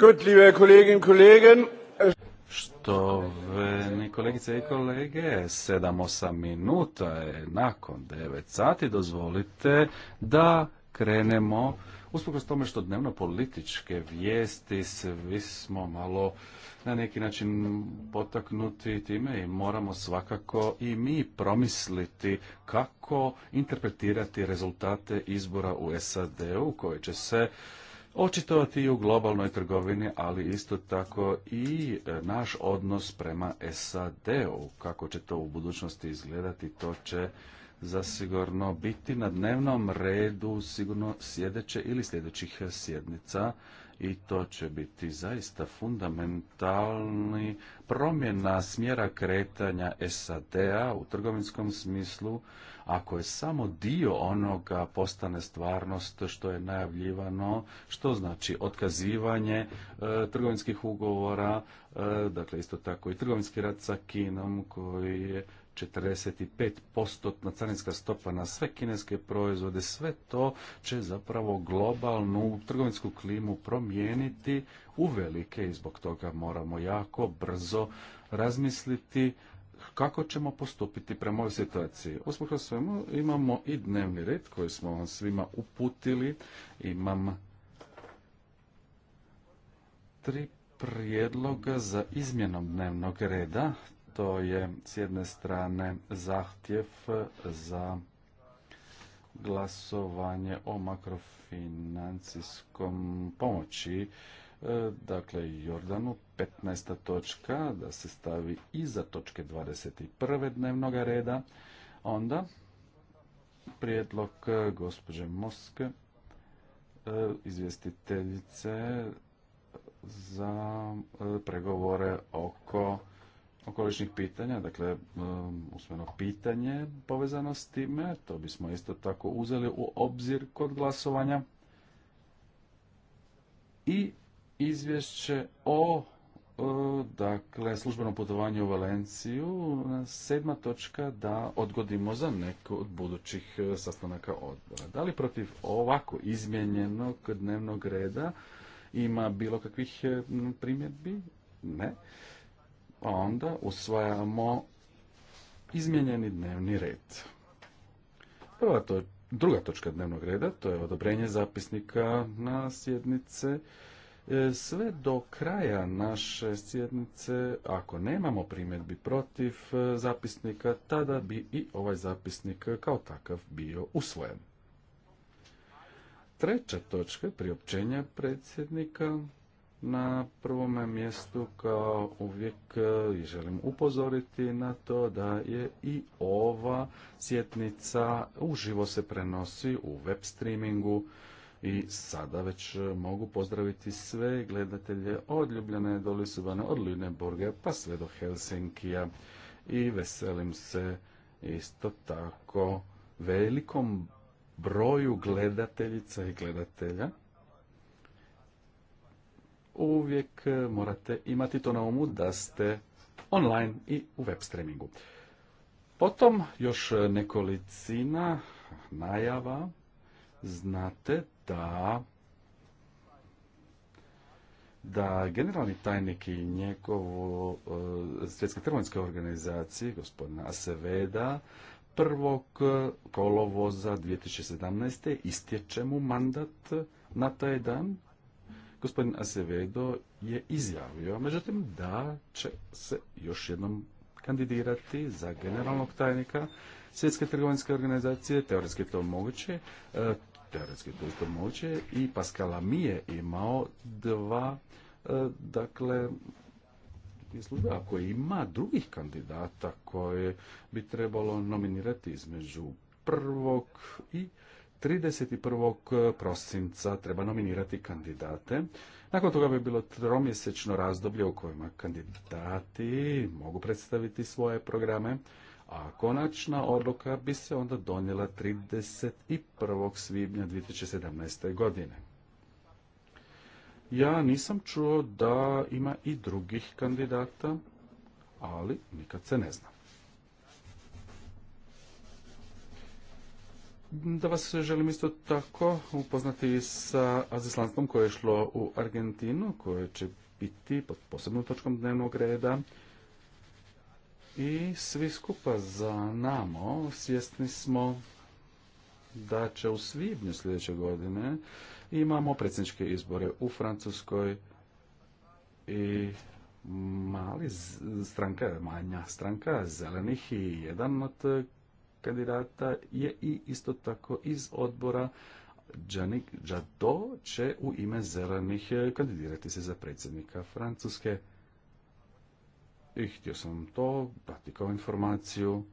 Gut, kolegice i kolege, 7-8 minuta je nakon 9 sati, dozvolite da krenemo. Usprkos tome što dnevno političke vijesti, svi smo malo na neki način potaknuti time i moramo svakako i mi promisliti kako interpretirati rezultate izbora u SAD-u koje će se očitovati i u globalnoj trgovini, ali isto tako i e, naš odnos prema SAD-u. Kako će to u budućnosti izgledati, to će zasigurno biti na dnevnom redu sigurno sljedeće ili sljedećih sjednica i to će biti zaista fundamentalni promjena smjera kretanja SAD-a u trgovinskom smislu ako je samo dio onoga postane stvarnost što je najavljivano, što znači otkazivanje e, trgovinskih ugovora, e, dakle isto tako i trgovinski rat sa Kinom koji je 45% carinska stopa na sve kineske proizvode, sve to će zapravo globalnu trgovinsku klimu promijeniti uvelike i zbog toga moramo jako brzo razmisliti kako ćemo postupiti prema ovoj situaciji. Usprkos svemu imamo i dnevni red koji smo vam svima uputili. Imam tri prijedloga za izmjenom dnevnog reda. To je s jedne strane zahtjev za glasovanje o makrofinancijskom pomoći E, dakle Jordanu 15. točka da se stavi iza točke 21. dnevnog reda. Onda prijedlog e, gospođe Moske izvjestiteljice za e, pregovore oko okolišnih pitanja, dakle usmeno pitanje povezano s time, to bismo isto tako uzeli u obzir kod glasovanja. I izvješće o e, dakle, službenom putovanju u Valenciju, sedma točka da odgodimo za neko od budućih e, sastanaka odbora. Da li protiv ovako izmjenjenog dnevnog reda ima bilo kakvih e, primjedbi? Ne. Onda usvajamo izmjenjeni dnevni red. to, druga točka dnevnog reda, to je odobrenje zapisnika na sjednice E, sve do kraja naše sjednice, ako nemamo primjedbi protiv e, zapisnika, tada bi i ovaj zapisnik kao takav bio usvojen. Treća točka je priopćenja predsjednika. Na prvome mjestu kao uvijek e, želim upozoriti na to da je i ova sjetnica uživo se prenosi u web streamingu i sada već e, mogu pozdraviti sve gledatelje od Ljubljane do Lisubane, od Lüneburga pa sve do Helsinkija i veselim se isto tako velikom broju gledateljica i gledatelja. Uvijek e, morate imati to na umu da ste online i u web streamingu. Potom još nekolicina najava. Znate da da generalni tajnik i njegovo e, svjetske trgovinske organizacije, gospodina Aseveda, prvog kolovoza 2017. istječe mu mandat na taj dan. Gospodin Asevedo je izjavio, međutim, da će se još jednom kandidirati za generalnog tajnika Svjetske trgovinske organizacije, teoretski je to moguće. E, to moće i Pascal mi je imao dva e, dakle službe, ako ima drugih kandidata koje bi trebalo nominirati između 1. i 31. prosinca treba nominirati kandidate. Nakon toga bi bilo tromjesečno razdoblje u kojima kandidati mogu predstaviti svoje programe a konačna odluka bi se onda donijela 31. svibnja 2017. godine. Ja nisam čuo da ima i drugih kandidata, ali nikad se ne zna. Da vas želim isto tako upoznati sa azislanstvom koje je šlo u Argentinu, koje će biti pod posebnom točkom dnevnog reda i svi skupa za namo svjesni smo da će u svibnju sljedeće godine imamo predsjedničke izbore u Francuskoj i mali stranka, manja stranka zelenih i jedan od kandidata je i isto tako iz odbora Janik Jadot će u ime zelenih kandidirati se za predsjednika Francuske i htio sam to dati kao informaciju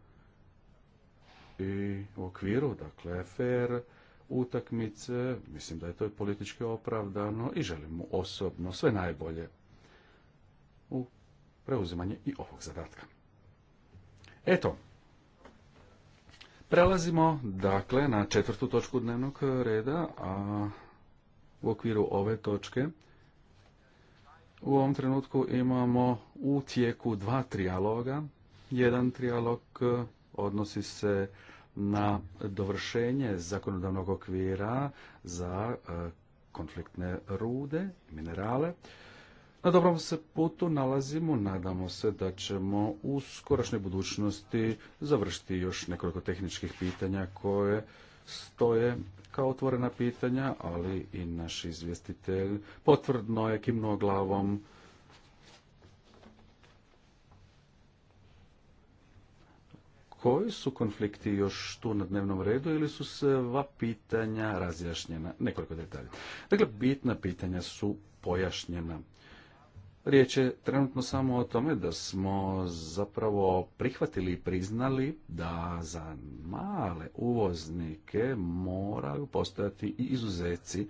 i u okviru, dakle, fair utakmice, mislim da je to i politički opravdano i želim mu osobno sve najbolje u preuzimanje i ovog zadatka. Eto, prelazimo dakle na četvrtu točku dnevnog reda, a u okviru ove točke u ovom trenutku imamo u tijeku dva trijaloga. Jedan trijalog e, odnosi se na dovršenje zakonodavnog okvira za e, konfliktne rude, minerale. Na dobrom se putu nalazimo, nadamo se da ćemo u skorašnjoj budućnosti završiti još nekoliko tehničkih pitanja koje stoje kao otvorena pitanja, ali i naš izvjestitelj potvrdno je kimnuo glavom Koji su konflikti još tu na dnevnom redu ili su sva pitanja razjašnjena? Nekoliko detalja. Dakle, bitna pitanja su pojašnjena. Riječ je trenutno samo o tome da smo zapravo prihvatili i priznali da za male uvoznike moraju postojati i izuzeci,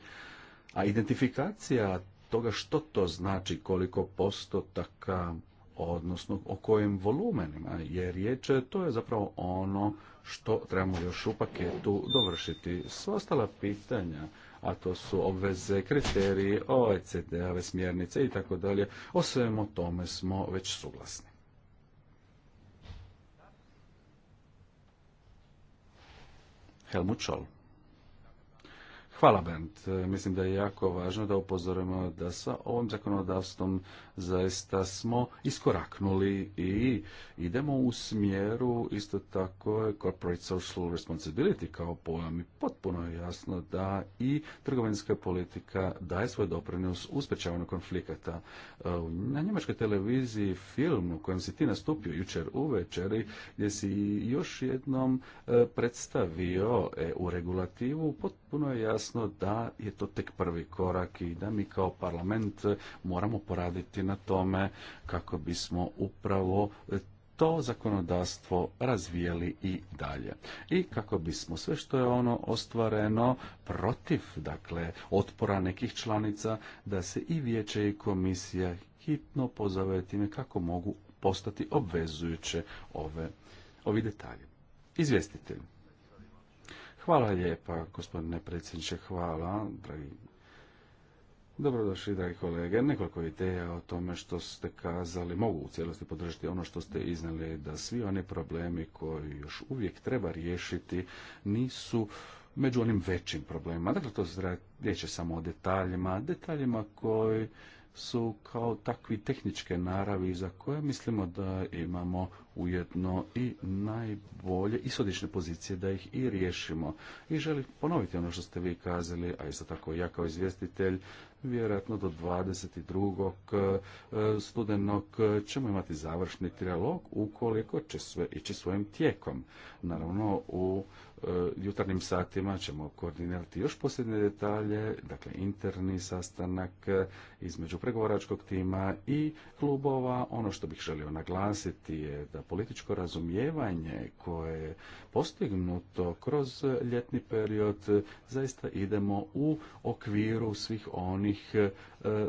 a identifikacija toga što to znači, koliko postotaka, odnosno o kojim volumenima je riječ, to je zapravo ono što trebamo još u paketu dovršiti. Sva ostala pitanja a to su obveze, kriteriji, OECD-ove smjernice i tako dalje. O svemu tome smo već suglasni. Helmut Hvala Bernd. Mislim da je jako važno da upozorimo da sa ovim zakonodavstvom zaista smo iskoraknuli i idemo u smjeru isto tako corporate social responsibility kao pojam i potpuno je jasno da i trgovinska politika daje svoj doprinos u sprečavanju konflikata. E, na njemačkoj televiziji film u kojem si ti nastupio jučer u večeri gdje si još jednom e, predstavio e u regulativu potpuno je jasno da je to tek prvi korak i da mi kao parlament moramo poraditi na tome kako bismo upravo to zakonodavstvo razvijeli i dalje. I kako bismo sve što je ono ostvareno protiv, dakle, otpora nekih članica, da se i vijeće i komisija hitno pozove time kako mogu postati obvezujuće ove, ovi detalji. Izvjestitelj. Hvala lijepa, gospodine predsjedniče, hvala, dragi Dobrodošli, dragi kolege. Nekoliko ideja o tome što ste kazali. Mogu u cijelosti podržati ono što ste iznali, da svi oni problemi koji još uvijek treba riješiti nisu među onim većim problemima. Dakle, to se riječe samo o detaljima, detaljima koji su kao takvi tehničke naravi za koje mislimo da imamo ujedno i najbolje isodične pozicije da ih i riješimo. I želim ponoviti ono što ste vi kazali, a isto tako ja kao izvjestitelj, vjerojatno do 22. Eh, studenog ćemo imati završni trialog ukoliko će sve ići svojim tijekom. Naravno, u eh, jutarnjim satima ćemo koordinirati još posljednje detalje, dakle interni sastanak eh, između pregovoračkog tima i klubova. Ono što bih želio naglasiti je da političko razumijevanje koje je postignuto kroz ljetni period zaista idemo u okviru svih onih e,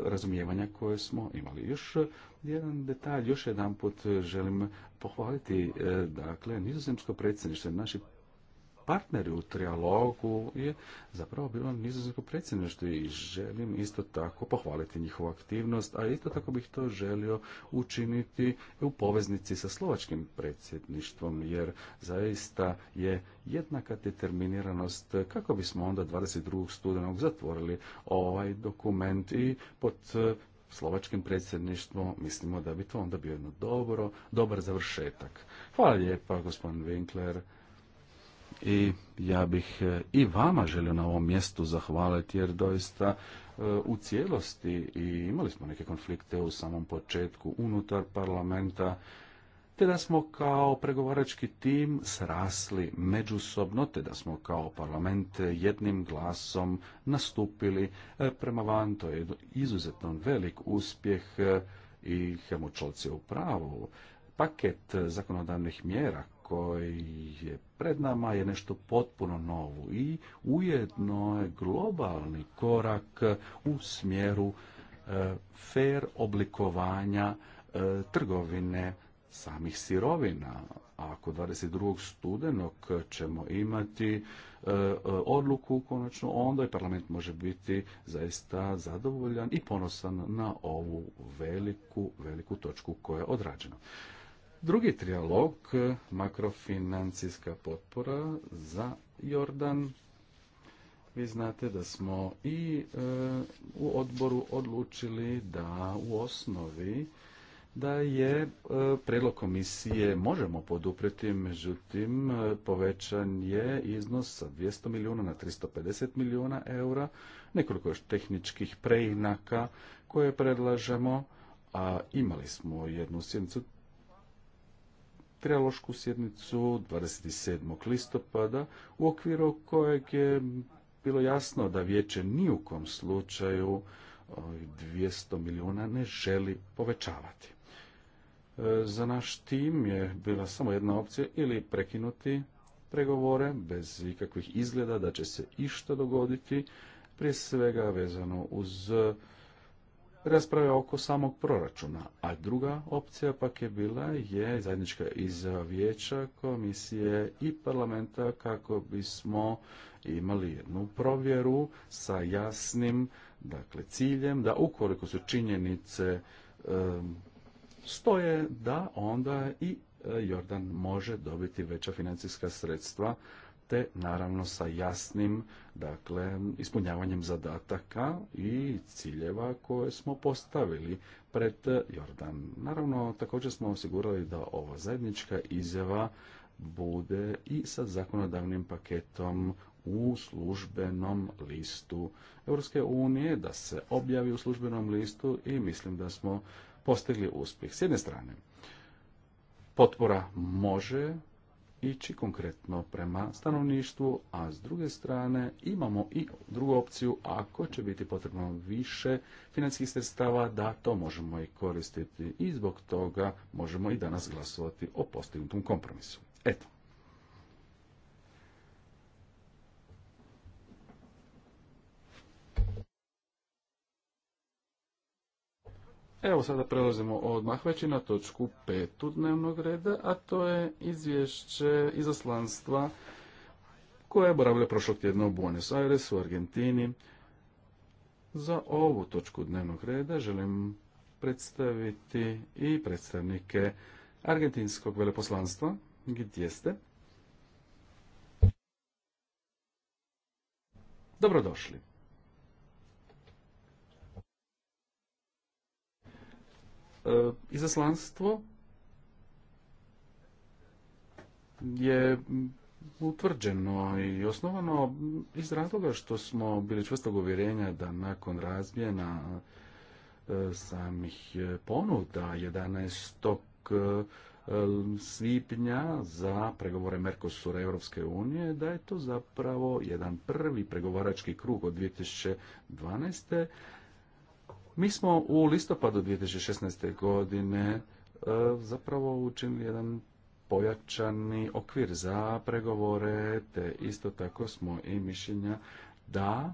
razumijevanja koje smo imali. Još jedan detalj, još jedan put želim pohvaliti e, dakle nizozemsko predsjedništvo, naši partneri u trialogu je zapravo bilo nizozemsko predsjedništvo i želim isto tako pohvaliti njihovu aktivnost, a isto tako bih to želio učiniti u poveznici sa slovačkim predsjedništvom, jer zaista je jednaka determiniranost kako bismo onda 22. studenog zatvorili ovaj dokument i pod e, slovačkim predsjedništvom mislimo da bi to onda bio jedno dobro, dobar završetak. Hvala lijepa gospodin Winkler i ja bih e, i vama želio na ovom mjestu zahvaliti jer doista e, u cijelosti i imali smo neke konflikte u samom početku unutar parlamenta te da smo kao pregovarački tim srasli međusobno, te da smo kao parlament jednim glasom nastupili e, prema van. To je izuzetno velik uspjeh i Helmut je u pravu. Paket zakonodavnih mjera koji je pred nama je nešto potpuno novo i ujedno je globalni korak u smjeru e, fer oblikovanja e, trgovine samih sirovina. Ako 22. studenog ćemo imati e, odluku konačno, onda i parlament može biti zaista zadovoljan i ponosan na ovu veliku, veliku točku koja je odrađena. Drugi trijalog, eh, makrofinancijska potpora za Jordan. Vi znate da smo i eh, u odboru odlučili da u osnovi da je e, predlog komisije možemo poduprijeti, međutim povećan je iznos sa 200 milijuna na 350 milijuna eura, nekoliko još tehničkih preinaka koje predlažemo, a imali smo jednu sjednicu trelošku sjednicu 27. listopada u okviru kojeg je bilo jasno da vijeće ni u kom slučaju 200 milijuna ne želi povećavati. E, za naš tim je bila samo jedna opcija ili prekinuti pregovore bez ikakvih izgleda da će se išta dogoditi, prije svega vezano uz rasprave oko samog proračuna, a druga opcija pak je bila je zajednička iz vijeća, komisije i parlamenta kako bismo imali jednu provjeru sa jasnim dakle, ciljem da ukoliko su činjenice stoje da onda i e, Jordan može dobiti veća financijska sredstva te naravno sa jasnim dakle, ispunjavanjem zadataka i ciljeva koje smo postavili pred Jordan. Naravno, također smo osigurali da ova zajednička izjava bude i sa zakonodavnim paketom u službenom listu Europske unije, da se objavi u službenom listu i mislim da smo postigli uspjeh. S jedne strane, potpora može ići konkretno prema stanovništvu, a s druge strane imamo i drugu opciju, ako će biti potrebno više financijskih sredstava, da to možemo i koristiti i zbog toga možemo i danas glasovati o postignutom kompromisu. Eto. Evo sada prelazimo odmah već i na točku petu dnevnog reda, a to je izvješće izaslanstva koje je boravilo prošlog tjedna u Buenos Aires u Argentini. Za ovu točku dnevnog reda želim predstaviti i predstavnike argentinskog veleposlanstva. Gdje ste? Dobrodošli. E, izaslanstvo je utvrđeno i osnovano iz razloga što smo bili čvrstog uvjerenja da nakon razmjena e, samih ponuda 11. E, svibnja za pregovore Merkosura Europske unije, da je to zapravo jedan prvi pregovarački krug od 2012. Mi smo u listopadu 2016. godine e, zapravo učinili jedan pojačani okvir za pregovore, te isto tako smo i mišljenja da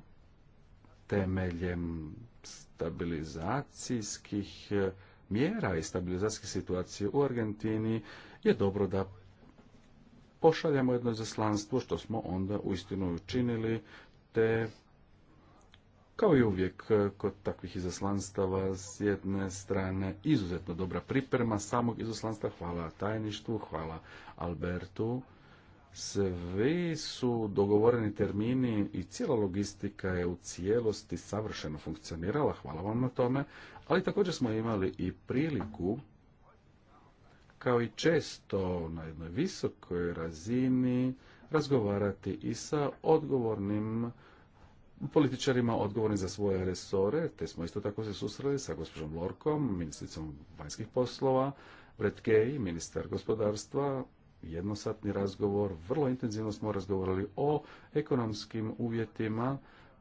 temeljem stabilizacijskih e, mjera i stabilizacijske situacije u Argentini je dobro da pošaljemo jedno zaslanstvo što smo onda uistinu učinili te kao i uvijek e, kod takvih izaslanstava s jedne strane izuzetno dobra priprema samog izaslanstva. Hvala tajništvu, hvala Albertu. Svi su dogovoreni termini i cijela logistika je u cijelosti savršeno funkcionirala. Hvala vam na tome. Ali također smo imali i priliku kao i često na jednoj visokoj razini razgovarati i sa odgovornim političarima odgovorni za svoje resore, te smo isto tako se susreli sa gospođom Lorkom, ministricom vanjskih poslova, Kay, ministar gospodarstva, jednosatni razgovor, vrlo intenzivno smo razgovorili o ekonomskim uvjetima,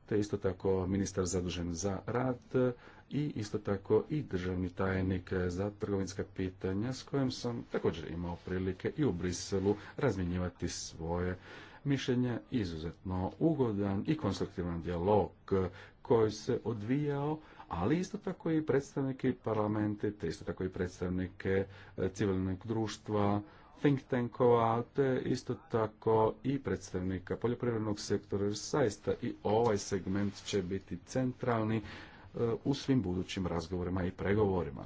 te isto tako ministar zadužen za rad i isto tako i državni tajnik za trgovinska pitanja s kojim sam također imao prilike i u Briselu razmjenjivati svoje mišljenja izuzetno ugodan i konstruktivan dijalog koji se odvijao, ali isto tako i predstavnike parlamente, te isto tako i predstavnike e, civilnog društva, think tankova, te isto tako i predstavnika poljoprivrednog sektora. jer Saista i ovaj segment će biti centralni e, u svim budućim razgovorima i pregovorima.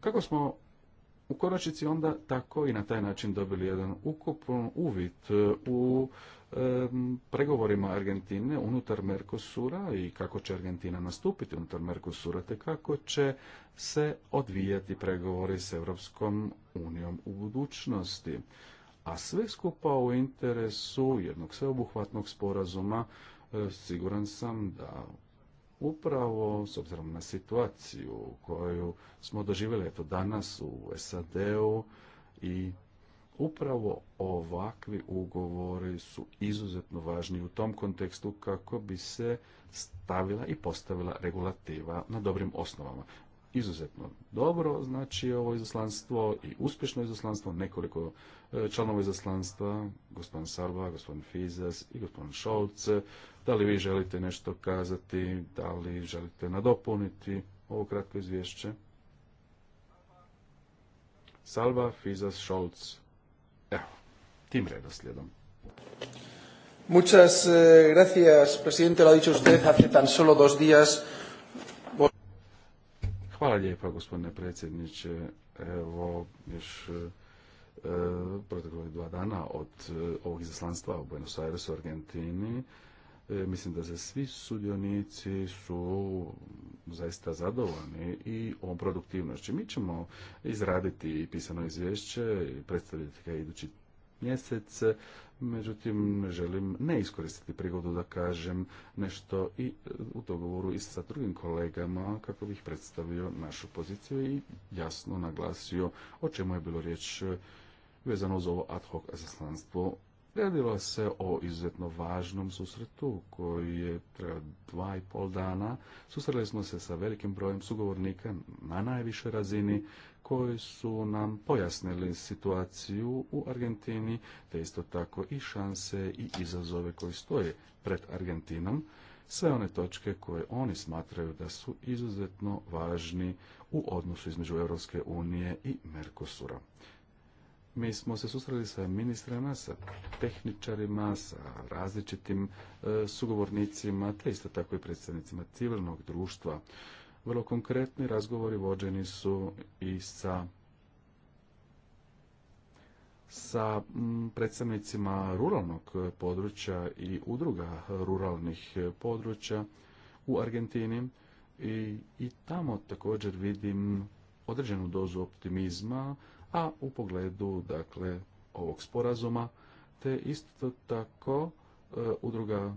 Kako smo u konačnici onda tako i na taj način dobili jedan ukupan uvid e, u pregovorima Argentine unutar Mercosura i kako će Argentina nastupiti unutar Mercosura te kako će se odvijati pregovori s Europskom unijom u budućnosti. A sve skupa u interesu jednog sveobuhvatnog sporazuma e, siguran sam da Upravo s obzirom na situaciju koju smo doživjeli eto danas u SAD-u i upravo ovakvi ugovori su izuzetno važni u tom kontekstu kako bi se stavila i postavila regulativa na dobrim osnovama izuzetno dobro, znači ovo izaslanstvo i uspješno izaslanstvo, nekoliko e, članova izaslanstva, gospodin Sarba, gospodin Fizas i gospodin Šolc. Da li vi želite nešto kazati, da li želite nadopuniti ovo kratko izvješće? Salva, Fizas, Šolc. Evo, tim redoslijedom. Muchas eh, gracias, presidente. Lo ha dicho hace tan solo dos días Hvala lijepa gospodine predsjedniče. Evo još e, dva dana od e, ovog izaslanstva u Buenos Airesu, Argentini. E, mislim da se svi sudionici su zaista zadovoljni i o produktivnošću. Mi ćemo izraditi pisano izvješće i predstaviti ga idući mjesec međutim želim ne iskoristiti prigodu da kažem nešto i e, u dogovoru i sa drugim kolegama kako bih predstavio našu poziciju i jasno naglasio o čemu je bilo riječ e, vezano za ovo ad hoc izaslanstvo Radilo se o izuzetno važnom susretu koji je trebao dva i pol dana. Susreli smo se sa velikim brojem sugovornika na najvišoj razini koji su nam pojasnili situaciju u Argentini, te isto tako i šanse i izazove koji stoje pred Argentinom, sve one točke koje oni smatraju da su izuzetno važni u odnosu između Europske unije i Mercosura. Mi smo se susreli sa ministrima, sa tehničarima, sa različitim e, sugovornicima, te isto tako i predstavnicima civilnog društva. Vrlo konkretni razgovori vođeni su i sa sa mm, predstavnicima ruralnog područja i udruga ruralnih područja u Argentini i, i tamo također vidim određenu dozu optimizma, a u pogledu dakle ovog sporazuma, te isto tako e, udruga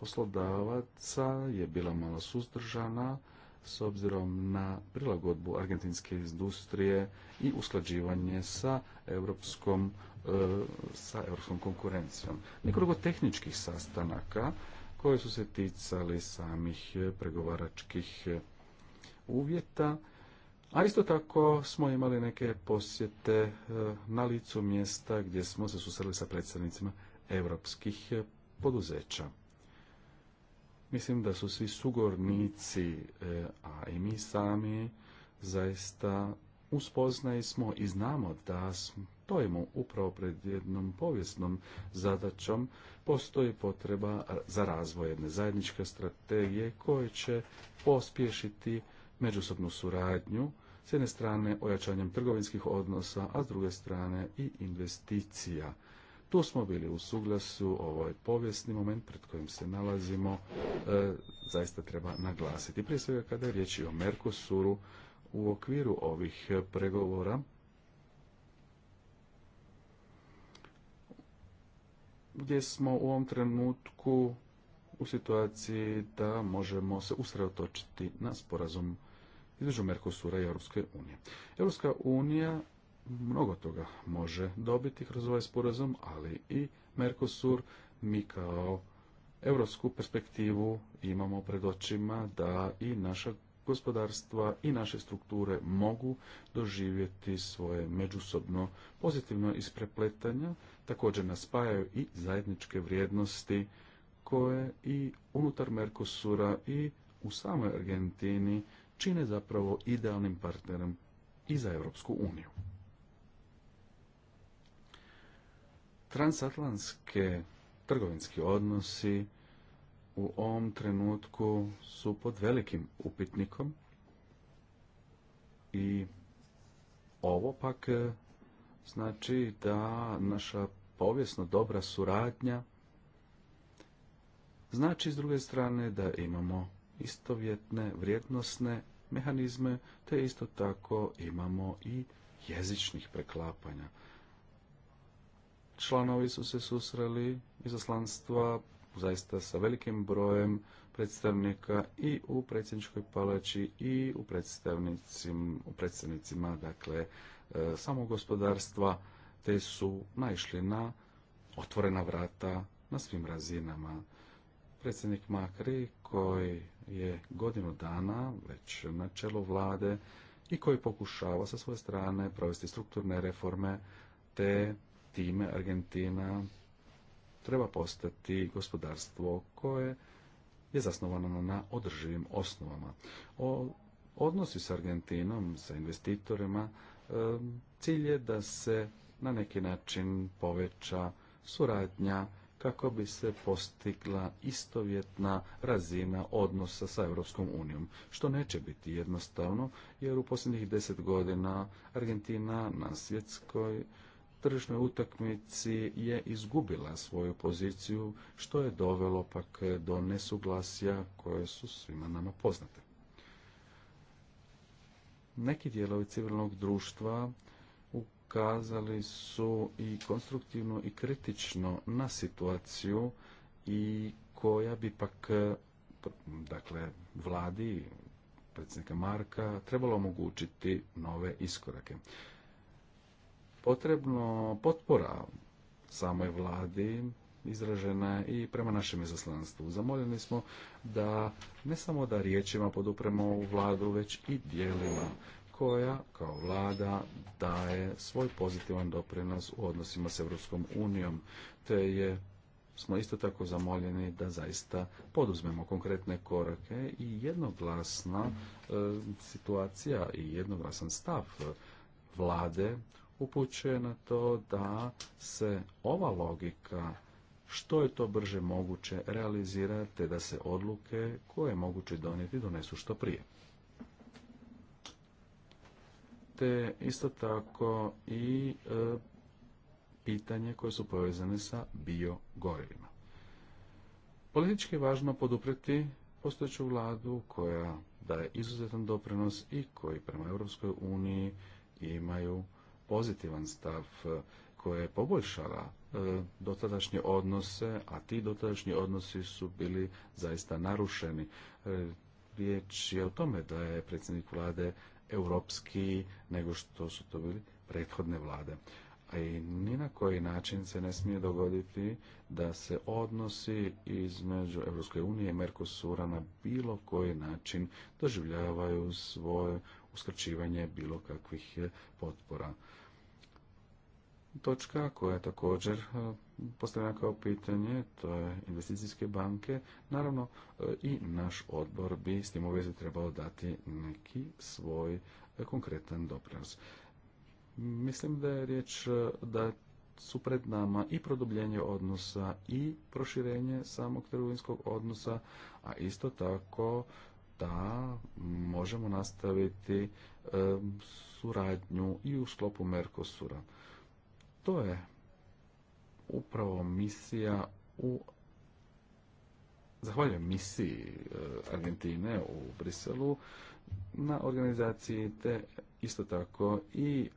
poslodavaca je bila malo suzdržana s obzirom na prilagodbu argentinske industrije i usklađivanje sa europskom, e, sa europskom konkurencijom. Nekoliko tehničkih sastanaka koji su se ticali samih pregovaračkih uvjeta, a isto tako smo imali neke posjete e, na licu mjesta gdje smo se susreli sa predstavnicima europskih poduzeća. Mislim da su svi sugornici, e, a i mi sami, zaista uspoznaji smo i znamo da stojimo upravo pred jednom povijesnom zadaćom. Postoji potreba za razvoj jedne zajedničke strategije koje će pospješiti međusobnu suradnju, s jedne strane ojačanjem trgovinskih odnosa, a s druge strane i investicija tu smo bili u suglasu, ovo je povijesni moment pred kojim se nalazimo, e, zaista treba naglasiti. Prije svega kada je riječ o Merkosuru u okviru ovih pregovora gdje smo u ovom trenutku u situaciji da možemo se usredotočiti na sporazum između Merkosura i Europske unije. Europska unija mnogo toga može dobiti kroz ovaj sporazum, ali i Mercosur, mi kao europsku perspektivu imamo pred očima da i naša gospodarstva i naše strukture mogu doživjeti svoje međusobno pozitivno isprepletanja, također nas spajaju i zajedničke vrijednosti koje i unutar Mercosura i u samoj Argentini čine zapravo idealnim partnerom i za Europsku uniju. Transatlantske trgovinski odnosi u ovom trenutku su pod velikim upitnikom i ovo pak e, znači da naša povijesno dobra suradnja znači s druge strane da imamo istovjetne vrijednosne mehanizme, te isto tako imamo i jezičnih preklapanja članovi su se susreli izaslanstva zaista sa velikim brojem predstavnika i u predsjedničkoj palači i u, predstavnicima, u predstavnicima dakle, e, samog gospodarstva, te su naišli na otvorena vrata na svim razinama. Predsjednik Makri, koji je godinu dana već na čelu vlade i koji pokušava sa svoje strane provesti strukturne reforme, te time Argentina treba postati gospodarstvo koje je zasnovano na održivim osnovama. O odnosi s Argentinom, sa investitorima, e, cilj je da se na neki način poveća suradnja kako bi se postigla istovjetna razina odnosa sa Europskom unijom, što neće biti jednostavno, jer u posljednjih deset godina Argentina na svjetskoj tržišnoj utakmici je izgubila svoju poziciju, što je dovelo pak do nesuglasja koje su svima nama poznate. Neki dijelovi civilnog društva ukazali su i konstruktivno i kritično na situaciju i koja bi pak dakle, vladi predsjednika Marka trebalo omogućiti nove iskorake potrebno potpora samoj vladi izražena i prema našem izaslanstvu. Zamoljeni smo da ne samo da riječima podupremo ovu vladu, već i dijelima koja kao vlada daje svoj pozitivan doprinos u odnosima s Europskom unijom, te je smo isto tako zamoljeni da zaista poduzmemo konkretne korake i jednoglasna e, situacija i jednoglasan stav vlade upućuje na to da se ova logika što je to brže moguće realizira, te da se odluke koje je moguće donijeti donesu što prije. Te isto tako i e, pitanje koje su povezane sa biogorivima. Politički je važno poduprijeti postojeću vladu koja daje izuzetan doprinos i koji prema Europskoj uniji imaju pozitivan stav e, koja je poboljšala e, dotadašnje odnose, a ti dotadašnji odnosi su bili zaista narušeni. E, riječ je o tome da je predsjednik vlade europski nego što su to bili prethodne vlade. A i ni na koji način se ne smije dogoditi da se odnosi između Europske unije i Mercosura na bilo koji način doživljavaju svoje uskrčivanje bilo kakvih potpora točka koja je također e, postavljena kao pitanje, to je investicijske banke. Naravno e, i naš odbor bi s tim u vezi trebao dati neki svoj e, konkretan doprinos. Mislim da je riječ da su pred nama i produbljenje odnosa i proširenje samog trgovinskog odnosa, a isto tako da možemo nastaviti suradnju i u sklopu Merkosura. To je upravo misija u zahvaljujem misiji e, Argentine u Briselu na organizaciji te isto tako i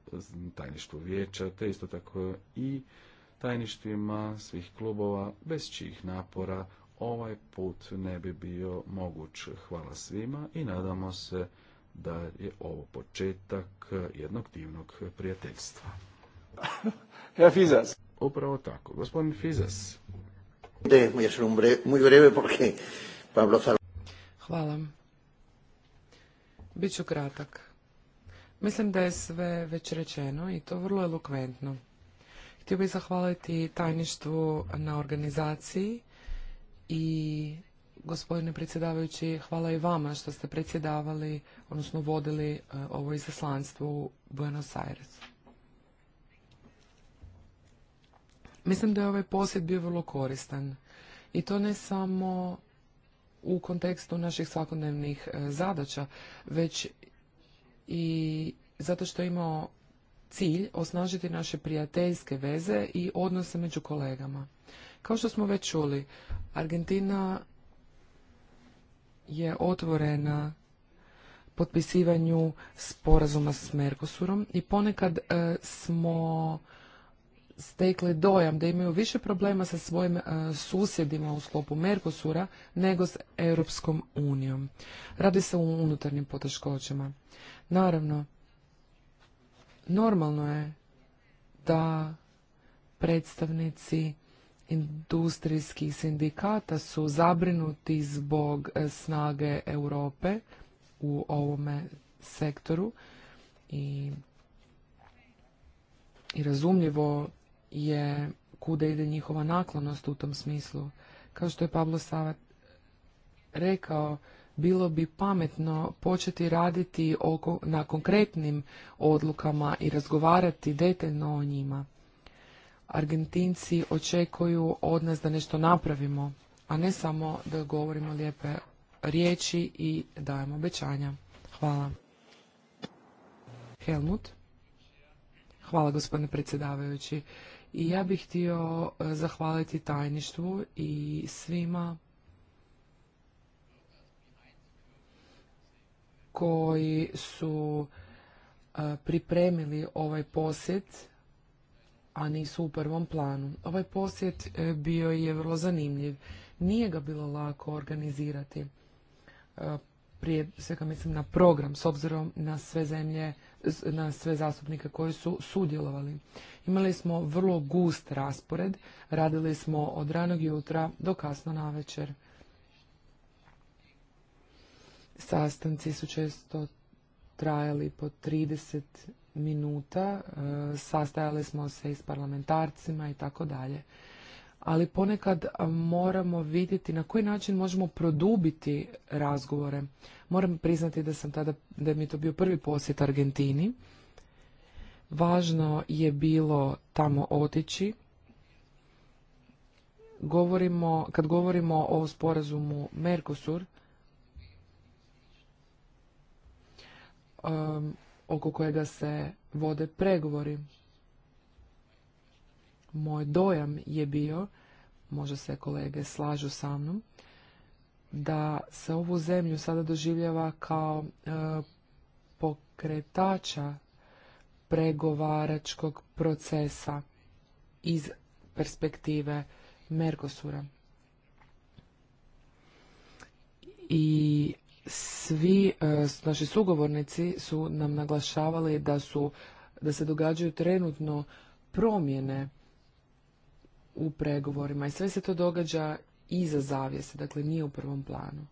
tajništvu vijeća, te isto tako i tajništvima svih klubova bez čijih napora ovaj put ne bi bio moguć. Hvala svima i nadamo se da je ovo početak jednog divnog prijateljstva. Herr Fizas. Upravo tako. Gospodin Fizas. Hvala. Biću kratak. Mislim da je sve već rečeno i to vrlo elokventno. Htio bih zahvaliti tajništvu na organizaciji i gospodine predsjedavajući, hvala i vama što ste predsjedavali, odnosno vodili e, ovo izaslanstvo u Buenos Airesu. Mislim da je ovaj posjet bio vrlo koristan. I to ne samo u kontekstu naših svakodnevnih e, zadaća, već i zato što je imao cilj osnažiti naše prijateljske veze i odnose među kolegama. Kao što smo već čuli, Argentina je otvorena potpisivanju sporazuma s Mercosurom i ponekad e, smo stekle dojam da imaju više problema sa svojim e, susjedima u sklopu Mercosura nego s Europskom unijom. Radi se o unutarnjim poteškoćama. Naravno, normalno je da predstavnici industrijskih sindikata su zabrinuti zbog e, snage Europe u ovome sektoru i i razumljivo je kuda ide njihova naklonost u tom smislu. Kao što je Pablo Savat rekao, bilo bi pametno početi raditi na konkretnim odlukama i razgovarati detaljno o njima. Argentinci očekuju od nas da nešto napravimo, a ne samo da govorimo lijepe riječi i dajemo obećanja. Hvala. Helmut. Hvala gospodine predsjedavajući. I ja bih htio e, zahvaliti tajništvu i svima koji su e, pripremili ovaj posjet, a nisu u prvom planu. Ovaj posjet e, bio je vrlo zanimljiv. Nije ga bilo lako organizirati. Prije svega mislim na program, s obzirom na sve zemlje, na sve zastupnike koji su sudjelovali. Imali smo vrlo gust raspored, radili smo od ranog jutra do kasno navečer. Sastanci su često trajali po 30 minuta, e, sastajali smo se i s parlamentarcima i tako dalje. Ali ponekad e, moramo vidjeti na koji način možemo produbiti razgovore. Moram priznati da sam tada, da je mi to bio prvi posjet Argentini važno je bilo tamo otići. Govorimo, kad govorimo o sporazumu Mercosur, um, oko kojega se vode pregovori. Moj dojam je bio, možda se kolege slažu sa mnom, da se ovu zemlju sada doživljava kao uh, pokretača pregovaračkog procesa iz perspektive Merkosura. I svi e, naši sugovornici su nam naglašavali da su da se događaju trenutno promjene u pregovorima i sve se to događa iza zavjese, dakle nije u prvom planu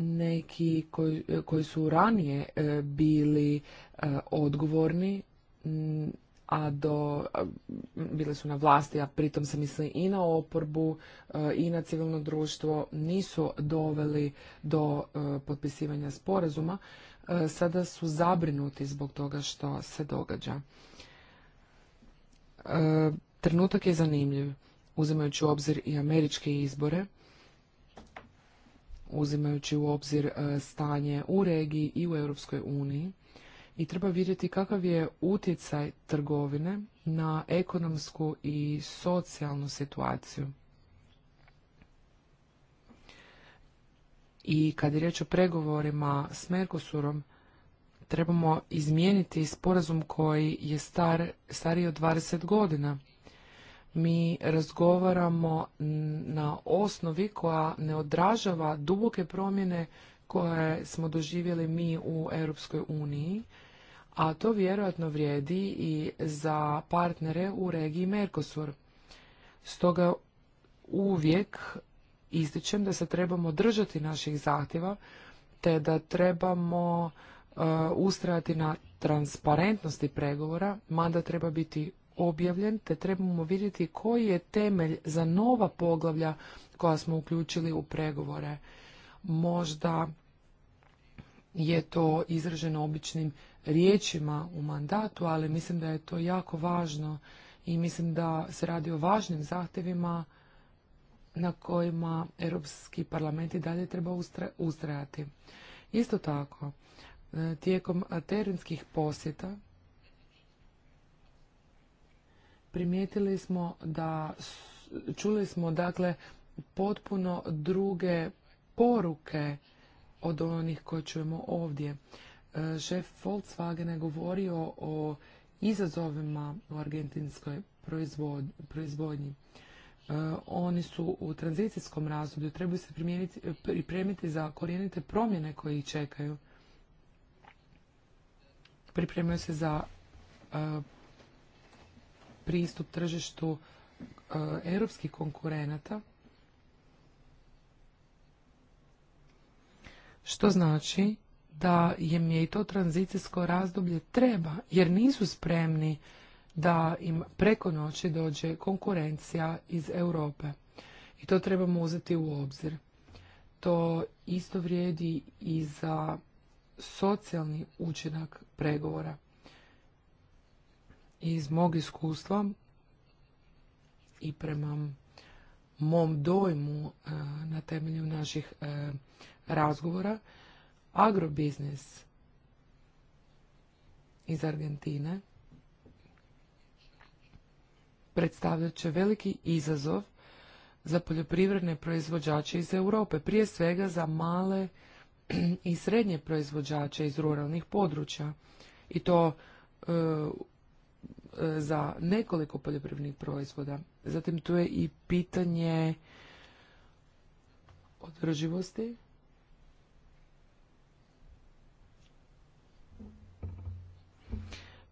neki koji, koji su ranije e, bili e, odgovorni a do bile su na vlasti, a pritom se misli i na oporbu e, i na civilno društvo, nisu doveli do potpisivanja sporazuma, sada su zabrinuti zbog toga što se događa. Trenutak je zanimljiv, uzimajući u obzir i američke izbore uzimajući u obzir e, stanje u regiji i u Europskoj uniji i treba vidjeti kakav je utjecaj trgovine na ekonomsku i socijalnu situaciju. I kad je riječ o pregovorima s Mercosurom, trebamo izmijeniti sporazum koji je star, stariji od 20 godina mi razgovaramo na osnovi koja ne odražava duboke promjene koje smo doživjeli mi u Europskoj uniji, a to vjerojatno vrijedi i za partnere u regiji Mercosur. Stoga uvijek ističem da se trebamo držati naših zahtjeva, te da trebamo e, ustrajati na transparentnosti pregovora, mada treba biti objavljen, te trebamo vidjeti koji je temelj za nova poglavlja koja smo uključili u pregovore. Možda je to izraženo običnim riječima u mandatu, ali mislim da je to jako važno i mislim da se radi o važnim zahtjevima na kojima Europski parlament i dalje treba ustrajati. Isto tako, e, tijekom terenskih posjeta primijetili smo da, čuli smo dakle potpuno druge poruke od onih koje čujemo ovdje. E, šef Volkswagen je govorio o izazovima u argentinskoj proizvodnji. E, oni su u tranzicijskom razdoblju, trebaju se pripremiti za korijenite promjene koje ih čekaju. Pripremaju se za e, pristup tržištu e, europskih konkurenata, što znači da im je i to tranzicijsko razdoblje treba, jer nisu spremni da im preko noći dođe konkurencija iz Europe. I to trebamo uzeti u obzir. To isto vrijedi i za socijalni učinak pregovora iz mog iskustva i prema mom dojmu e, na temelju naših e, razgovora, agrobiznis iz Argentine predstavljat će veliki izazov za poljoprivredne proizvođače iz Europe, prije svega za male i srednje proizvođače iz ruralnih područja. I to e, E, za nekoliko poljoprivrednih proizvoda. Zatim tu je i pitanje održivosti.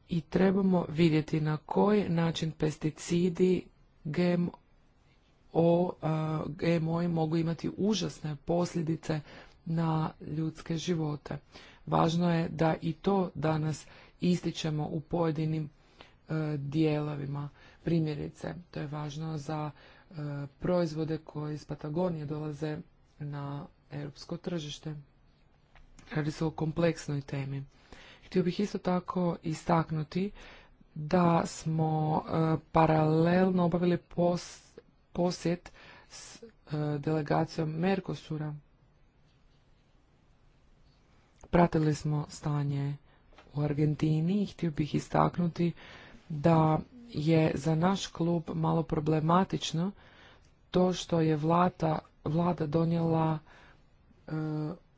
I trebamo vidjeti na koji način pesticidi GMO, e, GMO mogu imati užasne posljedice na ljudske živote. Važno je da i to danas ističemo u pojedinim dijelovima. Primjerice, to je važno za e, proizvode koji iz Patagonije dolaze na europsko tržište. Radi se o kompleksnoj temi. Htio bih isto tako istaknuti da smo e, paralelno obavili posjet s e, delegacijom Mercosura. Pratili smo stanje u Argentini i htio bih istaknuti da je za naš klub malo problematično to što je vlada, vlada donijela e,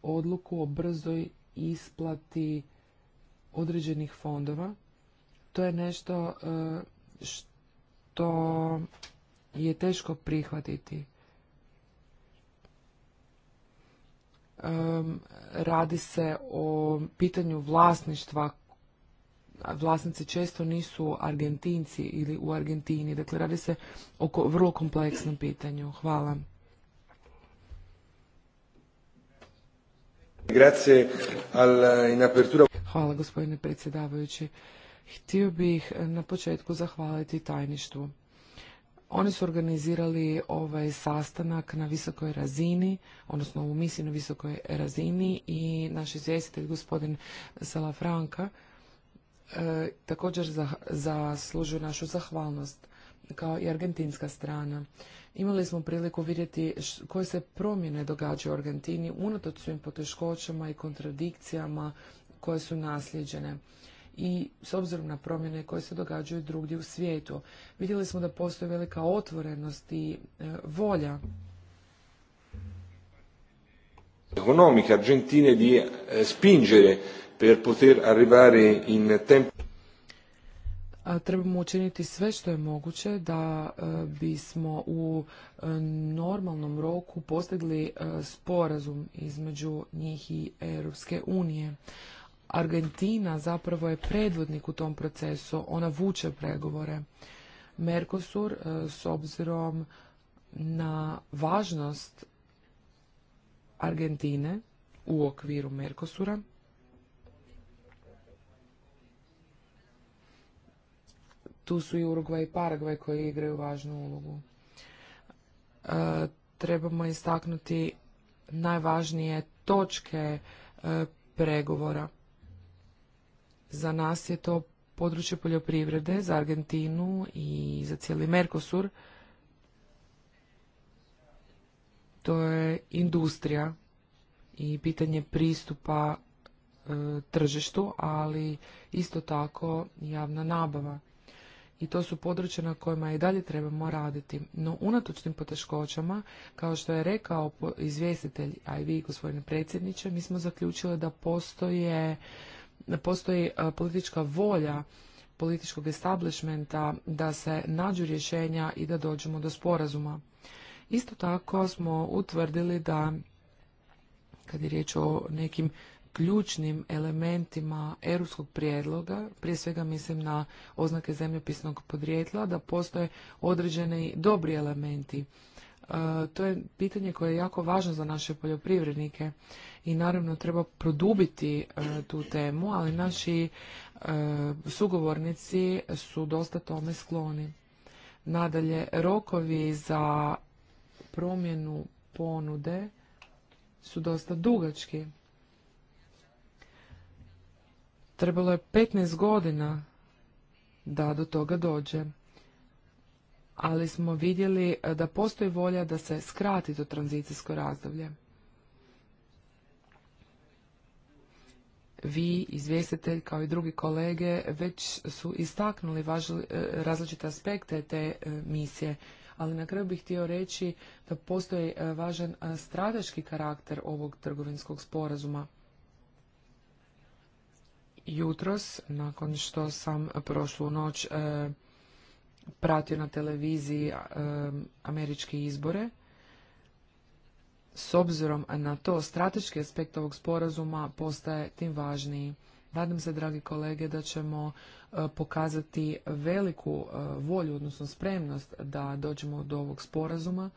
odluku o brzoj isplati određenih fondova. To je nešto e, što je teško prihvatiti. E, radi se o pitanju vlasništva vlasnici često nisu Argentinci ili u Argentini. Dakle, radi se o vrlo kompleksnom pitanju. Hvala. Hvala gospodine predsjedavajući. Htio bih eh, na početku zahvaliti tajništvu. Oni su organizirali ovaj sastanak na visokoj razini, odnosno u misiji na visokoj razini i naš izvjestitelj gospodin Salafranka E, također zaslužuju našu zahvalnost kao i argentinska strana. Imali smo priliku vidjeti koje se promjene događaju u Argentini unatoč svim poteškoćama i kontradikcijama koje su nasljeđene i s obzirom na promjene koje se događaju drugdje u svijetu. Vidjeli smo da postoji velika otvorenost i e, volja economiche argentine di eh, spingere per poter arrivare in tempo trebamo učiniti sve što je moguće da eh, bismo u eh, normalnom roku postigli sporazum između njih i Europske unije. Argentina zapravo je predvodnik u tom procesu, ona vuče pregovore. Mercosur s obzirom na važnost Argentine u okviru Mercosura. Tu su i Uruguay i Paragvaj koji igraju važnu ulogu. E, trebamo istaknuti najvažnije točke e, pregovora. Za nas je to područje poljoprivrede, za Argentinu i za cijeli Mercosur – je industrija i pitanje pristupa e, tržištu, ali isto tako javna nabava. I to su područja na kojima i dalje trebamo raditi. No, unatoč tim poteškoćama, kao što je rekao izvjestitelj, a i vi, gospodine predsjedniče, mi smo zaključili da postoji e, politička volja političkog establishmenta da se nađu rješenja i da dođemo do sporazuma. Isto tako smo utvrdili da kad je riječ o nekim ključnim elementima europskog prijedloga, prije svega mislim na oznake zemljopisnog podrijetla, da postoje određeni dobri elementi. E, to je pitanje koje je jako važno za naše poljoprivrednike i naravno treba produbiti e, tu temu, ali naši e, sugovornici su dosta tome skloni. Nadalje, rokovi za promjenu ponude su dosta dugački. Trebalo je 15 godina da do toga dođe. Ali smo vidjeli eh, da postoji volja da se skrati to tranzicijsko razdoblje. Vi, izvjestitelj, kao i drugi kolege, već su istaknuli važli, eh, različite aspekte te eh, misije ali na kraju bih htio reći da postoji e, važan e, strateški karakter ovog trgovinskog sporazuma. Jutros, nakon što sam prošlu noć e, pratio na televiziji američke izbore, s obzirom na to strateški aspekt ovog sporazuma postaje tim važniji. Nadam se, dragi kolege, da ćemo e, pokazati veliku e, volju, odnosno spremnost da dođemo do ovog sporazuma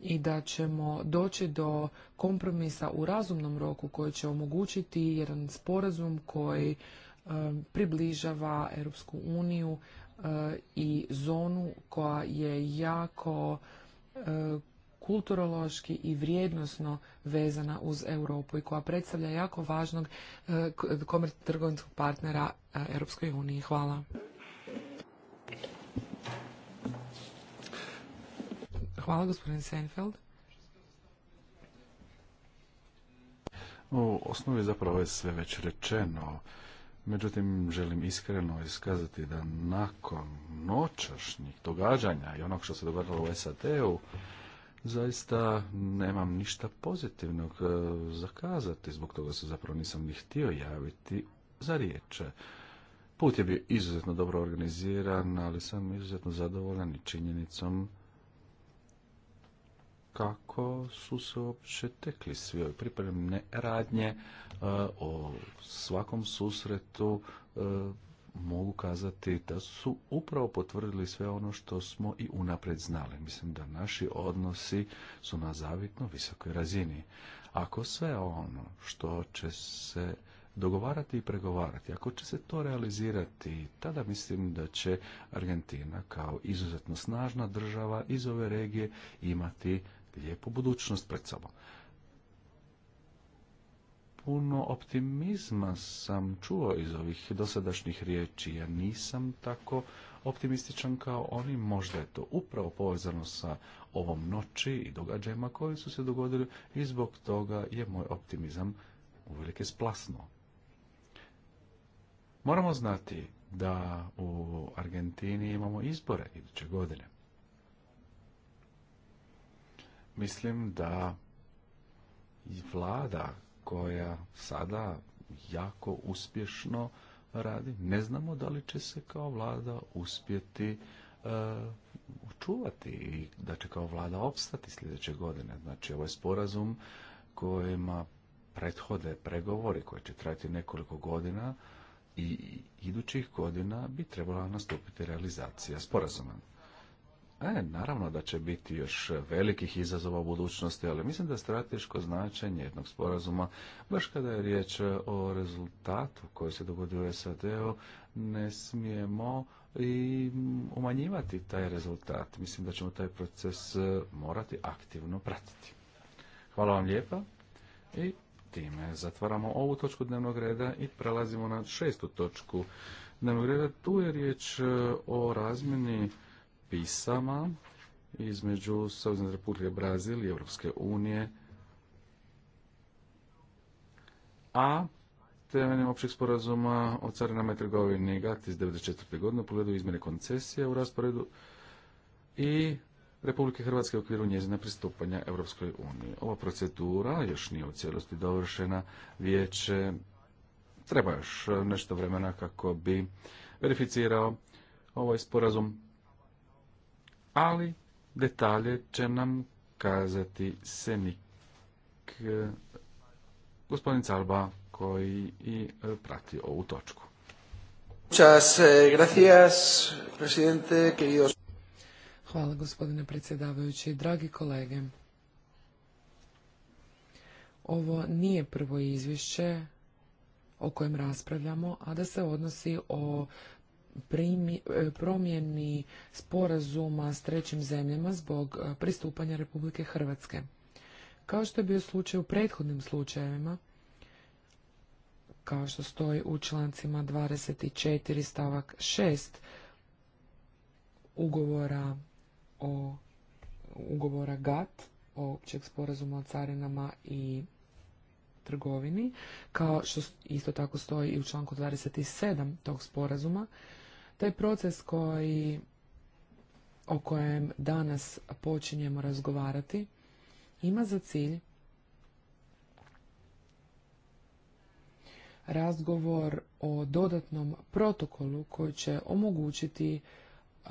i da ćemo doći do kompromisa u razumnom roku koji će omogućiti jedan sporazum koji e, približava Europsku uniju i zonu koja je jako kulturološki i vrijednosno vezana uz Europu i koja predstavlja jako važnog eh, trgovinskog partnera eh, Europskoj uniji. Hvala. Hvala, gospodin Seinfeld. U osnovi zapravo je sve već rečeno. Međutim, želim iskreno iskazati da nakon noćašnjih događanja i onog što se dogodilo u SAD-u, zaista nemam ništa pozitivnog e, zakazati, zbog toga se zapravo nisam ni htio javiti za riječe. Put je bio izuzetno dobro organiziran, ali sam izuzetno zadovoljan i činjenicom kako su se uopće tekli svi ovi pripremne radnje e, o svakom susretu e, mogu kazati da su upravo potvrdili sve ono što smo i unapred znali. Mislim da naši odnosi su na zavitno visokoj razini. Ako sve ono što će se dogovarati i pregovarati, ako će se to realizirati, tada mislim da će Argentina kao izuzetno snažna država iz ove regije imati lijepu budućnost pred sobom puno optimizma sam čuo iz ovih dosadašnjih riječi. Ja nisam tako optimističan kao oni. Možda je to upravo povezano sa ovom noći i događajima koji su se dogodili i zbog toga je moj optimizam uvelike splasno. Moramo znati da u Argentini imamo izbore iduće godine. Mislim da i vlada koja sada jako uspješno radi. Ne znamo da li će se kao vlada uspjeti e, i da će kao vlada opstati sljedeće godine. Znači, ovaj sporazum kojima prethode pregovori koji će trajati nekoliko godina i idućih godina bi trebala nastupiti realizacija sporazuma. E, naravno da će biti još velikih izazova u budućnosti, ali mislim da strateško značenje jednog sporazuma, baš kada je riječ o rezultatu koji se dogodio u SAD-u, ne smijemo i umanjivati taj rezultat. Mislim da ćemo taj proces e, morati aktivno pratiti. Hvala vam lijepa i time zatvaramo ovu točku dnevnog reda i prelazimo na šestu točku dnevnog reda. Tu je riječ e, o razmjeni pisama između Sovjetske Republike Brazil i Europske unije, a temeljem općeg sporazuma o carinama i trgovini GATT iz 1994. godine u pogledu izmjene koncesije u rasporedu i Republike Hrvatske u okviru njezina pristupanja Europskoj uniji. Ova procedura još nije u cijelosti dovršena. Vijeće treba još nešto vremena kako bi verificirao ovaj sporazum ali detalje će nam kazati Senik, e, gospodin Calba koji i e, prati ovu točku. Muchas e, gracias, presidente, Hvala gospodine predsjedavajući. Dragi kolege, ovo nije prvo izvješće o kojem raspravljamo, a da se odnosi o E, promjeni sporazuma s trećim zemljama zbog e, pristupanja Republike Hrvatske. Kao što je bio slučaj u prethodnim slučajevima, kao što stoji u člancima 24 stavak 6 ugovora o ugovora GATT, općeg sporazuma o carinama i trgovini, kao što isto tako stoji i u članku 27 tog sporazuma, taj proces koji o kojem danas počinjemo razgovarati ima za cilj razgovor o dodatnom protokolu koji će omogućiti e,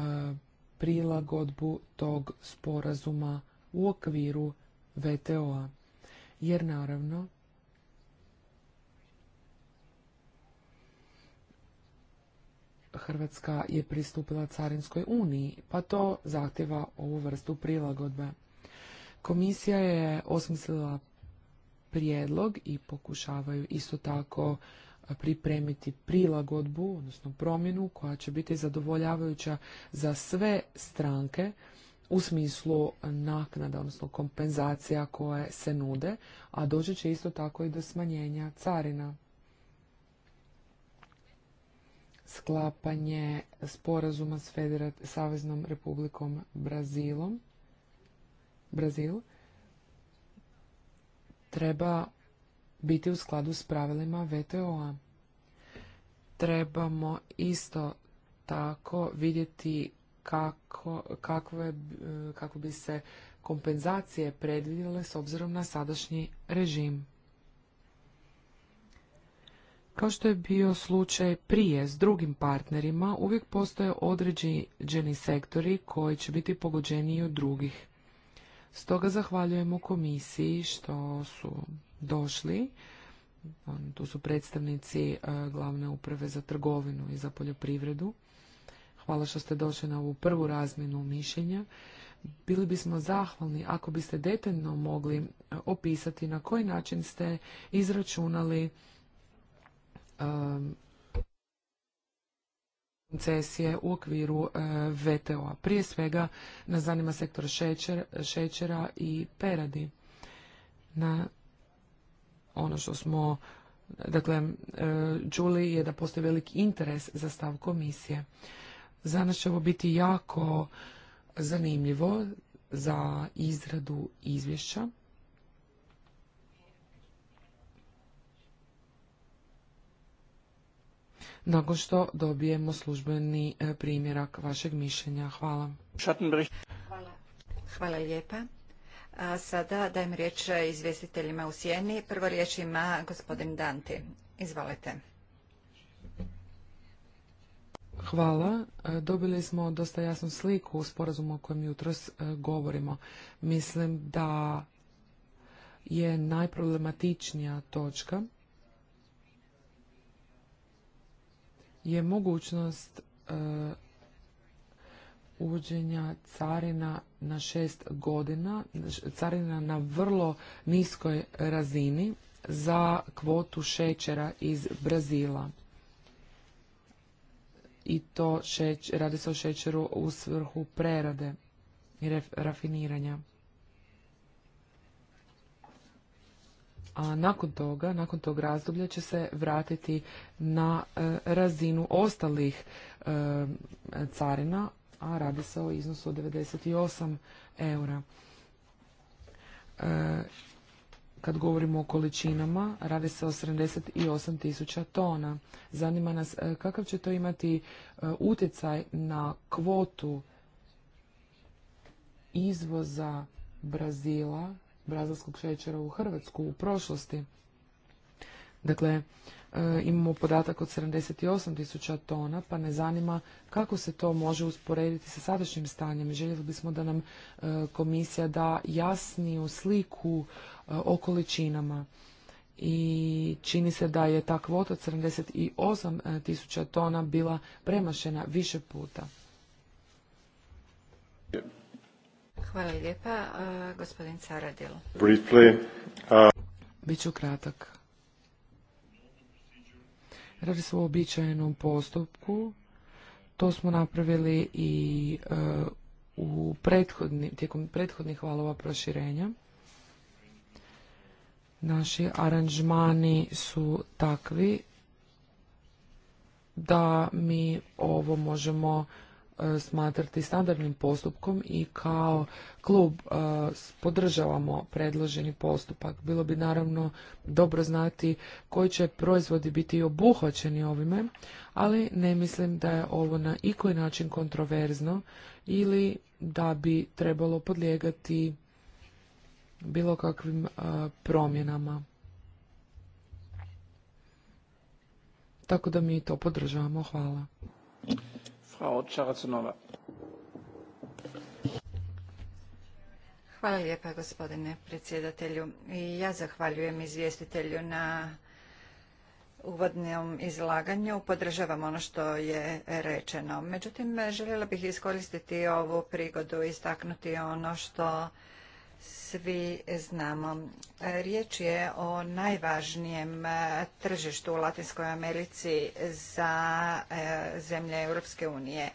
prilagodbu tog sporazuma u okviru VTO-a. Jer naravno Hrvatska je pristupila Carinskoj uniji, pa to zahtjeva ovu vrstu prilagodbe. Komisija je osmislila prijedlog i pokušavaju isto tako pripremiti prilagodbu, odnosno promjenu koja će biti zadovoljavajuća za sve stranke u smislu naknada, odnosno kompenzacija koje se nude, a doći će isto tako i do smanjenja carina sklapanje sporazuma s Federat, Saveznom republikom Brazilom, Brazil, treba biti u skladu s pravilima VTO-a. Trebamo isto tako vidjeti kako, eh, kako bi se kompenzacije predvidjele s obzirom na sadašnji režim. Kao što je bio slučaj prije s drugim partnerima, uvijek postoje određeni sektori koji će biti pogođeniji od drugih. Stoga zahvaljujemo komisiji što su došli. Tu su predstavnici e, glavne uprave za trgovinu i za poljoprivredu. Hvala što ste došli na ovu prvu razmjenu mišljenja. Bili bismo zahvalni ako biste detaljno mogli e, opisati na koji način ste izračunali Um, koncesije u okviru uh, VTO-a. Prije svega nas zanima sektor šećera i peradi. Na ono što smo dakle uh, čuli je da postoji velik interes za stav komisije. Za nas će ovo biti jako zanimljivo za izradu izvješća. nakon što dobijemo službeni e, primjerak vašeg mišljenja. Hvala. Hvala. lijepa. A sada dajem riječ izvjestiteljima u sjeni. Prvo riječ ima gospodin Danti. Izvolite. Hvala. E, dobili smo dosta jasnu sliku u sporazumu o kojem jutros e, govorimo. Mislim da je najproblematičnija točka je mogućnost e, uvođenja carina na šest godina, carina na vrlo niskoj razini za kvotu šećera iz Brazila. I to radi se o šećeru u svrhu prerade i rafiniranja. a nakon toga, nakon tog razdoblja će se vratiti na e, razinu ostalih e, carina, a radi se o iznosu od 98 eura. E, kad govorimo o količinama, radi se o 78 tisuća tona. Zanima nas kakav će to imati utjecaj na kvotu izvoza Brazila brazilskog šećera u Hrvatsku u prošlosti. Dakle, e, imamo podatak od 78 tisuća tona, pa ne zanima kako se to može usporediti sa sadašnjim stanjem. Željeli bismo da nam e, komisija da jasniju sliku e, o količinama. I čini se da je ta kvota od 78 tisuća tona bila premašena više puta. Hvala lijepa, gospodin Biću kratak. Radi se o običajenom postupku. To smo napravili i e, u tijekom prethodnih valova proširenja. Naši aranžmani su takvi da mi ovo možemo E, smatrati standardnim postupkom i kao klub e, podržavamo predloženi postupak. Bilo bi naravno dobro znati koji će proizvodi biti obuhvaćeni ovime, ali ne mislim da je ovo na ikoj način kontroverzno ili da bi trebalo podlijegati bilo kakvim e, promjenama. Tako da mi to podržavamo. Hvala. Hvala lijepa gospodine predsjedatelju. I ja zahvaljujem izvjestitelju na uvodnom izlaganju. Podržavam ono što je rečeno. Međutim, željela bih iskoristiti ovu prigodu i istaknuti ono što svi znamo. Riječ je o najvažnijem e, tržištu u Latinskoj Americi za e, zemlje Europske unije.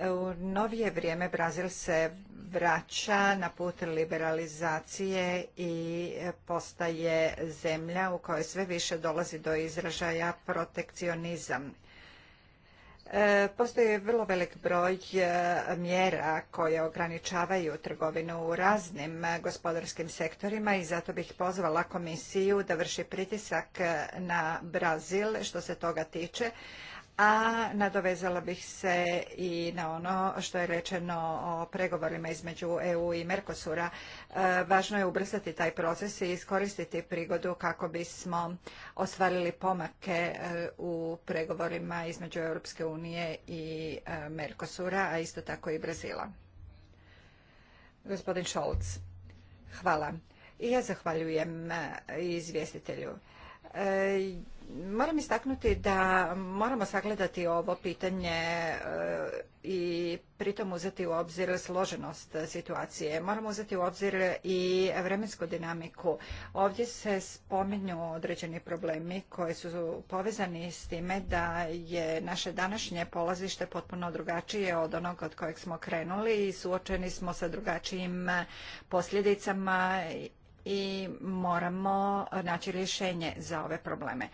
U novije vrijeme Brazil se vraća na put liberalizacije i postaje zemlja u kojoj sve više dolazi do izražaja protekcionizam. E, postoji vrlo velik broj e, mjera koje ograničavaju trgovinu u raznim e, gospodarskim sektorima i zato bih pozvala komisiju da vrši pritisak na Brazil što se toga tiče a nadovezala bih se i na ono što je rečeno o pregovorima između EU i Mercosura. E, važno je ubrzati taj proces i iskoristiti prigodu kako bismo ostvarili pomake e, u pregovorima između Europske unije i e, Mercosura, a isto tako i Brazila. Gospodin Scholz, hvala. I ja zahvaljujem izvjestitelju. Moram istaknuti da moramo sagledati ovo pitanje e, i pritom uzeti u obzir složenost situacije. Moramo uzeti u obzir i vremensku dinamiku. Ovdje se spominju određeni problemi koji su povezani s time da je naše današnje polazište potpuno drugačije od onog od kojeg smo krenuli i suočeni smo sa drugačijim posljedicama i moramo naći rješenje za ove probleme.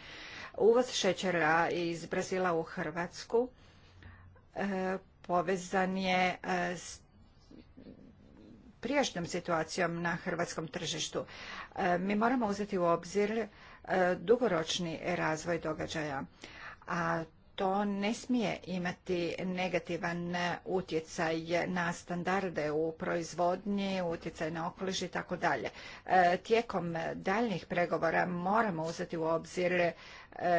Uvoz šećera iz Brazila u Hrvatsku e, povezan je e, s prijašnjom situacijom na hrvatskom tržištu. E, mi moramo uzeti u obzir dugoročni razvoj događaja, a to ne smije imati negativan utjecaj na standarde u proizvodnji, utjecaj na okoliš i tako dalje. E, tijekom daljnjih pregovora moramo uzeti u obzir e,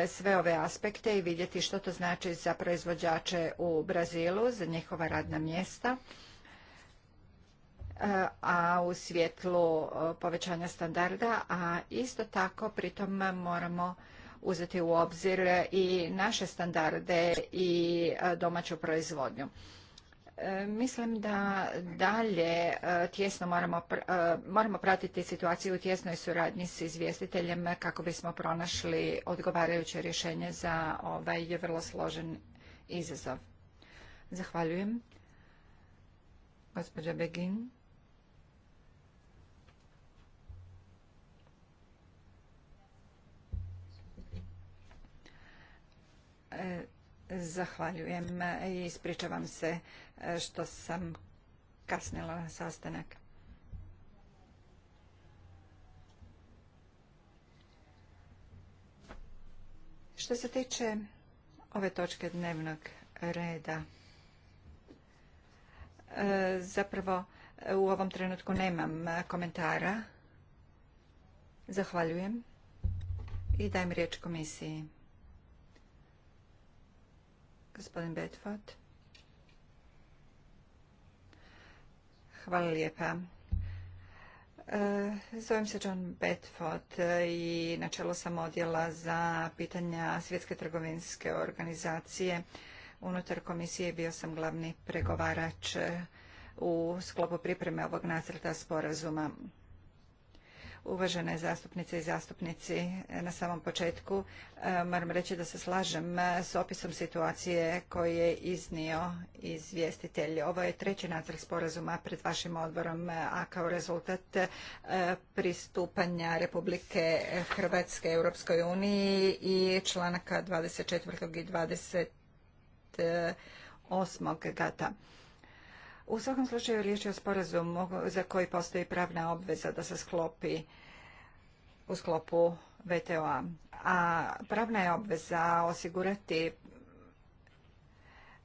sve ove aspekte i vidjeti što to znači za proizvođače u Brazilu, za njihova radna mjesta e, a u svjetlu povećanja standarda, a isto tako pritom moramo uzeti u obzir i naše standarde i e, domaću proizvodnju. E, mislim da dalje e, tjesno moramo, moramo pratiti situaciju u tjesnoj suradnji s izvjestiteljem kako bismo pronašli odgovarajuće rješenje za ovaj vrlo složen izazov. Zahvaljujem. Gospođa Begin. Zahvaljujem i ispričavam se e, što sam kasnila sastanak. Što se tiče ove točke dnevnog reda, e, zapravo u ovom trenutku nemam komentara. Zahvaljujem i dajem riječ komisiji. Gospodin Bedford. Hvala lijepa. E, zovem se John Bedford i na čelu sam odjela za pitanja Svjetske trgovinske organizacije. Unutar komisije bio sam glavni pregovarač u sklopu pripreme ovog nacrta sporazuma. Uvažene zastupnice i zastupnici, na samom početku e, moram reći da se slažem e, s opisom situacije koji je iznio izvjestitelj. Ovo je treći nacrt sporazuma pred vašim odborom, e, a kao rezultat pristupanja Republike Hrvatske Europskoj uniji i članaka 24. i 28. gata. U svakom slučaju riječ je o sporazumu za koji postoji pravna obveza da se sklopi u sklopu VTO-a. A pravna je obveza osigurati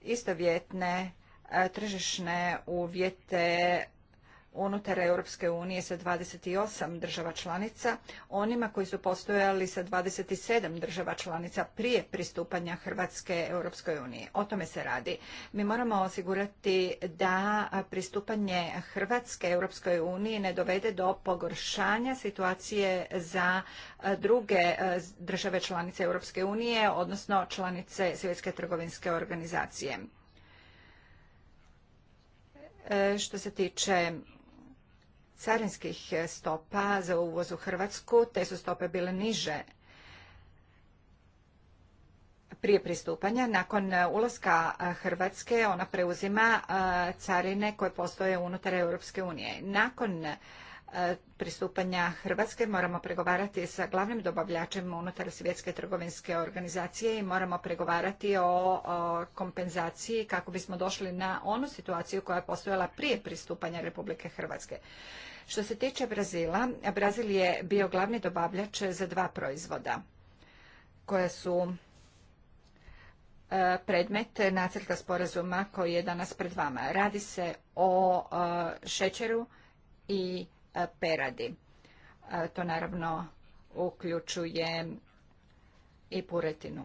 istovjetne e, tržišne uvjete unutar Europske unije sa 28 država članica, onima koji su postojali sa 27 država članica prije pristupanja Hrvatske Europskoj uniji. O tome se radi. Mi moramo osigurati da pristupanje Hrvatske Europskoj uniji ne dovede do pogoršanja situacije za druge e, države članice Europske unije, odnosno članice Svjetske trgovinske organizacije. E, što se tiče carinskih stopa za uvoz u Hrvatsku. Te su stope bile niže prije pristupanja. Nakon ulaska Hrvatske ona preuzima carine koje postoje unutar Europske unije. Nakon pristupanja Hrvatske moramo pregovarati sa glavnim dobavljačem unutar svjetske trgovinske organizacije i moramo pregovarati o kompenzaciji kako bismo došli na onu situaciju koja je postojala prije pristupanja Republike Hrvatske. Što se tiče Brazila, Brazil je bio glavni dobavljač za dva proizvoda koja su e, predmet nacrta sporazuma koji je danas pred vama. Radi se o e, šećeru i e, peradi. To naravno uključuje i puretinu.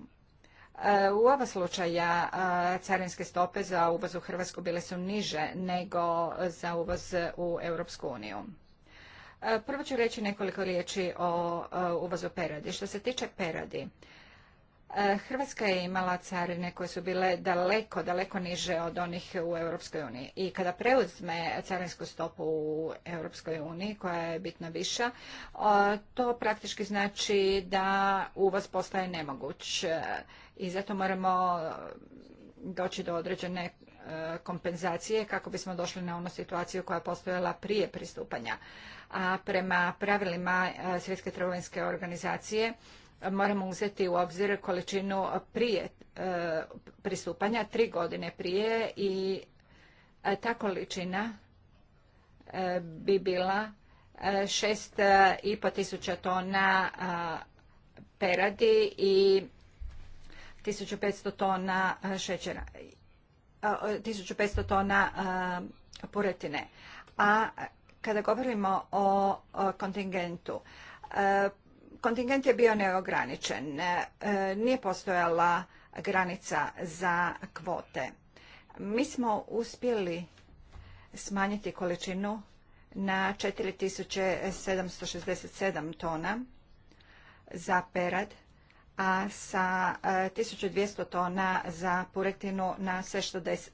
U ova slučaja carinske stope za uvoz u Hrvatsku bile su niže nego za uvoz u Europsku uniju. Prvo ću reći nekoliko riječi o uvozu peradi. Što se tiče peradi, Hrvatska je imala carine koje su bile daleko, daleko niže od onih u Europskoj uniji. I kada preuzme carinsku stopu u Europskoj uniji, koja je bitno viša, to praktički znači da uvoz postaje nemoguć i zato moramo uh, doći do određene uh, kompenzacije kako bismo došli na onu situaciju koja je postojala prije pristupanja. A prema pravilima uh, Svjetske trgovinske organizacije moramo uzeti u obzir količinu prije pristupanja, tri godine prije i ta količina bi bila po tisuća tona peradi i 1500 tona e, šećera, 1500 e, tona e, puretine. A kada govorimo o kontingentu, kontingent je bio neograničen. Nije postojala granica za kvote. Mi smo uspjeli smanjiti količinu na 4767 tona za perad a sa 1200 e, tona za puretinu na 610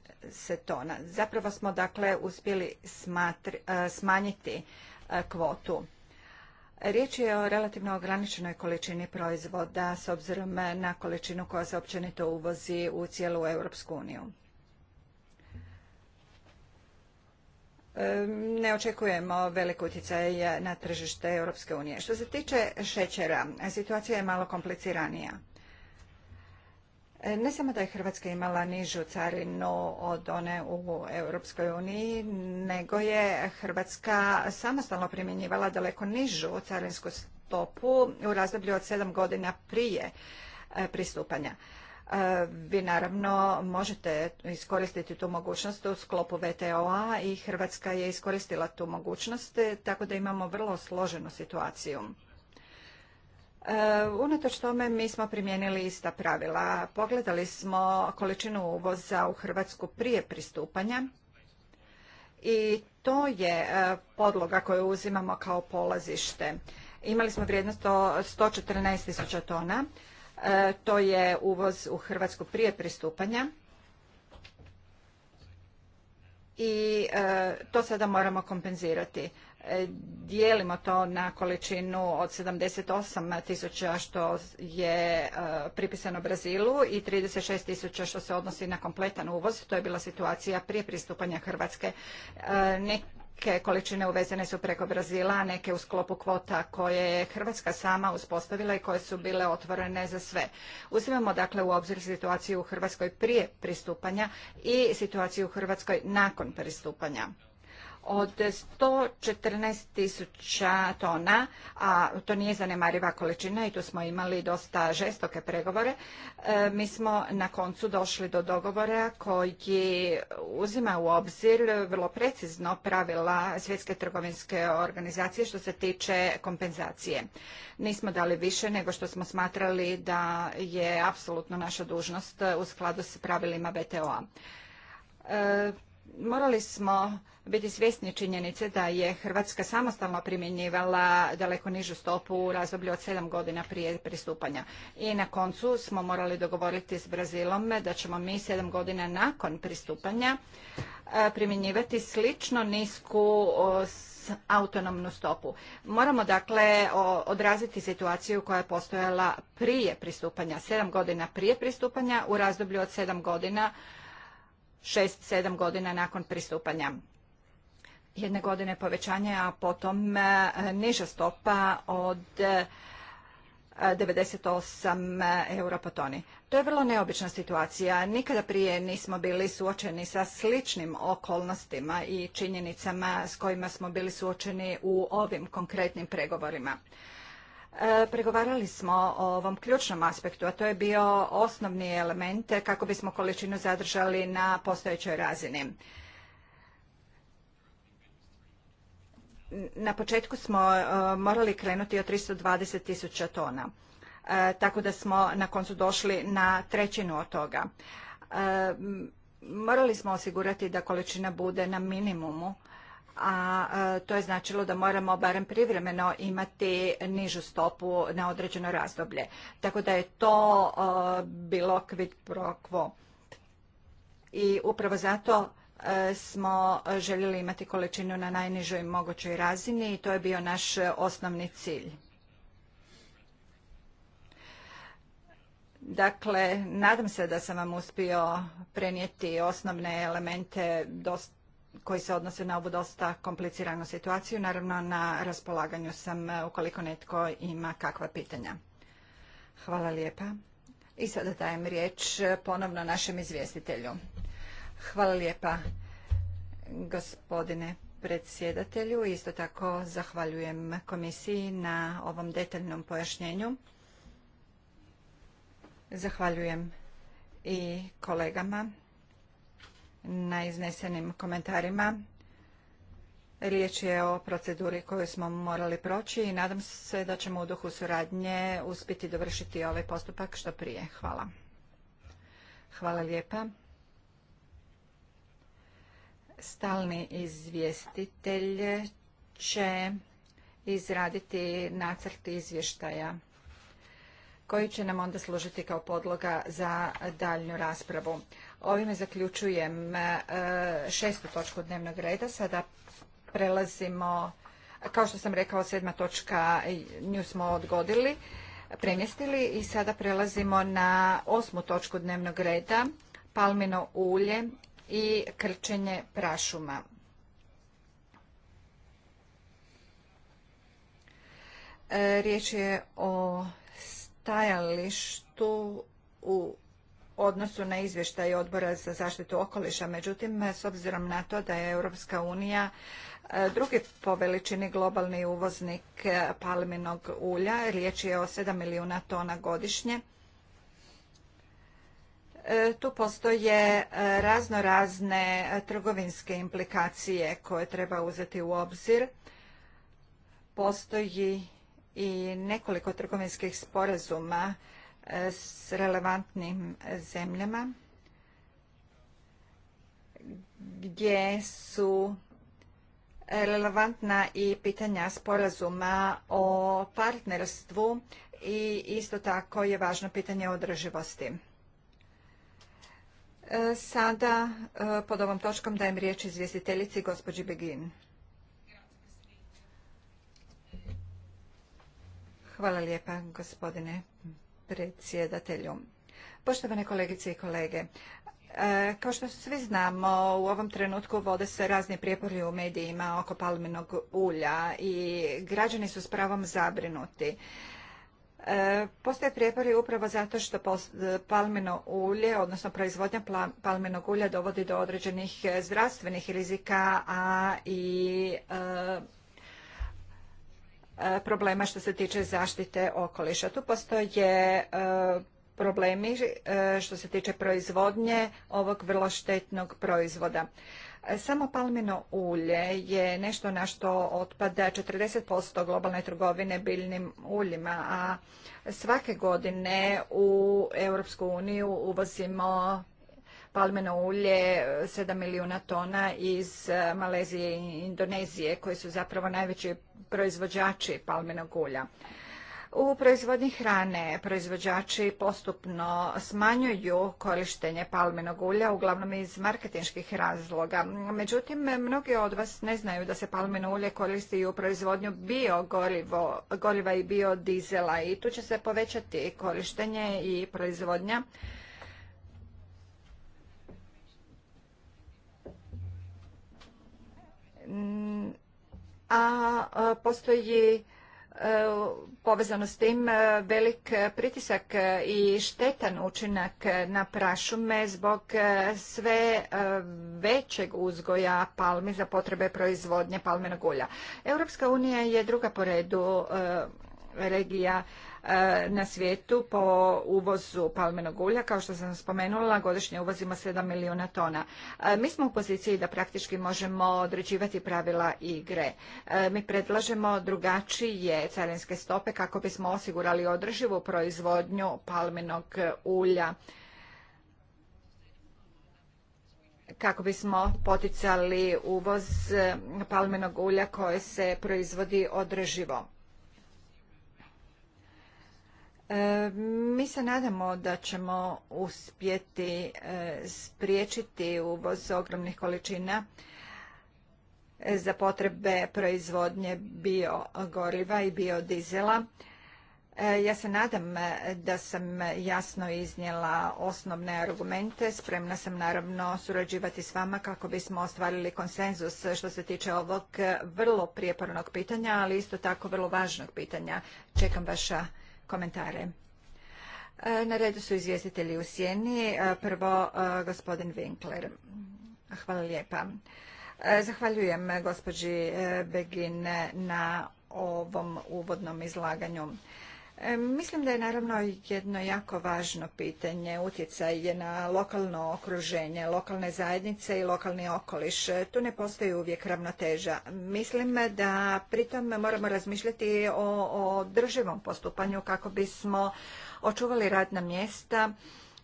tona. Zapravo smo dakle uspjeli e, smanjiti e, kvotu. Riječ je o relativno ograničenoj količini proizvoda s obzirom na količinu koja se općenito uvozi u cijelu Europsku uniju. ne očekujemo velik utjecaj na tržište Europske unije. Što se tiče šećera, situacija je malo kompliciranija. Ne samo da je Hrvatska imala nižu carinu od one u Europskoj uniji, nego je Hrvatska samostalno primjenjivala daleko nižu carinsku stopu u razdoblju od sedam godina prije e, pristupanja. E, vi naravno možete iskoristiti tu mogućnost u sklopu VTO-a i Hrvatska je iskoristila tu mogućnost, e, tako da imamo vrlo složenu situaciju. E, unatoč tome mi smo primijenili ista pravila. Pogledali smo količinu uvoza u Hrvatsku prije pristupanja i to je podloga koju uzimamo kao polazište. Imali smo vrijednost 114 tisuća tona, E, to je uvoz u Hrvatsku prije pristupanja. I e, to sada moramo kompenzirati. E, dijelimo to na količinu od 78 tisuća što je pripisano Brazilu i 36 tisuća što se odnosi na kompletan uvoz. To je bila situacija prije pristupanja Hrvatske neke količine uvezene su preko Brazila, neke u sklopu kvota koje je Hrvatska sama uspostavila i koje su bile otvorene za sve. Uzimamo dakle u obzir situaciju u Hrvatskoj prije pristupanja i situaciju u Hrvatskoj nakon pristupanja od 114 tisuća tona, a to nije zanemariva količina i tu smo imali dosta žestoke pregovore, e, mi smo na koncu došli do dogovora koji uzima u obzir vrlo precizno pravila Svjetske trgovinske organizacije što se tiče kompenzacije. Nismo dali više nego što smo smatrali da je apsolutno naša dužnost u skladu s pravilima BTO-a morali smo biti svjesni činjenice da je Hrvatska samostalno primjenjivala daleko nižu stopu u razdoblju od sedam godina prije pristupanja. I na koncu smo morali dogovoriti s Brazilom da ćemo mi sedam godina nakon pristupanja e, primjenjivati slično nisku autonomnu stopu. Moramo dakle odraziti situaciju koja je postojala prije pristupanja, sedam godina prije pristupanja u razdoblju od sedam godina 6-7 godina nakon pristupanja. Jedne godine povećanja, a potom e, niža stopa od 98 e, eura po toni. To je vrlo neobična situacija. Nikada prije nismo bili suočeni sa sličnim okolnostima i činjenicama s kojima smo bili suočeni u ovim konkretnim pregovorima. E, pregovarali smo o ovom ključnom aspektu, a to je bio osnovni element kako bismo količinu zadržali na postojećoj razini. Na početku smo e, morali krenuti od 320 tisuća tona, e, tako da smo na koncu došli na trećinu od toga. Morali smo osigurati da količina bude na minimumu, a e, to je značilo da moramo barem privremeno imati nižu stopu na određeno razdoblje. Tako da je to e, bilo quid pro quo. I upravo zato e, smo željeli imati količinu na najnižoj mogućoj razini i to je bio naš osnovni cilj. Dakle, nadam se da sam vam uspio prenijeti osnovne elemente dosta koji se odnose na ovu dosta kompliciranu situaciju. Naravno, na raspolaganju sam e, ukoliko netko ima kakva pitanja. Hvala lijepa. I sada dajem riječ e, ponovno našem izvjestitelju. Hvala lijepa gospodine predsjedatelju. Isto tako zahvaljujem komisiji na ovom detaljnom pojašnjenju. Zahvaljujem i kolegama na iznesenim komentarima. Riječ je o proceduri koju smo morali proći i nadam se da ćemo u duhu suradnje uspjeti dovršiti ovaj postupak što prije. Hvala. Hvala lijepa. Stalni izvjestitelj će izraditi nacrt izvještaja koji će nam onda služiti kao podloga za daljnju raspravu. Ovime zaključujem e, šestu točku dnevnog reda. Sada prelazimo, kao što sam rekao, sedma točka nju smo odgodili, premjestili i sada prelazimo na osmu točku dnevnog reda, palmino ulje i krčenje prašuma. E, riječ je o stajalištu u odnosu na izvještaj odbora za zaštitu okoliša. Međutim, s obzirom na to da je Europska unija e, drugi po veličini globalni uvoznik e, palminog ulja, riječ je o 7 milijuna tona godišnje, e, tu postoje razno razne trgovinske implikacije koje treba uzeti u obzir. Postoji i nekoliko trgovinskih sporazuma s relevantnim zemljama gdje su relevantna i pitanja sporazuma o partnerstvu i isto tako je važno pitanje održivosti. E, sada e, pod ovom točkom dajem riječ izvjestiteljici gospođi Begin. Hvala lijepa gospodine predsjedatelju. Poštovane kolegice i kolege, e, kao što svi znamo, u ovom trenutku vode se razni prijepori u medijima oko palminog ulja i građani su s pravom zabrinuti. E, postoje prijepori upravo zato što palmino ulje, odnosno proizvodnja palminog ulja dovodi do određenih zdravstvenih rizika, a i e, E, problema što se tiče zaštite okoliša. Tu postoje e, problemi e, što se tiče proizvodnje ovog vrlo štetnog proizvoda. Samo palmino ulje je nešto na što otpada 40% globalne trgovine biljnim uljima, a svake godine u Europsku uniju uvozimo palmeno ulje 7 milijuna tona iz e, Malezije i Indonezije koji su zapravo najveći proizvođači palmenog ulja. U proizvodnji hrane proizvođači postupno smanjuju korištenje palmenog ulja, uglavnom iz marketinških razloga. Međutim, mnogi od vas ne znaju da se palmino ulje koristi i u proizvodnju biogoriva i biodizela i tu će se povećati korištenje i proizvodnja a postoji e, povezano s tim e, velik pritisak i štetan učinak na prašume zbog e, sve većeg uzgoja palmi za potrebe proizvodnje palmenog ulja. Europska unija je druga po redu regija E, na svijetu po uvozu palmenog ulja. Kao što sam spomenula, godišnje uvozimo 7 milijuna tona. E, mi smo u poziciji da praktički možemo određivati pravila igre. E, mi predlažemo drugačije carinske stope kako bismo osigurali održivu proizvodnju palmenog ulja kako bismo poticali uvoz palmenog ulja koje se proizvodi održivo. E, mi se nadamo da ćemo uspjeti e, spriječiti uvoz ogromnih količina e, za potrebe proizvodnje biogoriva i biodizela. Ja se nadam da sam jasno iznijela osnovne argumente. Spremna sam naravno surađivati s vama kako bismo ostvarili konsenzus što se tiče ovog vrlo prijepornog pitanja, ali isto tako vrlo važnog pitanja. Čekam vaša komentare. E, na redu su izvjestitelji u sjeni. E, prvo, e, gospodin Winkler. Hvala lijepa. Zahvaljujem gospođi Begin na ovom uvodnom izlaganju. E, mislim da je naravno jedno jako važno pitanje utjecaj na lokalno okruženje, lokalne zajednice i lokalni okoliš. Tu ne postoji uvijek ravnoteža. Mislim da pritom moramo razmišljati o, o drživom postupanju kako bismo očuvali radna mjesta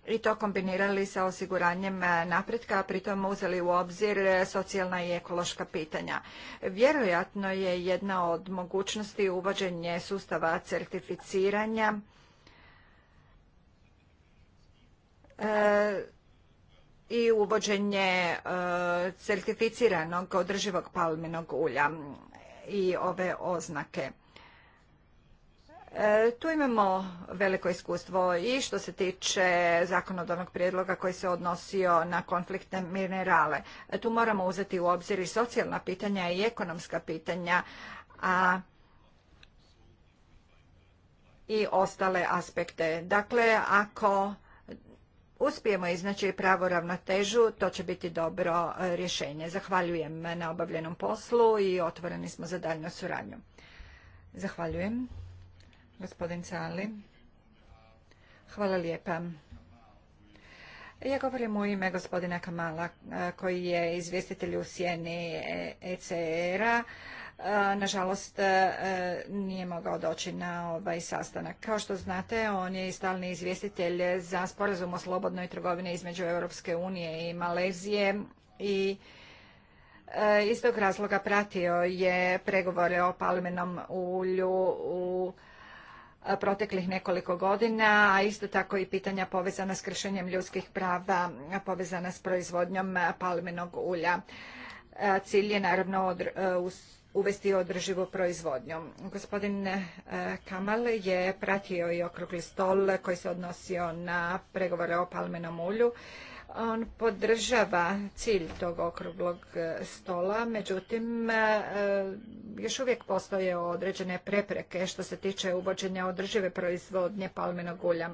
i to kombinirali sa osiguranjem e, napretka, a pritom uzeli u obzir e, socijalna i ekološka pitanja. Vjerojatno je jedna od mogućnosti uvođenje sustava certificiranja e, i uvođenje certificiranog održivog palminog ulja i ove oznake. E, tu imamo veliko iskustvo i što se tiče zakonodavnog prijedloga koji se odnosio na konfliktne minerale. E, tu moramo uzeti u obzir i socijalna pitanja i ekonomska pitanja, a i ostale aspekte. Dakle, ako uspijemo iznaći pravu ravnotežu, to će biti dobro e, rješenje. Zahvaljujem na obavljenom poslu i otvoreni smo za daljnju suradnju. Zahvaljujem. Gospodin Cali. Hvala lijepa. Ja govorim u ime gospodina Kamala koji je izvjestitelj u sjeni ECR-a. Nažalost, nije mogao doći na ovaj sastanak. Kao što znate, on je i stalni izvjestitelj za sporazum o slobodnoj trgovini između Europske unije i Malezije i e, iz tog razloga pratio je pregovore o palmenom ulju u proteklih nekoliko godina, a isto tako i pitanja povezana s kršenjem ljudskih prava, povezana s proizvodnjom palmenog ulja. Cilj je naravno uvesti uvesti održivu proizvodnju. Gospodin Kamal je pratio i okrugli stol koji se odnosio na pregovore o palmenom ulju on podržava cilj tog okruglog e, stola, međutim, e, još uvijek postoje određene prepreke što se tiče uvođenja održive proizvodnje palmenog ulja.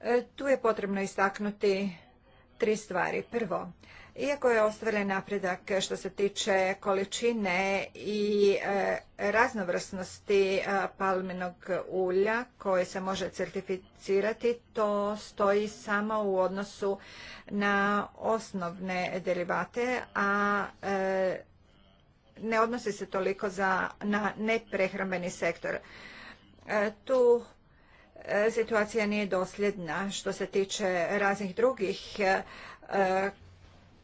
E, tu je potrebno istaknuti tri stvari. Prvo, iako je ostvaren napredak što se tiče količine i e, raznovrsnosti e, palminog ulja koje se može certificirati, to stoji samo u odnosu na osnovne derivate, a e, ne odnosi se toliko na neprehrambeni sektor. Tu situacija nije dosljedna što se tiče raznih drugih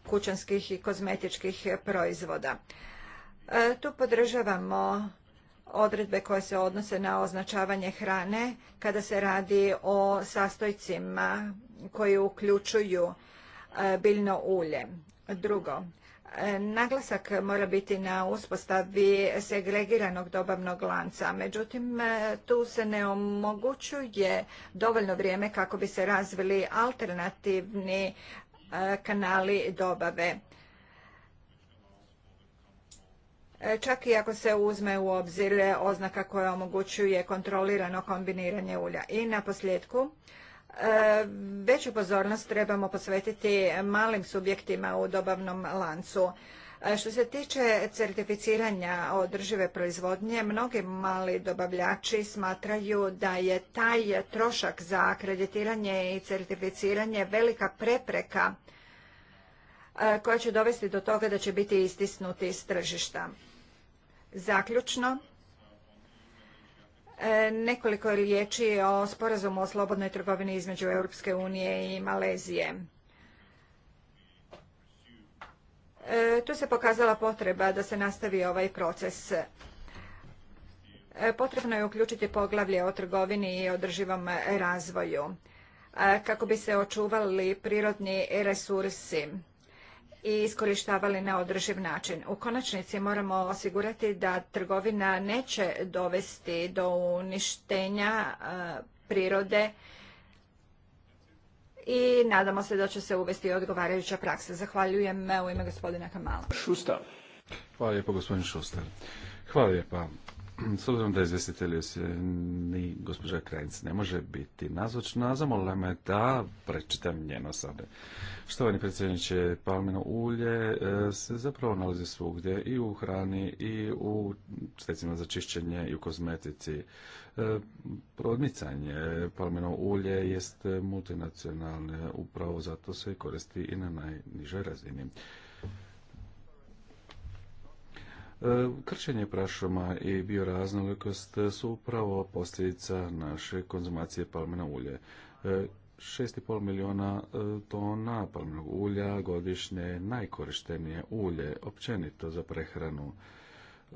kućanskih i kozmetičkih proizvoda. E, tu podržavamo odredbe koje se odnose na označavanje hrane kada se radi o sastojcima koji uključuju e, biljno ulje. Drugo, e, Naglasak mora biti na uspostavi segregiranog dobavnog lanca, međutim tu se ne omogućuje dovoljno vrijeme kako bi se razvili alternativni E, kanali dobave. E, čak i ako se uzme u obzir oznaka koja omogućuje kontrolirano kombiniranje ulja. I na posljedku, e, veću pozornost trebamo posvetiti malim subjektima u dobavnom lancu. Što se tiče certificiranja održive proizvodnje, mnogi mali dobavljači smatraju da je taj trošak za kreditiranje i certificiranje velika prepreka e, koja će dovesti do toga da će biti istisnuti iz tržišta. Zaključno, e, nekoliko riječi o sporazumu o slobodnoj trgovini između Europske unije i Malezije. E, tu se pokazala potreba da se nastavi ovaj proces. E, potrebno je uključiti poglavlje o trgovini i održivom razvoju e, kako bi se očuvali prirodni resursi i iskorištavali na održiv način. U konačnici moramo osigurati da trgovina neće dovesti do uništenja prirode i nadamo se da će se uvesti odgovarajuća praksa. Zahvaljujem u ime gospodina Kamala. Hvala lijepo gospodin s obzirom da se ni gospođa Krajnc ne može biti nazočna, zamolila me da prečitam njeno sada. Štovani predsjedniče, palmino ulje e, se zapravo nalazi svugdje i u hrani i u sredstvima za čišćenje i u kozmetici. E, Prodmicanje palmino ulje jest multinacionalne, upravo zato se koristi i na najnižoj razini. Krčenje prašuma i bioraznolikost su upravo posljedica naše konzumacije palmina ulje. 6,5 milijuna e, tona palminog ulja godišnje najkorištenije ulje općenito za prehranu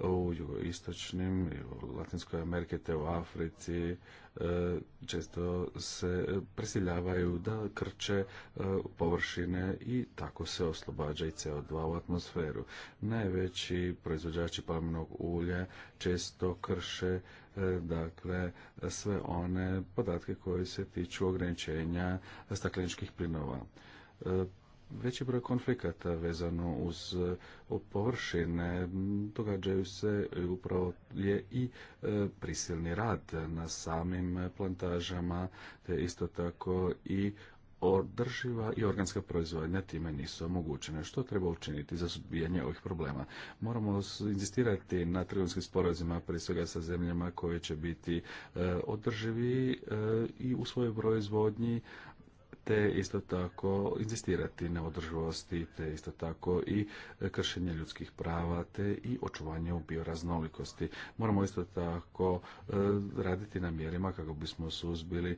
u jugoistočnim, u Latinskoj Amerike te u Africi, E, često se prisiljavaju da krče e, površine i tako se oslobađa i CO2 u atmosferu. Najveći proizvođači palminog ulja često krše e, dakle sve one podatke koje se tiču ograničenja stakleničkih plinova veći broj konflikata vezano uz e, površine. Događaju se upravo je i e, prisilni rad na samim plantažama, te isto tako i održiva i organska proizvodnja time nisu omogućene. Što treba učiniti za suzbijanje ovih problema? Moramo inzistirati na trgovinskim sporazima, prije svega sa zemljama koje će biti e, održivi i u svojoj proizvodnji, te isto tako inzistirati na održivosti, te isto tako i kršenje ljudskih prava, te i očuvanje bioraznolikosti. Moramo isto tako e, raditi na mjerima kako bismo suzbili e,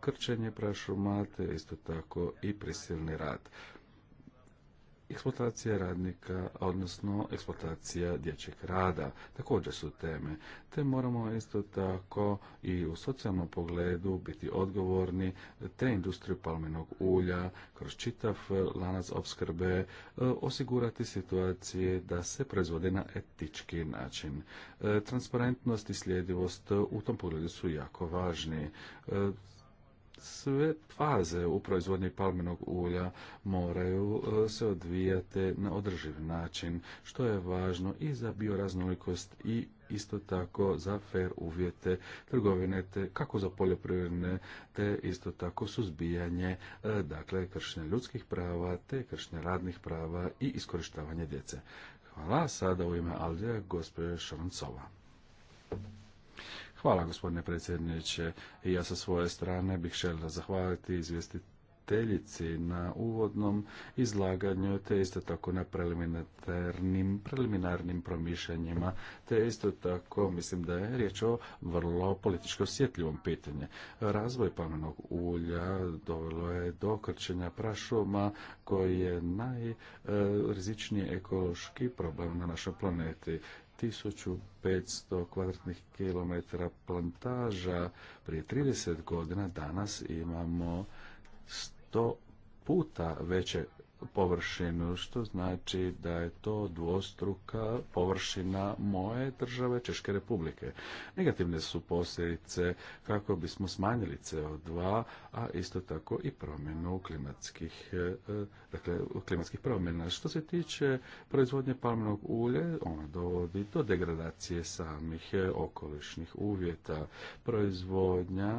krčenje prašuma, te isto tako i prisilni rad eksploatacija radnika, odnosno eksploatacija dječjeg rada. Također su teme. Te moramo isto tako i u socijalnom pogledu biti odgovorni te industriju palmenog ulja kroz čitav lanac opskrbe e, osigurati situacije da se proizvode na etički način. E, transparentnost i sljedivost u tom pogledu su jako važni e, sve faze u proizvodnji palmenog ulja moraju e, se odvijati na održiv način, što je važno i za bioraznolikost i isto tako za fair uvjete trgovine, te kako za poljoprivredne, te isto tako suzbijanje, e, dakle, kršenja ljudskih prava, te kršenja radnih prava i iskorištavanje djece. Hvala, sada u ime Aldija, gospođa Šaroncova. Hvala gospodine predsjedniče. Ja sa svoje strane bih želio zahvaliti izvjestiteljici na uvodnom izlaganju te isto tako na preliminarnim, preliminarnim promišljanjima te isto tako mislim da je riječ o vrlo politički osjetljivom pitanju. Razvoj pamenog ulja dovelo je do krčenja prašuma koji je najrizičniji ekološki problem na našoj planeti 1500 kvadratnih kilometara plantaža prije 30 godina, danas imamo 100 puta veće površinu, što znači da je to dvostruka površina moje države Češke republike. Negativne su posljedice kako bismo smanjili CO2, a isto tako i promjenu klimatskih, e, dakle, klimatskih promjena. Što se tiče proizvodnje palmnog ulje, ona dovodi do degradacije samih e, okolišnih uvjeta. Proizvodnja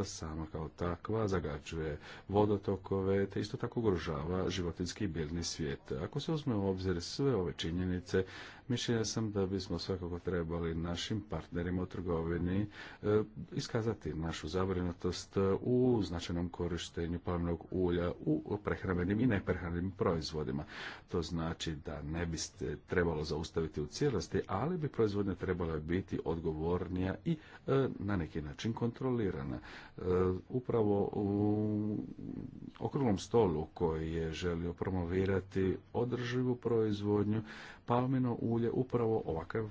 e, sama kao takva zagađuje vodotokove, te isto tako ugrožava životinske i biljni svijet. Ako se uzme u obzir sve ove činjenice, Mišljenja sam da bismo svakako trebali našim partnerima u trgovini e, iskazati našu zabrinutost e, u značajnom korištenju palminog ulja u prehrambenim i neprehrambenim proizvodima. To znači da ne bi trebalo zaustaviti u cijelosti, ali bi proizvodnja trebala biti odgovornija i e, na neki način kontrolirana. Upravo u okruglom stolu koji je želio promovirati održivu proizvodnju, palmino ulje, upravo ovakav e,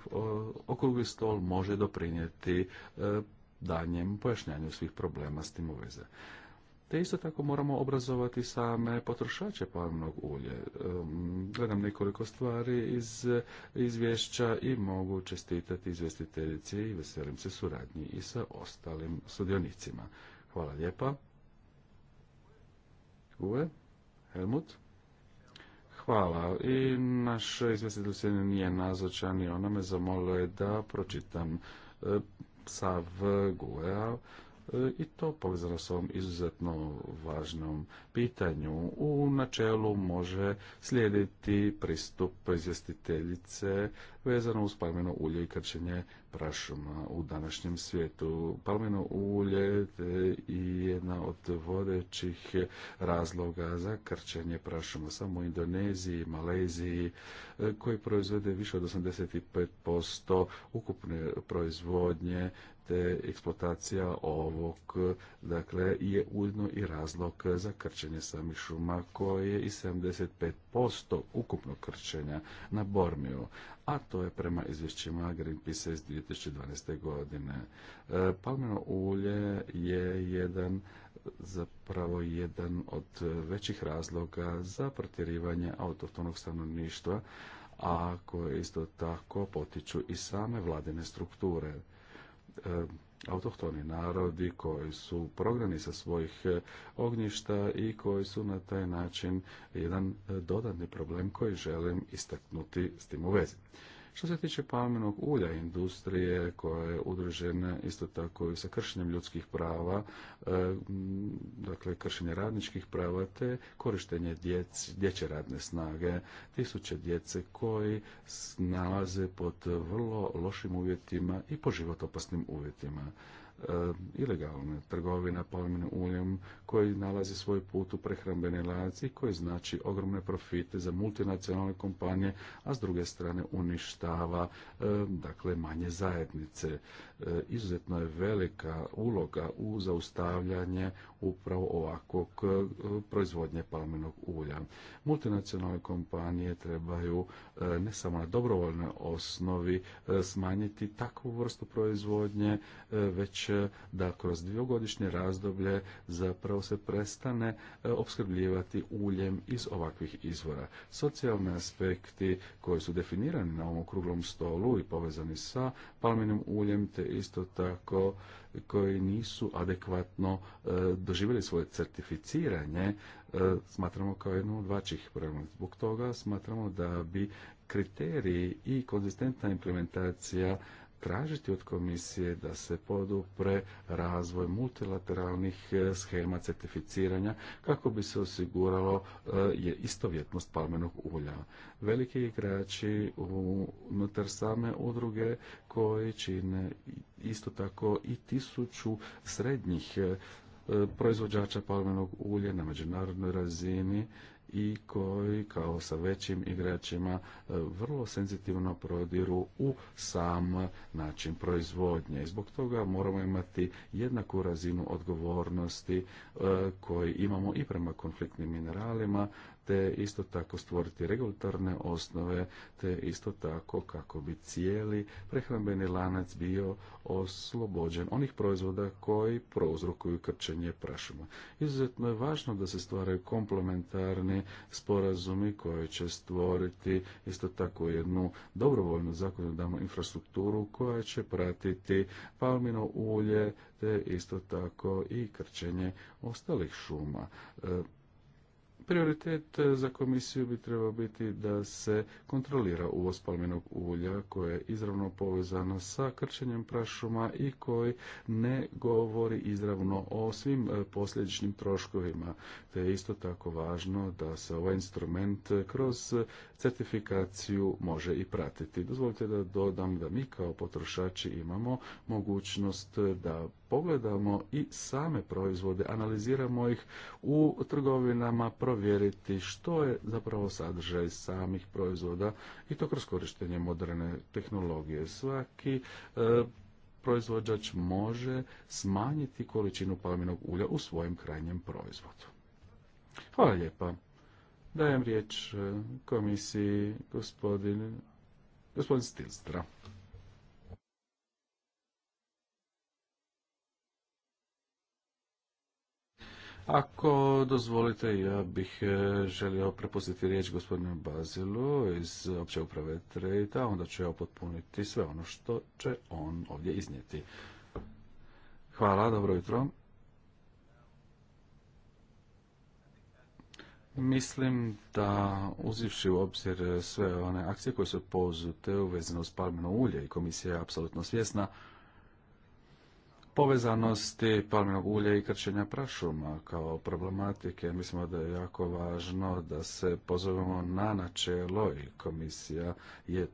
okrugli stol može doprinijeti e, danjem pojašnjanju svih problema s tim u veze. Te isto tako moramo obrazovati same potrošače palminog ulje. Gledam nekoliko stvari iz izvješća i mogu čestitati izvjestiteljici i veselim se suradnji i sa ostalim sudionicima. Hvala lijepa. Uve, Helmut. Hvala. I e, naš izvjestitelj se nije nazočan i ona me zamolila je da pročitam e, sav Google i to povezano s ovom izuzetno važnom pitanju. U načelu može slijediti pristup izvjestiteljice vezano uz palmino ulje i krčenje prašuma u današnjem svijetu. Palmino ulje je jedna od vodećih razloga za krčenje prašuma samo u Indoneziji, Maleziji, koji proizvode više od 85% ukupne proizvodnje te eksploatacija ovog dakle je ujedno i razlog za krčenje samih šuma koje je i 75% ukupnog krčenja na Bormiju, a to je prema izvješćima Greenpeace iz 2012. godine. E, palmino ulje je jedan zapravo jedan od većih razloga za protjerivanje autohtonog stanovništva, a koje isto tako potiču i same vladine strukture. E, autohtoni narodi koji su prograni sa svojih e, ognjišta i koji su na taj način jedan e, dodatni problem koji želim istaknuti s tim u vezi. Što se tiče pamenog ulja industrije koja je udružena isto tako i sa kršenjem ljudskih prava, e, dakle kršenje radničkih prava te korištenje dječje radne snage, tisuće djece koji nalaze pod vrlo lošim uvjetima i po opasnim uvjetima. E, ilegalne trgovina palminim uljem koji nalazi svoj put u prehrambene lanci koji znači ogromne profite za multinacionalne kompanije, a s druge strane uništava e, dakle manje zajednice. E, izuzetno je velika uloga u zaustavljanje upravo ovakvog e, proizvodnje palminog ulja. Multinacionalne kompanije trebaju e, ne samo na dobrovoljnoj osnovi smanjiti takvu vrstu proizvodnje, već da kroz dvogodišnje razdoblje zapravo se prestane opskrbljivati uljem iz ovakvih izvora. Socijalni aspekti koji su definirani na ovom okruglom stolu i povezani sa palminim uljem te isto tako koji nisu adekvatno e, doživjeli svoje certificiranje e, smatramo kao jednu od vačih problema. Zbog toga smatramo da bi kriteriji i konzistentna implementacija tražiti od komisije da se podupre razvoj multilateralnih e, schema certificiranja kako bi se osiguralo e, je istovjetnost palmenog ulja. Veliki igrači unutar same udruge koji čine isto tako i tisuću srednjih e, proizvođača palmenog ulja na međunarodnoj razini i koji kao sa većim igračima e, vrlo senzitivno prodiru u sam način proizvodnje. Zbog toga moramo imati jednaku razinu odgovornosti e, koji imamo i prema konfliktnim mineralima te isto tako stvoriti regulatorne osnove, te isto tako kako bi cijeli prehrambeni lanac bio oslobođen onih proizvoda koji prouzrokuju krčenje prašuma. Izuzetno je važno da se stvaraju komplementarni sporazumi koji će stvoriti isto tako jednu dobrovoljnu zakonodavnu infrastrukturu koja će pratiti palmino ulje, te isto tako i krčenje ostalih šuma. E, Prioritet e, za komisiju bi trebao biti da se kontrolira uvoz palminog ulja koje je izravno povezano sa krčenjem prašuma i koji ne govori izravno o svim e, posljedičnim troškovima. Te je isto tako važno da se ovaj instrument e, kroz certifikaciju može i pratiti. Dozvolite da dodam da mi kao potrošači imamo mogućnost da pogledamo i same proizvode, analiziramo ih u trgovinama, provjeriti što je zapravo sadržaj samih proizvoda i to kroz korištenje moderne tehnologije. Svaki e, proizvođač može smanjiti količinu palminog ulja u svojem krajnjem proizvodu. Hvala lijepa. Dajem riječ e, komisiji gospodin, gospodin Stilstra. Ako dozvolite, ja bih e, želio prepustiti riječ gospodinu Bazilu iz opće uprave Trejta, onda ću ja potpuniti sve ono što će on ovdje iznijeti. Hvala, dobro jutro. Mislim da uzivši u obzir sve one akcije koje su pozute vezi uz palmino ulje i komisija je apsolutno svjesna povezanosti palminog ulja i krčenja prašuma kao problematike. Mislimo da je jako važno da se pozovemo na načelo i komisija je e,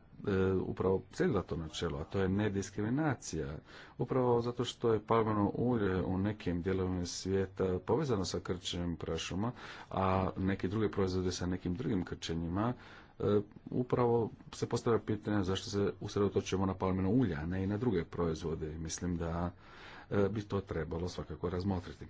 upravo cijela to načelo, a to je nediskriminacija. Upravo zato što je palmeno ulje u nekim dijelovima svijeta povezano sa krčenjem prašuma, a neki drugi proizvode sa nekim drugim krčenjima, e, upravo se postavlja pitanje zašto se usredotočujemo na palmino ulja, a ne i na druge proizvode. Mislim da E, bi to trebalo svakako razmotriti.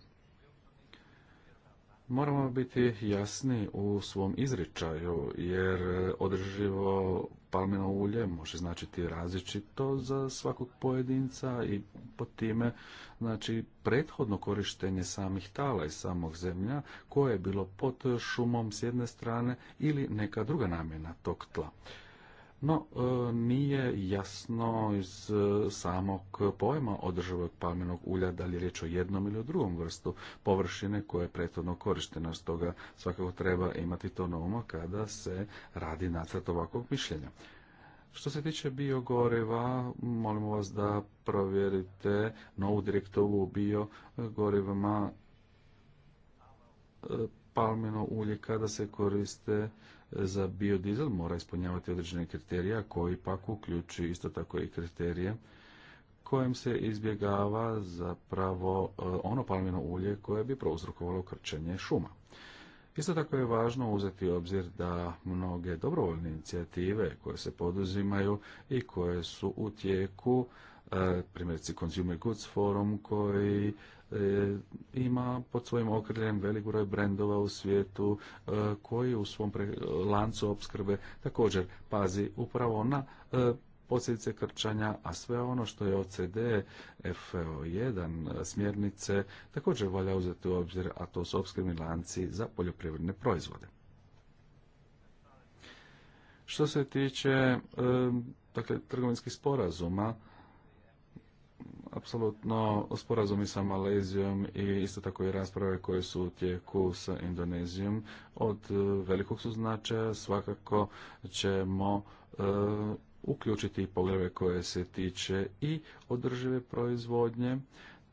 Moramo biti jasni u svom izričaju, jer održivo palmino ulje može značiti različito za svakog pojedinca i po time znači prethodno korištenje samih tala i samog zemlja koje je bilo pod šumom s jedne strane ili neka druga namjena tog tla no e, nije jasno iz e, samog pojma održavog palmenog ulja da li je riječ o jednom ili o drugom vrstu površine koja je prethodno korištena. Stoga svakako treba imati to na umu kada se radi nacrt ovakvog mišljenja. Što se tiče biogoriva, molimo vas da provjerite novu direktovu o biogorivama e, palmino ulje kada se koriste za biodizel mora ispunjavati određene kriterije koji pak uključuju isto tako i kriterije kojim se izbjegava zapravo e, ono palmino ulje koje bi prouzrokovalo krčenje šuma. Isto tako je važno uzeti u obzir da mnoge dobrovoljne inicijative koje se poduzimaju i koje su u tijeku, e, primjerice Consumer Goods Forum koji E, ima pod svojim okriljem velik broj brendova u svijetu e, koji u svom lancu opskrbe također pazi upravo na e, posljedice krčanja, a sve ono što je OCD, FO1, smjernice, također valja uzeti u obzir, a to su opskrbni lanci za poljoprivredne proizvode. Što se tiče dakle, trgovinskih sporazuma, apsolutno sporazumi sa Malezijom i isto tako i rasprave koje su u tijeku sa Indonezijom od e, velikog su značaja. Svakako ćemo e, uključiti i poglede koje se tiče i održive proizvodnje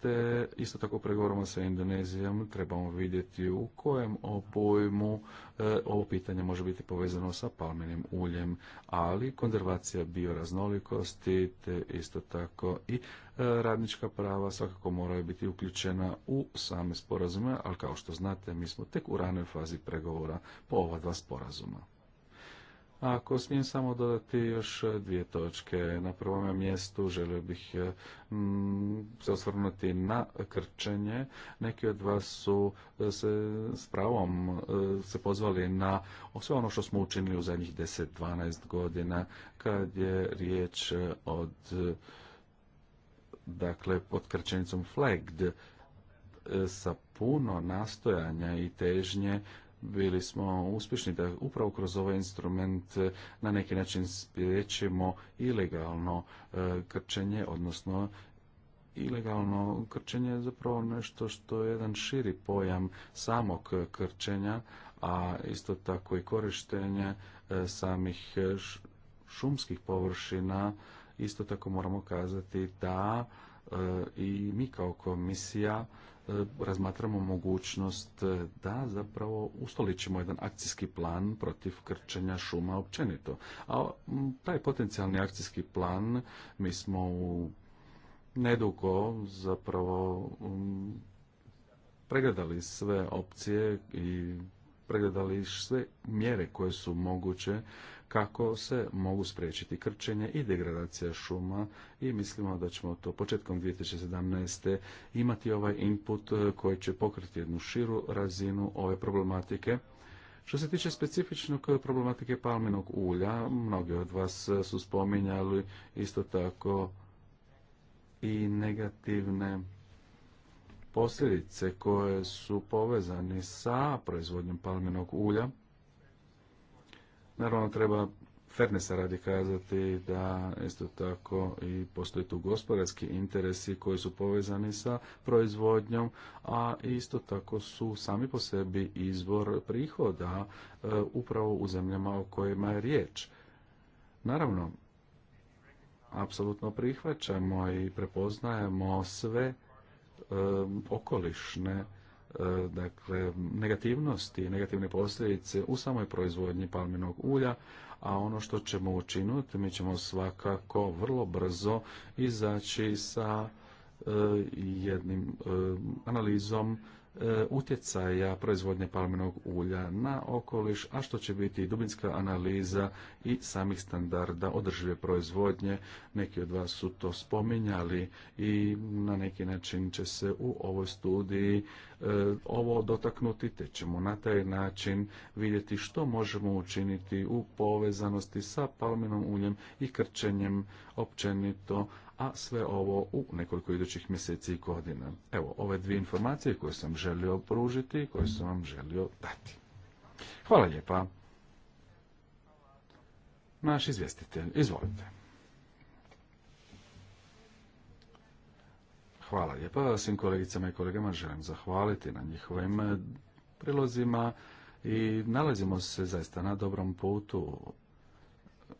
te isto tako pregovorima sa Indonezijom trebamo vidjeti u kojem obojmu e, ovo pitanje može biti povezano sa palmenim uljem, ali konzervacija bioraznolikosti te isto tako i e, radnička prava svakako moraju biti uključena u same sporazume, ali kao što znate mi smo tek u ranoj fazi pregovora po ova dva sporazuma. Ako smijem samo dodati još e, dvije točke. Na prvom mjestu želio bih e, se osvrnuti na krčenje. Neki od vas su e, se s pravom se pozvali na sve ono što smo učinili u zadnjih 10-12 godina kad je riječ od dakle pod krčenicom flagged sa puno nastojanja i težnje bili smo uspješni da upravo kroz ovaj instrument e, na neki način spriječimo ilegalno e, krčenje, odnosno ilegalno krčenje je zapravo nešto što je jedan širi pojam samog krčenja, a isto tako i korištenje e, samih šumskih površina. Isto tako moramo kazati da i mi kao komisija E, razmatramo mogućnost e, da zapravo ustoličimo jedan akcijski plan protiv krčenja šuma općenito. A taj potencijalni akcijski plan mi smo u nedugo zapravo pregledali sve opcije i pregledali sve mjere koje su moguće kako se mogu spriječiti krčenje i degradacija šuma i mislimo da ćemo to početkom 2017. imati ovaj input e, koji će pokriti jednu širu razinu ove problematike. Što se tiče specifičnog problematike palminog ulja, mnogi od vas su spominjali isto tako i negativne posljedice koje su povezane sa proizvodnjom palminog ulja. Naravno, treba Fernesa radi kazati da isto tako i postoje tu gospodarski interesi koji su povezani sa proizvodnjom, a isto tako su sami po sebi izvor prihoda e, upravo u zemljama o kojima je riječ. Naravno, apsolutno prihvaćamo i prepoznajemo sve e, okolišne E, dakle, negativnosti, negativne posljedice u samoj proizvodnji palminog ulja, a ono što ćemo učiniti, mi ćemo svakako vrlo brzo izaći sa e, jednim e, analizom E, utjecaja proizvodnje palminog ulja na okoliš, a što će biti dubinska analiza i samih standarda održive proizvodnje. Neki od vas su to spominjali i na neki način će se u ovoj studiji e, ovo dotaknuti, te ćemo na taj način vidjeti što možemo učiniti u povezanosti sa palminom uljem i krčenjem općenito, a sve ovo u nekoliko idućih mjeseci i godina. Evo, ove dvije informacije koje sam želio pružiti i koje sam vam želio dati. Hvala lijepa. Naš izvjestitelj, izvolite. Hvala lijepa. Svim kolegicama i kolegama želim zahvaliti na njihovim prilozima i nalazimo se zaista na dobrom putu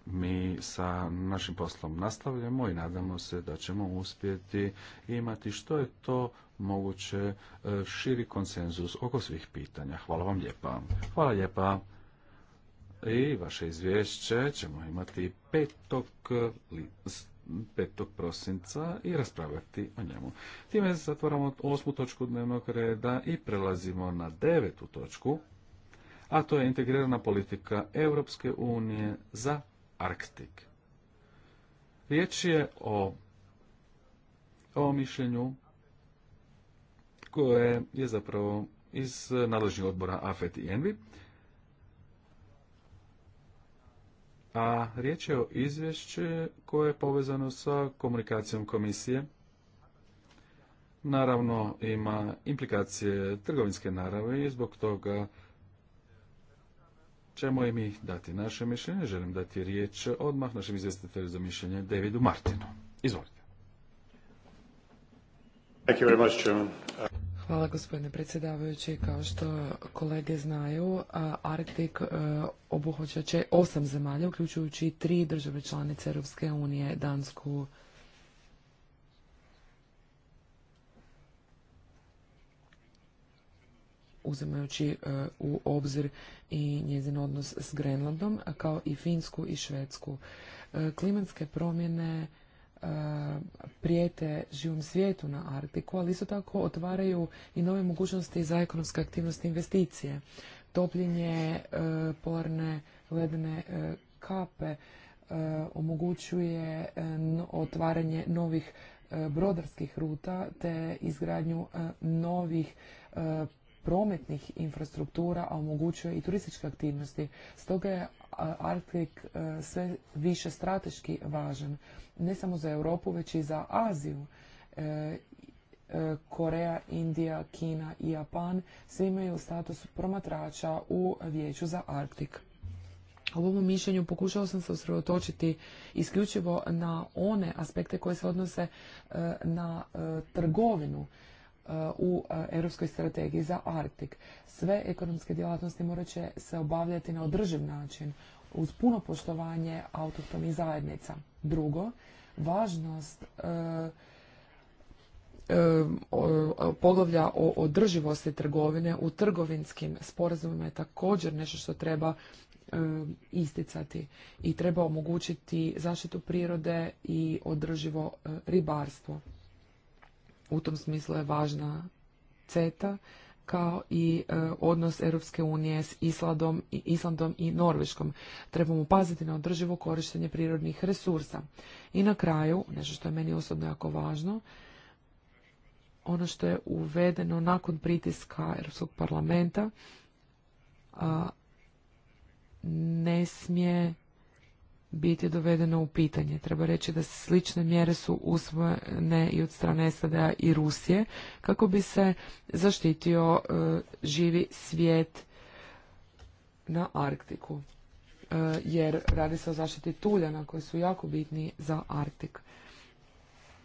mi sa našim poslom nastavljamo i nadamo se da ćemo uspjeti imati što je to moguće e, širi konsenzus oko svih pitanja. Hvala vam lijepa. Hvala lijepa. I vaše izvješće ćemo imati petog prosinca i raspravljati o njemu. Time zatvoramo osmu točku dnevnog reda i prelazimo na devetu točku, a to je integrirana politika Europske unije za Arktik. Riječ je o mišljenju koje je zapravo iz nadležnog odbora AFET i ENVI. A riječ je o izvješće koje je povezano sa komunikacijom komisije. Naravno, ima implikacije trgovinske narave i zbog toga ćemo i mi dati naše mišljenje. Želim dati riječ odmah našem izvjestitelju za mišljenje Davidu Martinu. Izvolite. Hvala gospodine predsjedavajući. Kao što kolege znaju, Arktik e, obuhvaća će osam zemalja, uključujući tri države članice Europske unije, Dansku, uzimajući e, u obzir i njezin odnos s Grenlandom, kao i Finsku i Švedsku. E, klimatske promjene e, prijete živom svijetu na Arktiku, ali isto tako otvaraju i nove mogućnosti za ekonomske aktivnosti investicije. Topljenje polarne ledene kape omogućuje otvaranje novih brodarskih ruta te izgradnju novih prometnih infrastruktura, a omogućuje i turističke aktivnosti. Stoga je Arktik e, sve više strateški važan, ne samo za Europu, već i za Aziju. E, e, Koreja, Indija, Kina i Japan svi imaju status promatrača u Vijeću za Arktik. U ovom mišljenju pokušao sam se usredotočiti isključivo na one aspekte koje se odnose na trgovinu u e, Europskoj strategiji za Artik. Sve ekonomske djelatnosti morat će se obavljati na održiv način uz puno poštovanje autohtonih zajednica. Drugo, važnost e, e, poglavlja o održivosti trgovine u trgovinskim sporazumima je također nešto što treba isticati i treba omogućiti zaštitu prirode i održivo ribarstvo. U tom smislu je važna CETA kao i e, odnos Europske unije s Islandom, Islandom i Norveškom. Trebamo paziti na održivo korištenje prirodnih resursa. I na kraju, nešto što je meni osobno jako važno, ono što je uvedeno nakon pritiska Europskog parlamenta ne smije biti dovedeno u pitanje. Treba reći da slične mjere su usvojene i od strane SAD-a i Rusije kako bi se zaštitio e, živi svijet na Arktiku. E, jer radi se o zaštiti tuljana koji su jako bitni za Arktik.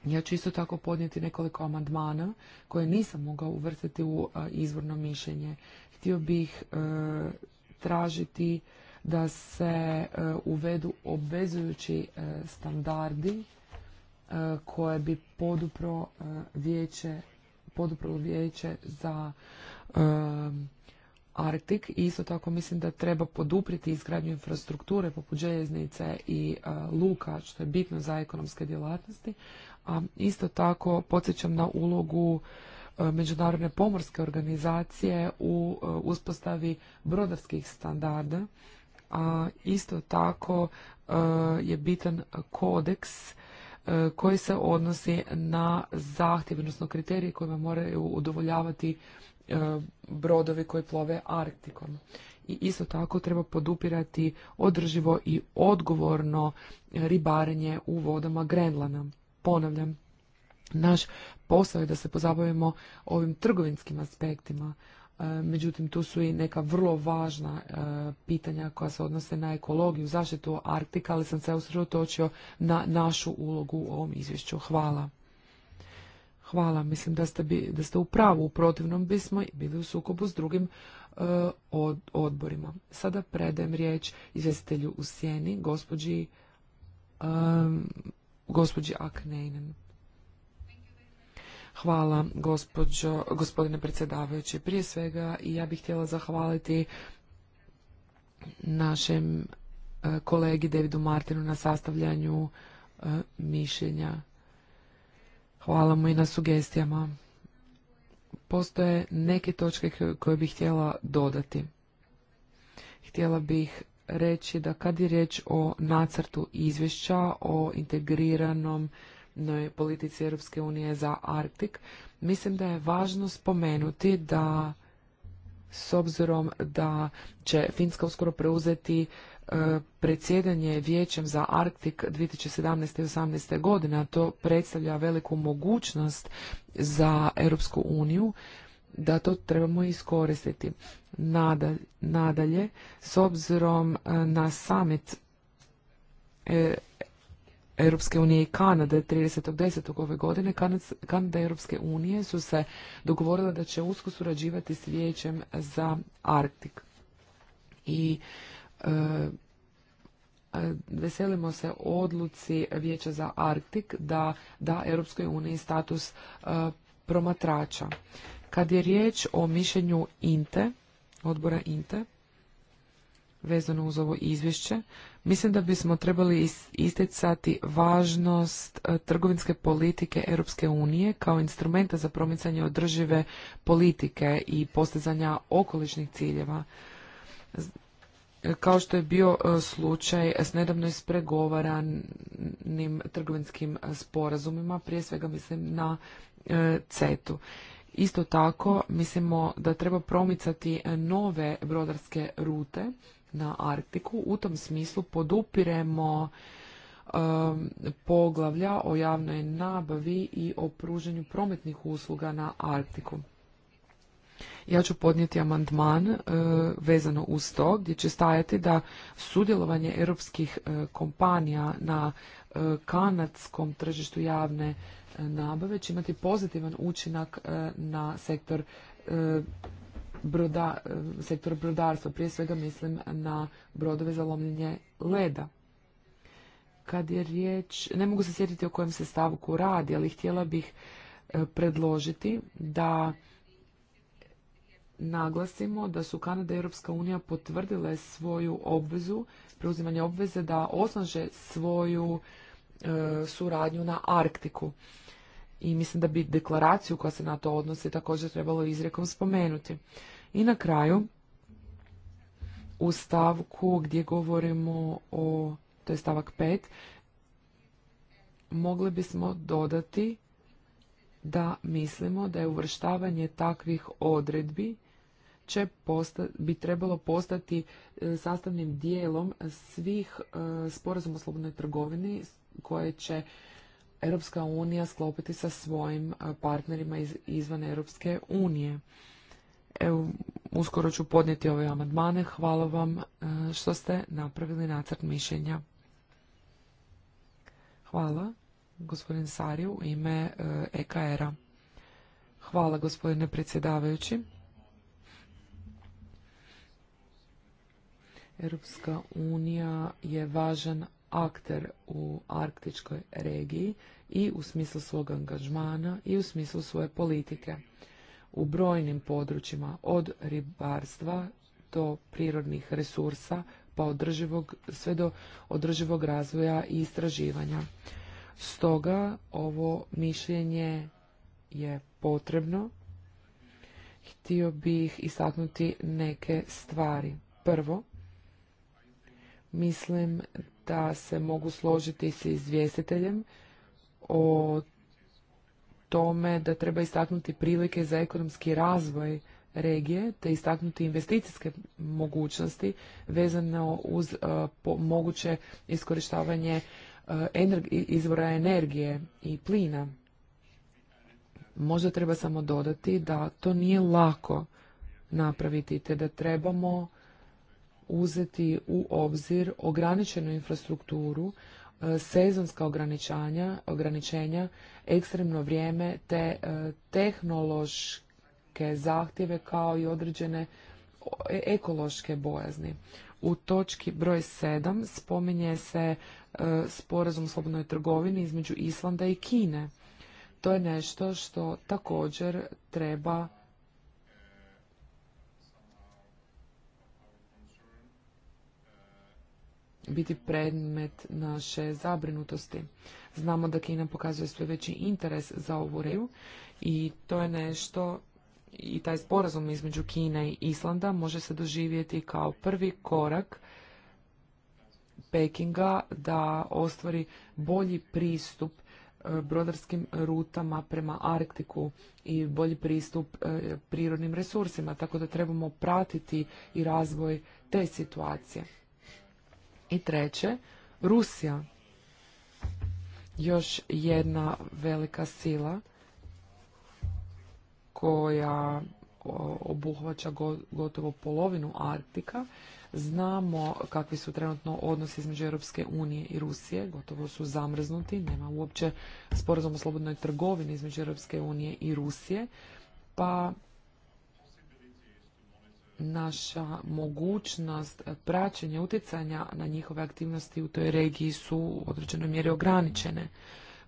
Ja ću isto tako podnijeti nekoliko amandmana koje nisam mogao uvrstiti u e, izvorno mišljenje. Htio bih tražiti da se e, uvedu obvezujući e, standardi e, koje bi podupro vijeće, vijeće za Arktik i isto tako mislim da treba poduprijeti izgradnju infrastrukture poput željeznice i luka što je bitno za ekonomske djelatnosti, a isto tako podsjećam na ulogu međunarodne pomorske organizacije u uspostavi brodarskih standarda a isto tako e, je bitan kodeks e, koji se odnosi na zahtjev, odnosno kriterije kojima moraju udovoljavati e, brodovi koji plove Arktikom. I isto tako treba podupirati održivo i odgovorno ribarenje u vodama Grenlana. Ponavljam, naš posao je da se pozabavimo ovim trgovinskim aspektima. E, međutim tu su i neka vrlo važna e, pitanja koja se odnose na ekologiju, zaštitu Arktika, ali sam se usredotočio na našu ulogu u ovom izvješću. Hvala. Hvala, mislim da ste, bi, da ste u pravu, u protivnom bismo bili u sukobu s drugim e, od, odborima. Sada predajem riječ izvjestitelju u sjeni, gospođi, e, gospođi Akneinen. Hvala, gospodine predsjedavajući. Prije svega, ja bih htjela zahvaliti našem e, kolegi Davidu Martinu na sastavljanju e, mišljenja. Hvala mu i na sugestijama. Postoje neke točke koje bih htjela dodati. Htjela bih reći da kad je riječ o nacrtu izvješća o integriranom politici Europske unije za Arktik, mislim da je važno spomenuti da s obzirom da će Finska uskoro preuzeti e, predsjedanje vijećem za Arktik 2017. i 2018. godine, a to predstavlja veliku mogućnost za Europsku uniju, da to trebamo iskoristiti. Nadalje, s obzirom e, na summit e, Europske unije i Kanade 30.10. ove godine Kanada i Europske unije su se dogovorile da će usko surađivati s vijećem za Arktik. I e, e veselimo se odluci vijeća za Arktik da da Europskoj uniji status e, promatrača. Kad je riječ o mišljenju INTE, odbora INTE, vezano uz ovo izvješće, mislim da bismo trebali isticati važnost e, trgovinske politike Europske unije kao instrumenta za promicanje održive politike i postizanja okolišnih ciljeva. E, kao što je bio e, slučaj s nedavno ispregovaranim trgovinskim sporazumima, prije svega mislim na CETU. Isto tako mislimo da treba promicati nove brodarske rute na Arktiku. U tom smislu podupiremo um, poglavlja o javnoj nabavi i o pruženju prometnih usluga na Arktiku. Ja ću podnijeti amandman uh, vezano uz to gdje će stajati da sudjelovanje europskih uh, kompanija na uh, kanadskom tržištu javne nabave će imati pozitivan učinak na sektor Eh, sektor brodarstva. Prije svega mislim na brodove za lomljenje leda. Kad je riječ, ne mogu se sjetiti o kojem se stavku radi, ali htjela bih eh, predložiti da naglasimo da su Kanada i Europska unija potvrdile svoju obvezu, preuzimanje obveze da osnaže svoju eh, suradnju na Arktiku. I mislim da bi deklaraciju koja se na to odnosi također trebalo izrekom spomenuti. I na kraju, u stavku gdje govorimo o, to je stavak 5, mogli bismo dodati da mislimo da je uvrštavanje takvih odredbi će bi trebalo postati e, sastavnim dijelom svih e, sporazuma o slobodnoj trgovini koje će Europska unija sklopiti sa svojim e, partnerima izvan Europske unije. Evo, uskoro ću podnijeti ove amandmane. Hvala vam e, što ste napravili nacrt mišljenja. Hvala, gospodin Sariju, u ime EKR-a. E Hvala, gospodine predsjedavajući. Europska unija je važan akter u arktičkoj regiji i u smislu svog angažmana i u smislu svoje politike u brojnim područjima od ribarstva do prirodnih resursa pa održivog, sve do održivog razvoja i istraživanja. Stoga ovo mišljenje je potrebno. Htio bih istaknuti neke stvari. Prvo, mislim da se mogu složiti s izvjestiteljem o tome da treba istaknuti prilike za ekonomski razvoj regije te istaknuti investicijske mogućnosti vezano uz e, moguće iskorištavanje e, izvora energije i plina. Možda treba samo dodati da to nije lako napraviti te da trebamo uzeti u obzir ograničenu infrastrukturu, e, sezonska sezonska ograničenja, ekstremno vrijeme te e, tehnološke zahtjeve kao i određene e, ekološke bojazni. U točki broj 7 spominje se e, sporazum o slobodnoj trgovini između Islanda i Kine. To je nešto što također treba biti predmet naše zabrinutosti. Znamo da Kina pokazuje sve veći interes za ovu reju i to je nešto i taj sporazum između Kine i Islanda može se doživjeti kao prvi korak Pekinga da ostvari bolji pristup e, brodarskim rutama prema Arktiku i bolji pristup e, prirodnim resursima, tako da trebamo pratiti i razvoj te situacije. I treće, Rusija. Još jedna velika sila koja obuhvaća gotovo polovinu Arktika. Znamo kakvi su trenutno odnosi između Europske unije i Rusije, gotovo su zamrznuti, nema uopće sporazum o slobodnoj trgovini između Europske unije i Rusije, pa naša mogućnost praćenja utjecanja na njihove aktivnosti u toj regiji su u određenoj mjeri ograničene.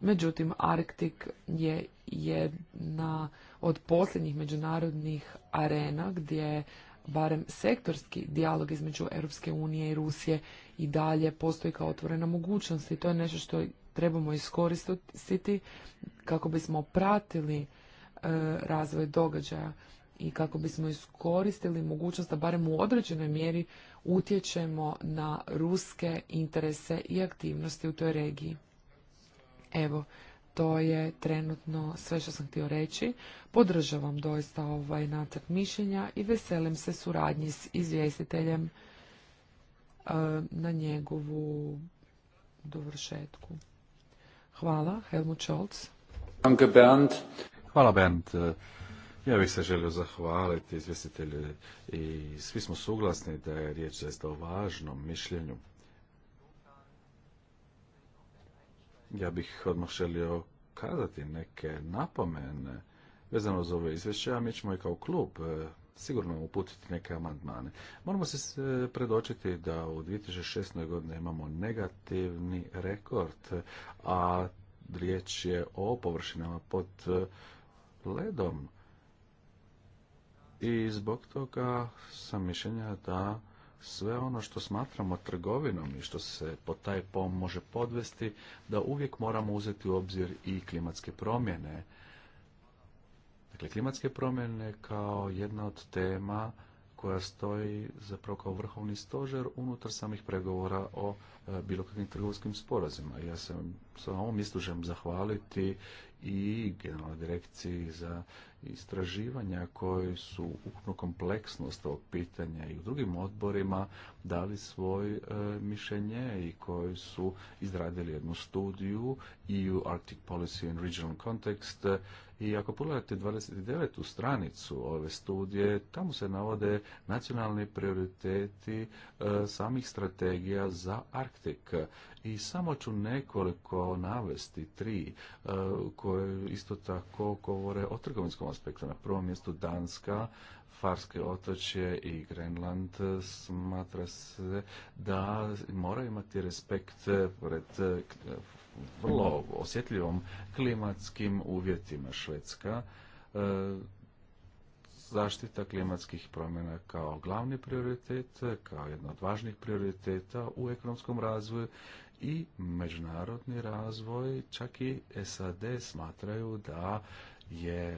Međutim, Arktik je jedna od posljednjih međunarodnih arena gdje barem sektorski dijalog između Europske unije i Rusije i dalje postoji kao otvorena mogućnost i to je nešto što trebamo iskoristiti kako bismo pratili e, razvoj događaja i kako bismo iskoristili mogućnost da barem u određenoj mjeri utječemo na ruske interese i aktivnosti u toj regiji. Evo, to je trenutno sve što sam htio reći. Podržavam doista ovaj nacrt mišljenja i veselim se suradnji s izvjestiteljem e, na njegovu dovršetku. Hvala, Helmut Scholz. Hvala Bernd. Ja bih se želio zahvaliti izvjestitelju i svi smo suglasni da je riječ zaista o važnom mišljenju. Ja bih odmah želio kazati neke napomene vezano za ove izvješće, a mi ćemo i kao klub e, sigurno uputiti neke amandmane. Moramo se e, predočiti da u 2016. godine imamo negativni rekord, a riječ je o površinama pod e, ledom. I zbog toga sam mišljenja da sve ono što smatramo trgovinom i što se po taj pom može podvesti, da uvijek moramo uzeti u obzir i klimatske promjene. Dakle, klimatske promjene kao jedna od tema koja stoji zapravo kao vrhovni stožer unutar samih pregovora o e, bilo kakvim trgovinskim sporazima. Ja sam na ovom mislužem zahvaliti i generalnoj direkciji za istraživanja koji su ukupno kompleksnost ovog pitanja i u drugim odborima dali svoj e, mišljenje i koji su izradili jednu studiju EU Arctic Policy and Regional Context i ako pogledate 29. stranicu ove studije, tamo se navode nacionalni prioriteti e, samih strategija za Arktik. I samo ću nekoliko navesti, tri, e, koje isto tako govore o trgovinskom aspektu. Na prvom mjestu Danska, Farske otočje i Grenland smatra se da moraju imati respekt pred e, vrlo osjetljivom klimatskim uvjetima Švedska e, zaštita klimatskih promjena kao glavni prioritet, kao jedna od važnih prioriteta u ekonomskom razvoju i međunarodni razvoj, čak i SAD smatraju da je e,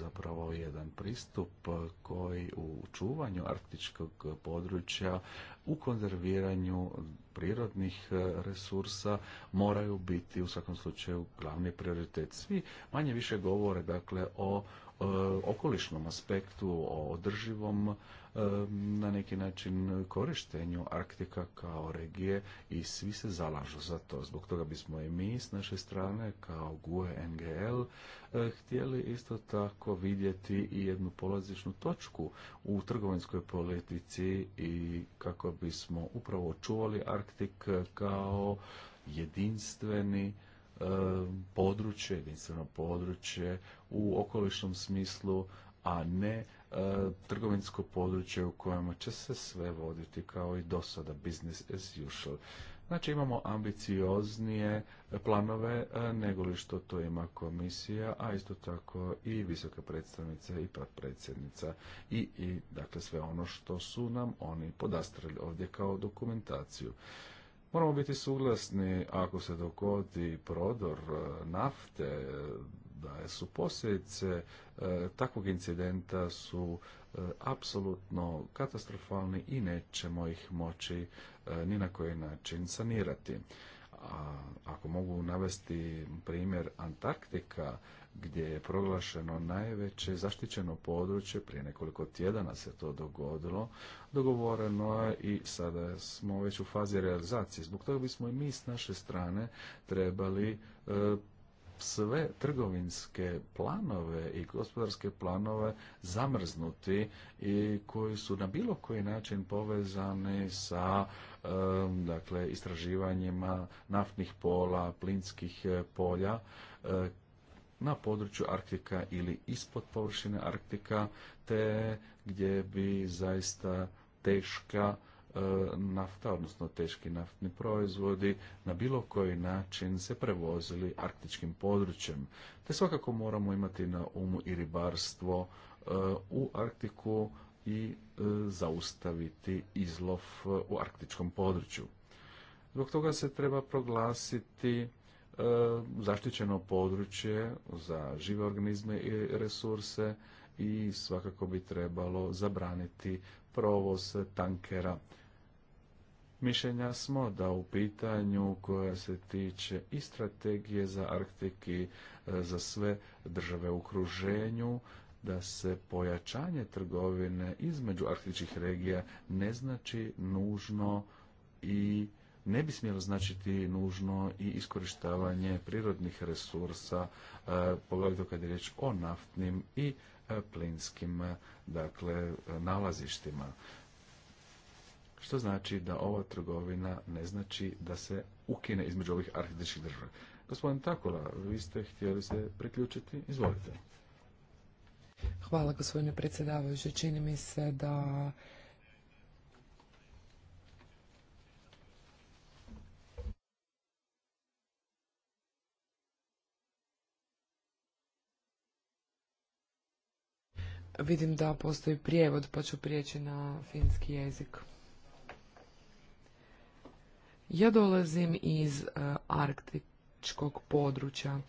zapravo jedan pristup koji u čuvanju arktičkog područja u konzerviranju prirodnih e, resursa moraju biti u svakom slučaju glavni prioritet. Svi manje više govore dakle o E, okolišnom aspektu, o održivom e, na neki način korištenju Arktika kao regije i svi se zalažu za to. Zbog toga bismo i mi s naše strane kao GUE NGL e, htjeli isto tako vidjeti i jednu polazičnu točku u trgovinskoj politici i kako bismo upravo čuvali Arktik kao jedinstveni E, područje, jedinstveno područje u okolišnom smislu, a ne e, trgovinsko područje u kojem će se sve voditi kao i do sada, business as usual. Znači imamo ambicioznije planove e, nego li što to ima komisija, a isto tako i visoka predstavnica i predsjednica i, i dakle sve ono što su nam oni podastrali ovdje kao dokumentaciju. Moramo biti suglasni ako se dogodi prodor e, nafte, da su posljedice e, takvog incidenta su e, apsolutno katastrofalni i nećemo ih moći ni na koji način sanirati. A ako mogu navesti primjer Antarktika, gdje je proglašeno najveće zaštićeno područje, prije nekoliko tjedana se to dogodilo, dogovoreno je i sada smo već u fazi realizacije. Zbog toga bismo i mi s naše strane trebali e, sve trgovinske planove i gospodarske planove zamrznuti i koji su na bilo koji način povezani sa e, dakle istraživanjima naftnih pola, plinskih e, polja na području Arktika ili ispod površine Arktika, te gdje bi zaista teška e, nafta, odnosno teški naftni proizvodi, na bilo koji način se prevozili arktičkim područjem. Te svakako moramo imati na umu i ribarstvo e, u Arktiku i e, zaustaviti izlov u arktičkom području. Zbog toga se treba proglasiti E, zaštićeno područje za žive organizme i resurse i svakako bi trebalo zabraniti provoz tankera. Mišljenja smo da u pitanju koja se tiče i strategije za Arktik e, za sve države u okruženju, da se pojačanje trgovine između arktičkih regija ne znači nužno i ne bi smjelo značiti nužno i iskorištavanje prirodnih resursa, e, poglavito kad je riječ o naftnim i e, plinskim e, dakle, nalazištima. Što znači da ova trgovina ne znači da se ukine između ovih arhitektičkih država. Gospodin Takula, vi ste htjeli se priključiti? Izvolite. Hvala gospodine predsjedavajući. Čini mi se da Vidim da postoji prijevod, pa ću prijeći na finski jezik. Ja dolazim iz e, arktičkog područja,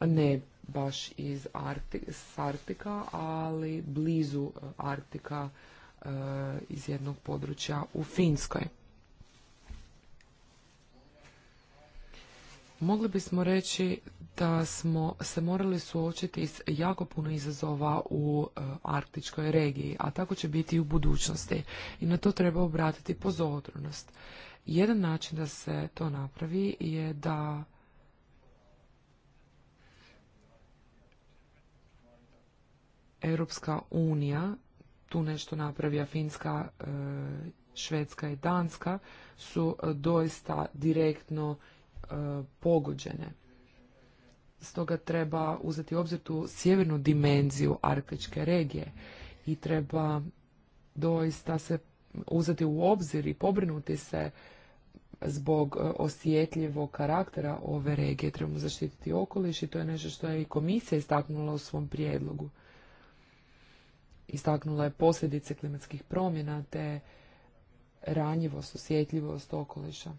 ne baš iz Artika, Arktika, ali blizu e, Arktika e, iz jednog područja u Finskoj. Mogli bismo reći da smo se morali suočiti s jako puno izazova u e, arktičkoj regiji, a tako će biti i u budućnosti. I na to treba obratiti pozornost. Jedan način da se to napravi je da Europska unija tu nešto napravi, a Finska, e, Švedska i Danska su e, doista direktno E, pogođene. Stoga treba uzeti u obzir tu sjevernu dimenziju arktičke regije i treba doista se uzeti u obzir i pobrinuti se zbog e, osjetljivog karaktera ove regije. Trebamo zaštititi okoliš i to je nešto što je i komisija istaknula u svom prijedlogu. Istaknula je posljedice klimatskih promjena te ranjivost, osjetljivost okoliša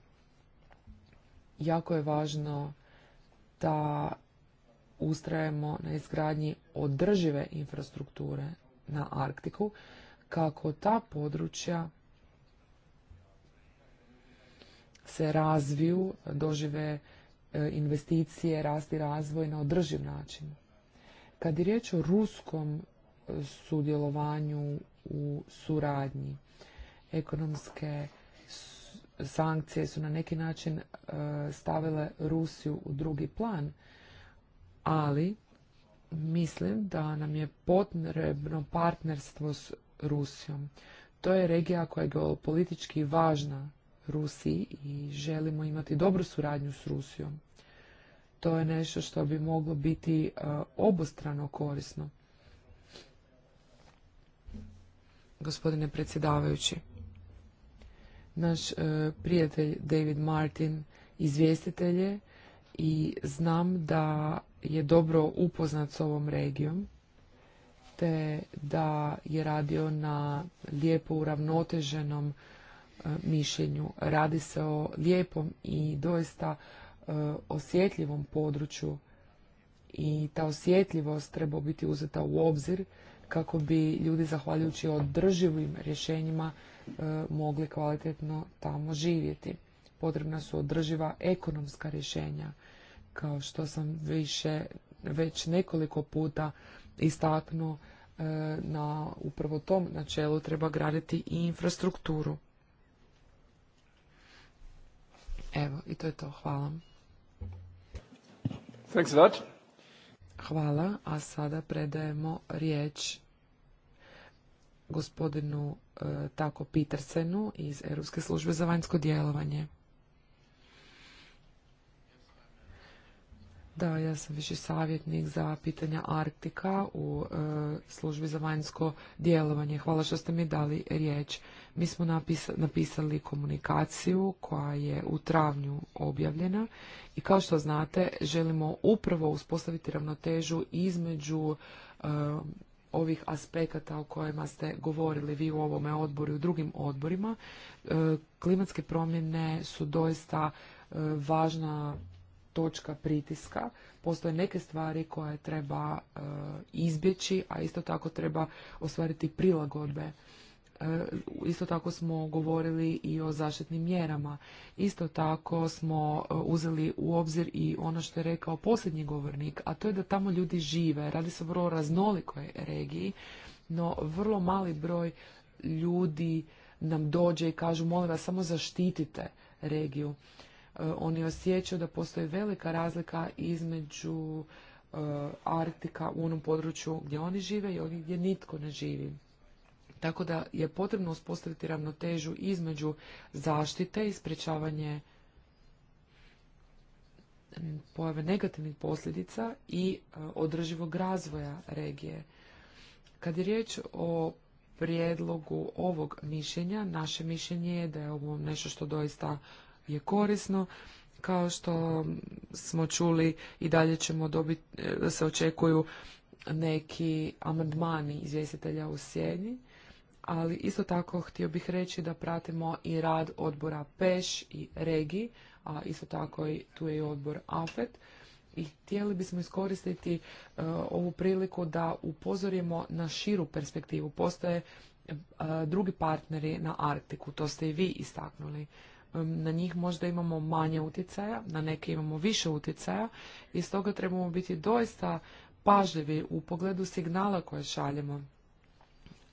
jako je važno da ustrajemo na izgradnji održive infrastrukture na Arktiku, kako ta područja se razviju, dožive e, investicije, rasti razvoj na održiv način. Kad je riječ o ruskom e, sudjelovanju u suradnji, ekonomske sankcije su na neki način e, stavile Rusiju u drugi plan, ali mislim da nam je potrebno partnerstvo s Rusijom. To je regija koja je geopolitički važna Rusiji i želimo imati dobru suradnju s Rusijom. To je nešto što bi moglo biti e, obostrano korisno. Gospodine predsjedavajući. Naš e, prijatelj David Martin izvjestitelj je i znam da je dobro upoznat s ovom regijom te da je radio na lijepo uravnoteženom e, mišljenju. Radi se o lijepom i doista e, osjetljivom području i ta osjetljivost treba biti uzeta u obzir kako bi ljudi zahvaljujući održivim rješenjima E, mogli kvalitetno tamo živjeti. Potrebna su održiva ekonomska rješenja, kao što sam više već nekoliko puta istaknuo e, na upravo tom načelu treba graditi i infrastrukturu. Evo, i to je to. Hvala. Hvala, a sada predajemo riječ gospodinu e, Tako Petersenu iz Europske službe za vanjsko djelovanje. Da, ja sam više savjetnik za pitanja Arktika u e, službi za vanjsko djelovanje. Hvala što ste mi dali riječ. Mi smo napisali komunikaciju koja je u travnju objavljena i kao što znate želimo upravo uspostaviti ravnotežu između e, ovih aspekata o kojima ste govorili vi u ovome odboru i u drugim odborima. E, klimatske promjene su doista e, važna točka pritiska. Postoje neke stvari koje treba e, izbjeći, a isto tako treba ostvariti prilagodbe E, isto tako smo govorili i o zaštitnim mjerama. Isto tako smo e, uzeli u obzir i ono što je rekao posljednji govornik, a to je da tamo ljudi žive. Radi se o vrlo raznolikoj regiji, no vrlo mali broj ljudi nam dođe i kažu molim vas samo zaštitite regiju. E, oni osjećaju da postoji velika razlika između Arktika u onom području gdje oni žive i oni gdje nitko ne živi. Tako da je potrebno uspostaviti ravnotežu između zaštite i sprečavanje pojave negativnih posljedica i e, održivog razvoja regije. Kad je riječ o prijedlogu ovog mišljenja, naše mišljenje je da je ovo nešto što doista je korisno. Kao što smo čuli i dalje ćemo dobiti, e, se očekuju neki amandmani izvjestitelja u sjeni ali isto tako htio bih reći da pratimo i rad odbora PEŠ i REGI, a isto tako i tu je i odbor AFET. I htjeli bismo iskoristiti e, ovu priliku da upozorimo na širu perspektivu. Postoje e, drugi partneri na Arktiku, to ste i vi istaknuli. E, na njih možda imamo manje utjecaja, na neke imamo više utjecaja i stoga trebamo biti doista pažljivi u pogledu signala koje šaljemo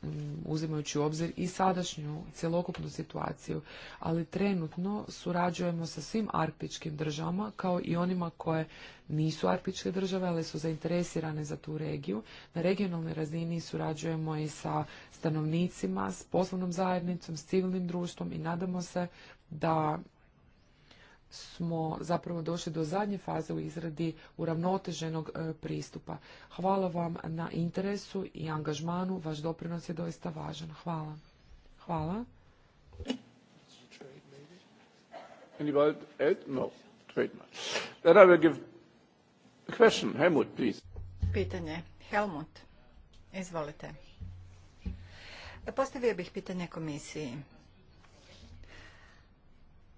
Mm, uzimajući u obzir i sadašnju cjelokupnu situaciju, ali trenutno surađujemo sa svim arktičkim državama kao i onima koje nisu arktičke države, ali su zainteresirane za tu regiju. Na regionalnoj razini surađujemo i sa stanovnicima, s poslovnom zajednicom, s civilnim društvom i nadamo se da smo zapravo došli do zadnje faze u izradi uravnoteženog e, pristupa. Hvala vam na interesu i angažmanu. Vaš doprinos je doista važan. Hvala. Hvala. Pitanje. Helmut, izvolite. Postavio bih pitanje komisiji.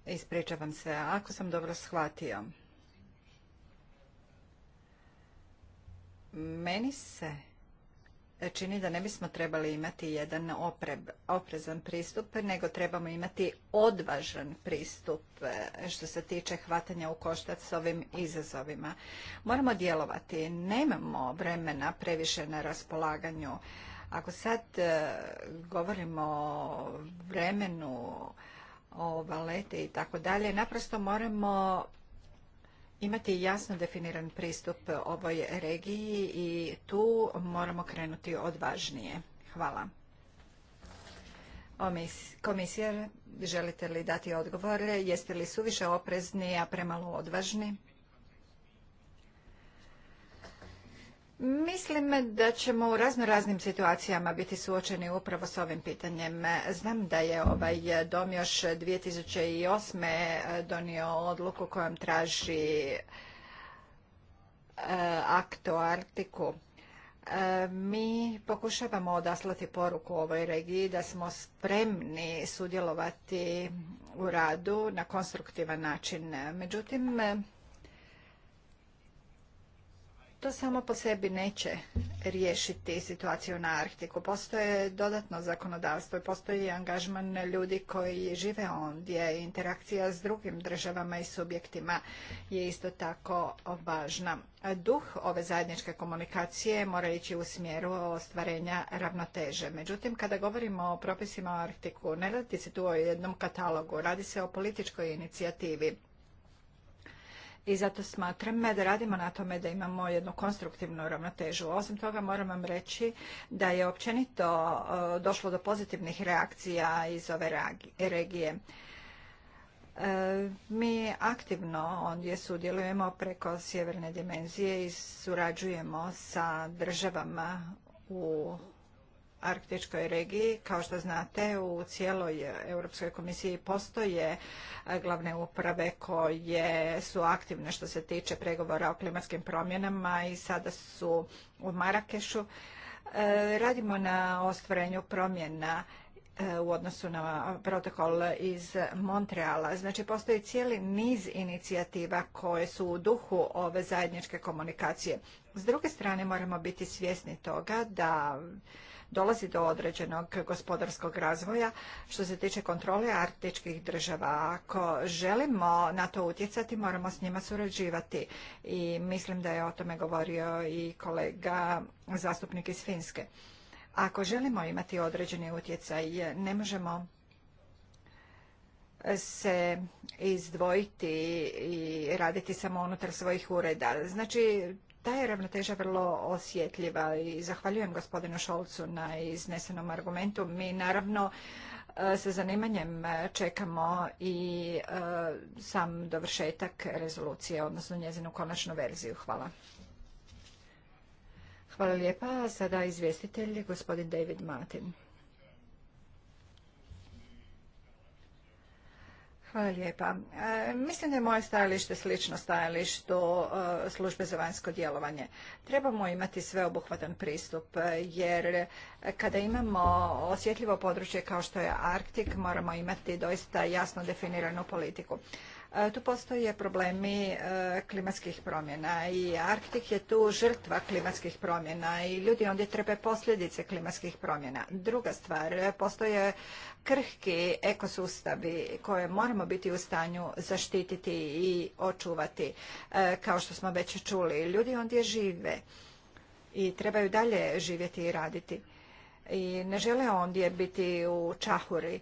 Ispričavam se, ako sam dobro shvatio. Meni se čini da ne bismo trebali imati jedan oprezan pristup, nego trebamo imati odvažan pristup e, što se tiče hvatanja u koštac s ovim izazovima. Moramo djelovati, nemamo vremena previše na raspolaganju. Ako sad e, govorimo o vremenu baleti i tako dalje. Naprosto moramo imati jasno definiran pristup ovoj regiji i tu moramo krenuti odvažnije. Hvala. Komisijer, želite li dati odgovor? Jeste li suviše oprezni, a premalo odvažni? Mislim da ćemo u razno raznim situacijama biti suočeni upravo s ovim pitanjem. Znam da je ovaj dom još 2008. donio odluku kojom traži eh, akt o Artiku. Eh, mi pokušavamo odaslati poruku ovoj regiji da smo spremni sudjelovati u radu na konstruktivan način. Međutim, to samo po sebi neće riješiti situaciju na Arktiku. Postoje dodatno zakonodavstvo i postoji angažman ljudi koji žive ondje. Interakcija s drugim državama i subjektima je isto tako važna. Duh ove zajedničke komunikacije mora ići u smjeru ostvarenja ravnoteže. Međutim, kada govorimo o propisima o Arktiku, ne radi se tu o jednom katalogu, radi se o političkoj inicijativi i zato smatram da radimo na tome da imamo jednu konstruktivnu ravnotežu. Osim toga moram vam reći da je općenito e, došlo do pozitivnih reakcija iz ove regije. E, mi aktivno ondje sudjelujemo preko sjeverne dimenzije i surađujemo sa državama u arktičkoj regiji. Kao što znate, u cijeloj Europskoj komisiji postoje e, glavne uprave koje su aktivne što se tiče pregovora o klimatskim promjenama i sada su u Marakešu. E, radimo na ostvarenju promjena E, u odnosu na protokol iz Montreala. Znači, postoji cijeli niz inicijativa koje su u duhu ove zajedničke komunikacije. S druge strane, moramo biti svjesni toga da dolazi do određenog gospodarskog razvoja što se tiče kontrole arktičkih država. Ako želimo na to utjecati, moramo s njima surađivati i mislim da je o tome govorio i kolega zastupnik iz Finske. Ako želimo imati određeni utjecaj, ne možemo se izdvojiti i raditi samo unutar svojih ureda. Znači, ta je ravnoteža vrlo osjetljiva i zahvaljujem gospodinu Šolcu na iznesenom argumentu. Mi naravno e, sa zanimanjem čekamo i e, sam dovršetak rezolucije, odnosno njezinu konačnu verziju. Hvala. Hvala lijepa. Sada izvjestitelj, gospodin David Martin. Hvala lijepa. E, mislim da je moje stajalište slično stajalištu e, službe za vanjsko djelovanje. Trebamo imati sveobuhvatan pristup e, jer kada imamo osjetljivo područje kao što je Arktik moramo imati doista jasno definiranu politiku. E, tu postoje problemi e, klimatskih promjena i Arktik je tu žrtva klimatskih promjena i ljudi ondje trpe posljedice klimatskih promjena. Druga stvar, e, postoje krhki ekosustavi koje moramo biti u stanju zaštititi i očuvati, kao što smo već čuli. Ljudi ondje žive i trebaju dalje živjeti i raditi. I ne žele ondje biti u čahuri,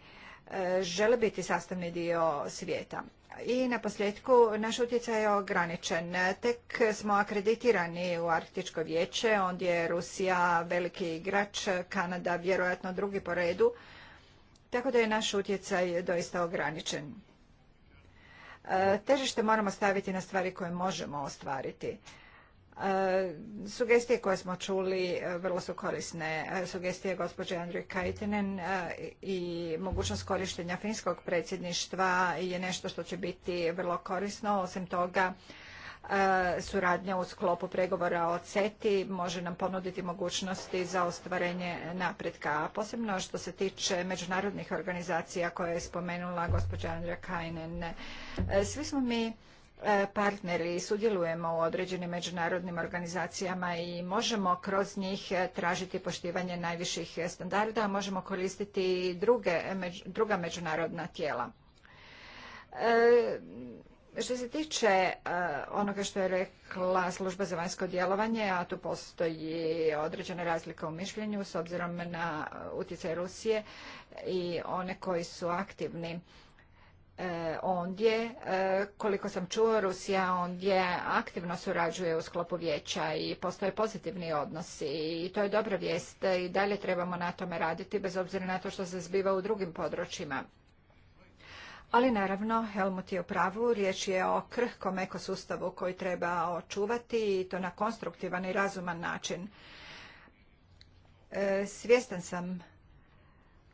žele biti sastavni dio svijeta. I na posljedku, naš utjecaj je ograničen. Tek smo akreditirani u Arktičko vijeće, ondje je Rusija veliki igrač, Kanada vjerojatno drugi po redu, tako da je naš utjecaj doista ograničen. E, težište moramo staviti na stvari koje možemo ostvariti. E, sugestije koje smo čuli e, vrlo su korisne. E, sugestije gospođe Andrije Kajtinen i mogućnost korištenja finskog predsjedništva je nešto što će biti vrlo korisno. Osim toga, suradnja u sklopu pregovora o CETI može nam ponuditi mogućnosti za ostvarenje napretka. Posebno što se tiče međunarodnih organizacija koje je spomenula gospođa Andrija Kajtinen. Svi smo mi E, partneri, sudjelujemo u određenim međunarodnim organizacijama i možemo kroz njih e, tražiti poštivanje najviših standarda, možemo koristiti i druga međunarodna tijela. E, što se tiče onoga što je rekla služba za vanjsko djelovanje, a tu postoji određena razlika u mišljenju s obzirom na utjecaj Rusije i one koji su aktivni E, ondje. E, koliko sam čuo, Rusija ondje aktivno surađuje u sklopu vijeća i postoje pozitivni odnosi i to je dobra vijest i dalje trebamo na tome raditi bez obzira na to što se zbiva u drugim područjima. Ali naravno, Helmut je u pravu, riječ je o krhkom ekosustavu koji treba očuvati i to na konstruktivan i razuman način. E, svjestan sam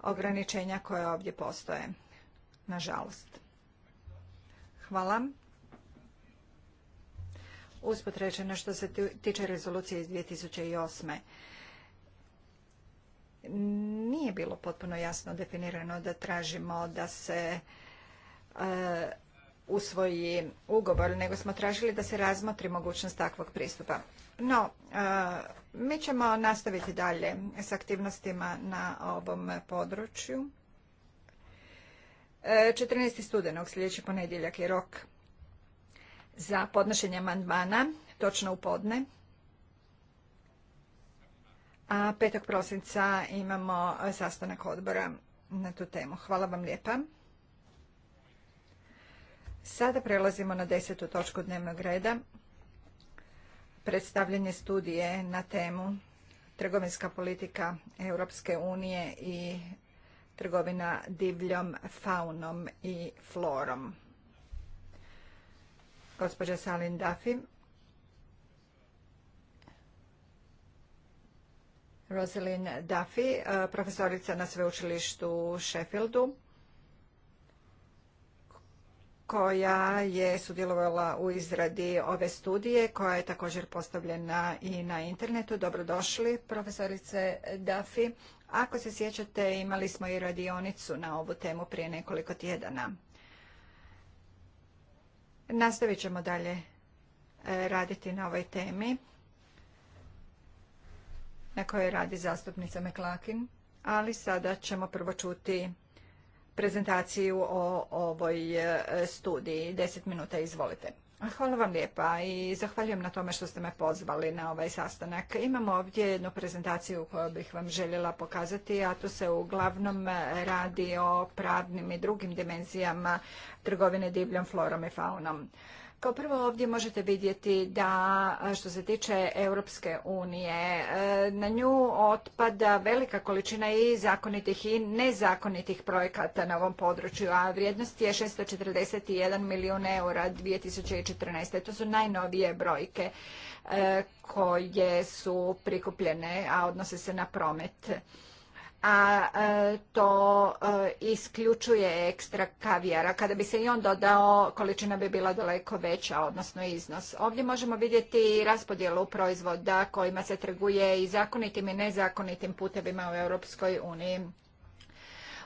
ograničenja koje ovdje postoje nažalost. Hvala. Usput rečeno što se tiče rezolucije iz 2008. Nije bilo potpuno jasno definirano da tražimo da se e, usvoji ugovor, nego smo tražili da se razmotri mogućnost takvog pristupa. No, e, mi ćemo nastaviti dalje s aktivnostima na ovom području. 14. E, studenog sljedeći ponedjeljak je rok za podnošenje amandmana, točno u podne. A 5. prosinca imamo sastanak odbora na tu temu. Hvala vam lijepa. Sada prelazimo na desetu točku dnevnog reda. Predstavljanje studije na temu trgovinska politika Europske unije i trgovina divljom faunom i florom. Gospođa Salin Duffy. Rosalyn Duffy, eh, profesorica na sveučilištu u Sheffieldu, koja je sudjelovala u izradi ove studije, koja je također postavljena i na internetu. Dobrodošli, profesorice Duffy. Ako se sjećate, imali smo i radionicu na ovu temu prije nekoliko tjedana. Nastavit ćemo dalje e, raditi na ovoj temi na kojoj radi zastupnica Meklakin, ali sada ćemo prvo čuti prezentaciju o ovoj e, studiji. Deset minuta, izvolite. Hvala vam lijepa i zahvaljujem na tome što ste me pozvali na ovaj sastanak. Imamo ovdje jednu prezentaciju koju bih vam željela pokazati, a tu se uglavnom radi o pravnim i drugim dimenzijama trgovine divljom florom i faunom. Kao prvo ovdje možete vidjeti da što se tiče Europske unije, e, na nju otpada velika količina i zakonitih i nezakonitih projekata na ovom području, a vrijednost je 641 milijun eura 2014. To su najnovije brojke e, koje su prikupljene, a odnose se na promet a e, to e, isključuje ekstra kavijara. Kada bi se i on dodao, količina bi bila daleko veća, odnosno iznos. Ovdje možemo vidjeti raspodjelu proizvoda kojima se trguje i zakonitim i nezakonitim putevima u Europskoj uniji.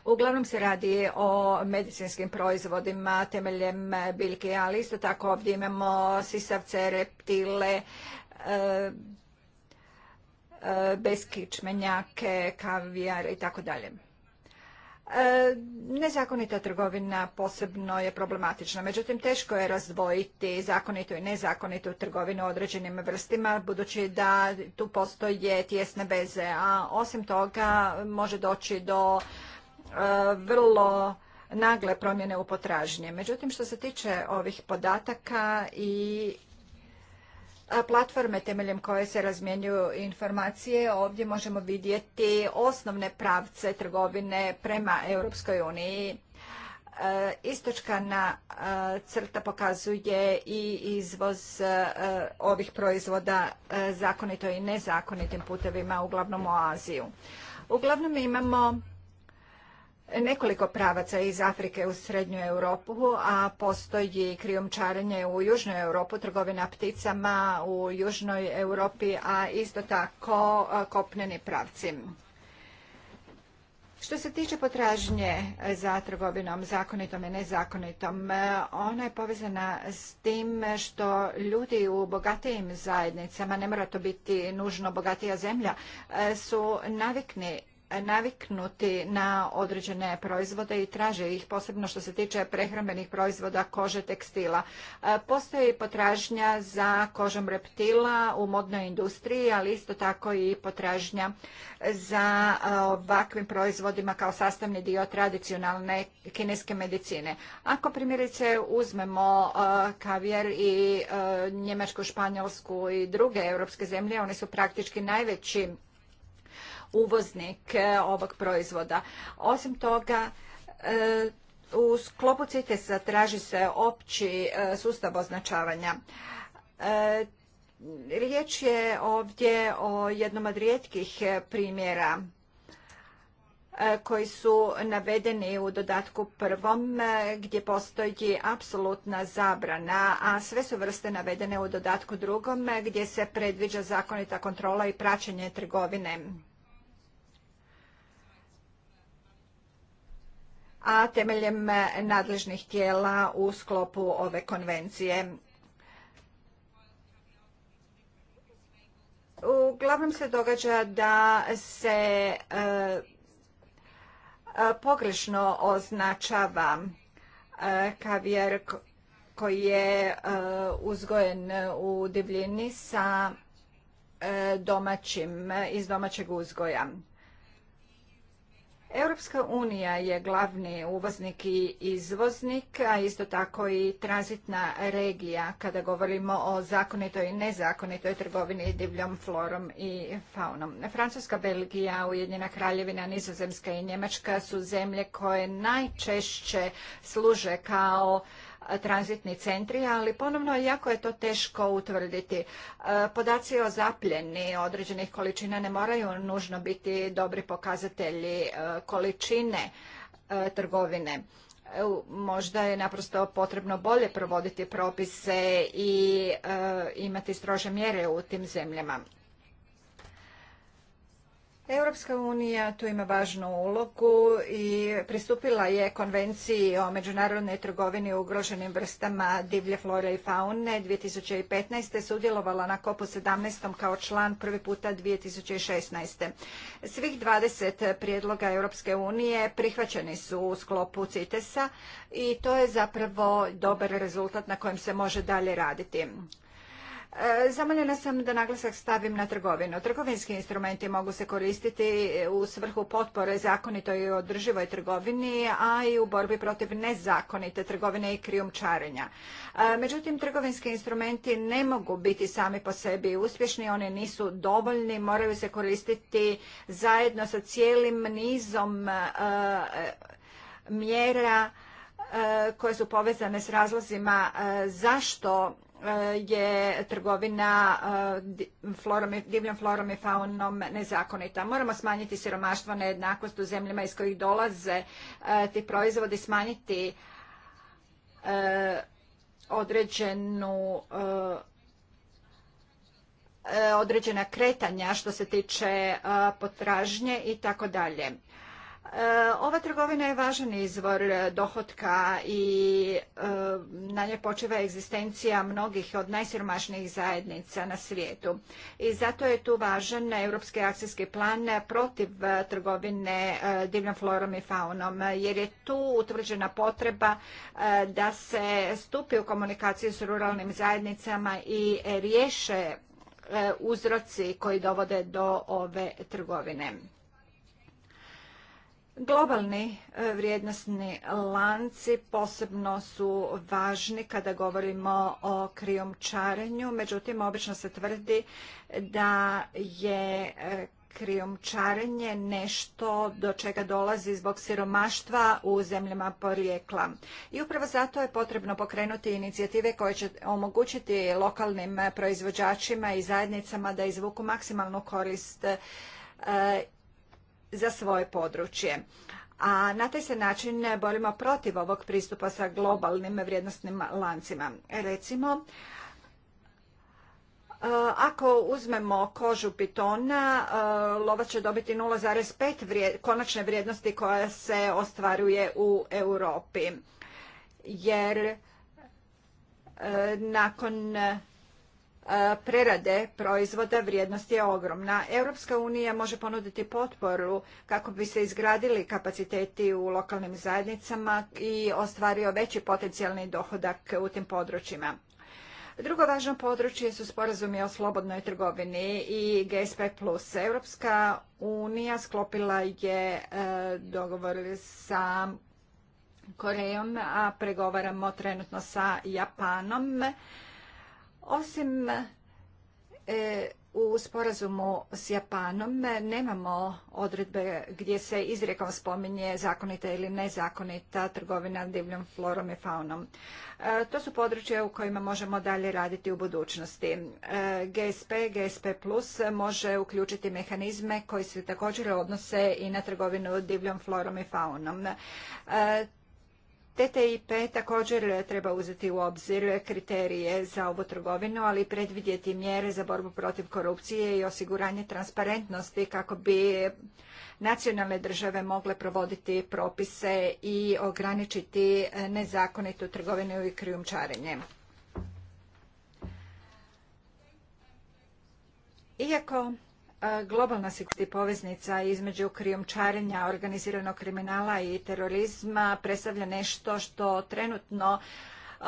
Uglavnom se radi o medicinskim proizvodima temeljem biljke, ali isto tako ovdje imamo sisavce, reptile, e, beskičmenjake, kavijar i tako dalje. E, nezakonita trgovina posebno je problematična, međutim teško je razdvojiti zakonitu i nezakonitu trgovinu određenim vrstima, budući da tu postoje tjesne veze, a osim toga može doći do e, vrlo nagle promjene u potražnje. Međutim, što se tiče ovih podataka i platforme temeljem koje se razmjenjuju informacije. Ovdje možemo vidjeti osnovne pravce trgovine prema Europskoj uniji. E, Istočkana e, crta pokazuje i izvoz e, ovih proizvoda zakonito i nezakonitim putevima, uglavnom u Aziju. Uglavnom imamo nekoliko pravaca iz Afrike u Srednju Europu, a postoji krijumčarenje u Južnoj Europu, trgovina pticama u Južnoj Europi, a isto tako kopneni pravci. Što se tiče potražnje za trgovinom, zakonitom i nezakonitom, ona je povezana s tim što ljudi u bogatijim zajednicama, ne mora to biti nužno bogatija zemlja, e, su navikni naviknuti na određene proizvode i traže ih, posebno što se tiče prehrambenih proizvoda, kože, tekstila. E, postoji potražnja za kožom reptila u modnoj industriji, ali isto tako i potražnja za e, ovakvim proizvodima kao sastavni dio tradicionalne kineske medicine. Ako primjerice uzmemo e, kavijer i Njemačku, Španjolsku i druge europske zemlje, one su praktički najveći uvoznik e, ovog proizvoda. Osim toga, e, u sklopu cites traži se opći e, sustav označavanja. Riječ je ovdje o jednom od rijetkih primjera koji su navedeni u dodatku prvom gdje postoji apsolutna zabrana, a sve su vrste navedene u dodatku drugom gdje se predviđa zakonita kontrola i praćenje trgovine a temeljem nadležnih tijela u sklopu ove konvencije. Uglavnom se događa da se e, pogrešno označava e, kavijer koji je e, uzgojen u divljini sa iz domaćeg uzgoja. Europska unija je glavni uvoznik i izvoznik, a isto tako i tranzitna regija kada govorimo o zakonitoj i nezakonitoj trgovini divljom florom i faunom. Francuska, Belgija, Ujedinjena kraljevina, Nizozemska i Njemačka su zemlje koje najčešće služe kao tranzitni centri, ali ponovno jako je to teško utvrditi. E, podaci o zapljeni određenih količina ne moraju nužno biti dobri pokazatelji e, količine e, trgovine možda je naprosto potrebno bolje provoditi propise i imati strože mjere u tim zemljama. Europska unija tu ima važnu ulogu i pristupila je konvenciji o međunarodnoj trgovini ugroženim vrstama divlje flore i faune 2015. sudjelovala na kopu 17. kao član prvi puta 2016. Svih 20 prijedloga Europske unije prihvaćeni su u sklopu CITES-a i to je zapravo dobar rezultat na kojem se može dalje raditi. E, zamoljena sam da naglasak stavim na trgovinu. Trgovinski instrumenti mogu se koristiti u svrhu potpore zakonitoj i održivoj trgovini, a i u borbi protiv nezakonite trgovine i krijumčarenja. E, međutim, trgovinski instrumenti ne mogu biti sami po sebi uspješni, oni nisu dovoljni, moraju se koristiti zajedno sa cijelim nizom e, mjera koje su povezane s razlozima zašto Eh, je trgovina eh, divljom florom i faunom nezakonita. Moramo smanjiti siromaštvo, nejednakost u zemljama iz kojih dolaze eh, ti proizvodi, smanjiti određenu određena kretanja što se tiče potražnje i tako dalje. E, ova trgovina je važan izvor dohotka i e, na nje počeva egzistencija mnogih od najsiromašnijih zajednica na svijetu. I zato je tu važan Europski akcijski plan protiv e, trgovine divljom florom i faunom, jer je tu utvrđena potreba da se stupi u komunikaciju s ruralnim zajednicama i riješe uzroci koji dovode do ove trgovine. Globalni e, vrijednosni lanci posebno su važni kada govorimo o krijomčarenju, međutim obično se tvrdi da je e, krijomčarenje nešto do čega dolazi zbog siromaštva u zemljama porijekla. I upravo zato je potrebno pokrenuti inicijative koje će omogućiti lokalnim proizvođačima i zajednicama da izvuku maksimalnu korist e, za svoje područje. A na taj se način borimo protiv ovog pristupa sa globalnim vrijednostnim lancima. Recimo, eh, ako uzmemo kožu pitona, eh, lova će dobiti 0,5 konačne vrijednosti koja se ostvaruje u Europi. Jer eh, nakon E, prerade proizvoda vrijednost je ogromna. Europska unija može ponuditi potporu kako bi se izgradili kapaciteti u lokalnim zajednicama i ostvario veći potencijalni dohodak u tim područjima. Drugo važno područje su sporazumi o slobodnoj trgovini i GSP+. Europska unija sklopila je e, dogovor sa Korejom, a pregovaramo trenutno sa Japanom osim e, u sporazumu s Japanom nemamo odredbe gdje se izrijekom spominje zakonita ili nezakonita trgovina divljom florom i faunom. E, to su područje u kojima možemo dalje raditi u budućnosti. E, GSP, GSP Plus može uključiti mehanizme koji se također odnose i na trgovinu divljom florom i faunom. TTIP također treba uzeti u obzir kriterije za ovu trgovinu, ali i predvidjeti mjere za borbu protiv korupcije i osiguranje transparentnosti kako bi nacionalne države mogle provoditi propise i ograničiti nezakonitu trgovinu i krijumčarenje. Iako globalna sigurnost poveznica između krijumčarenja organiziranog kriminala i terorizma predstavlja nešto što trenutno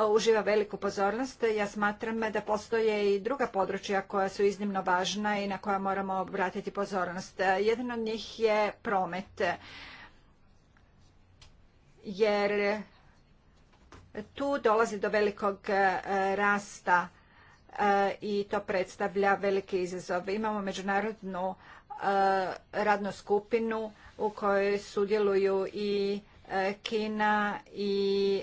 uživa veliku pozornost. Ja smatram da postoje i druga područja koja su iznimno važna i na koja moramo obratiti pozornost. Jedan od njih je promet. Jer tu dolazi do velikog rasta E, i to predstavlja velike izazove. Imamo međunarodnu e, radnu skupinu u kojoj sudjeluju i e, Kina i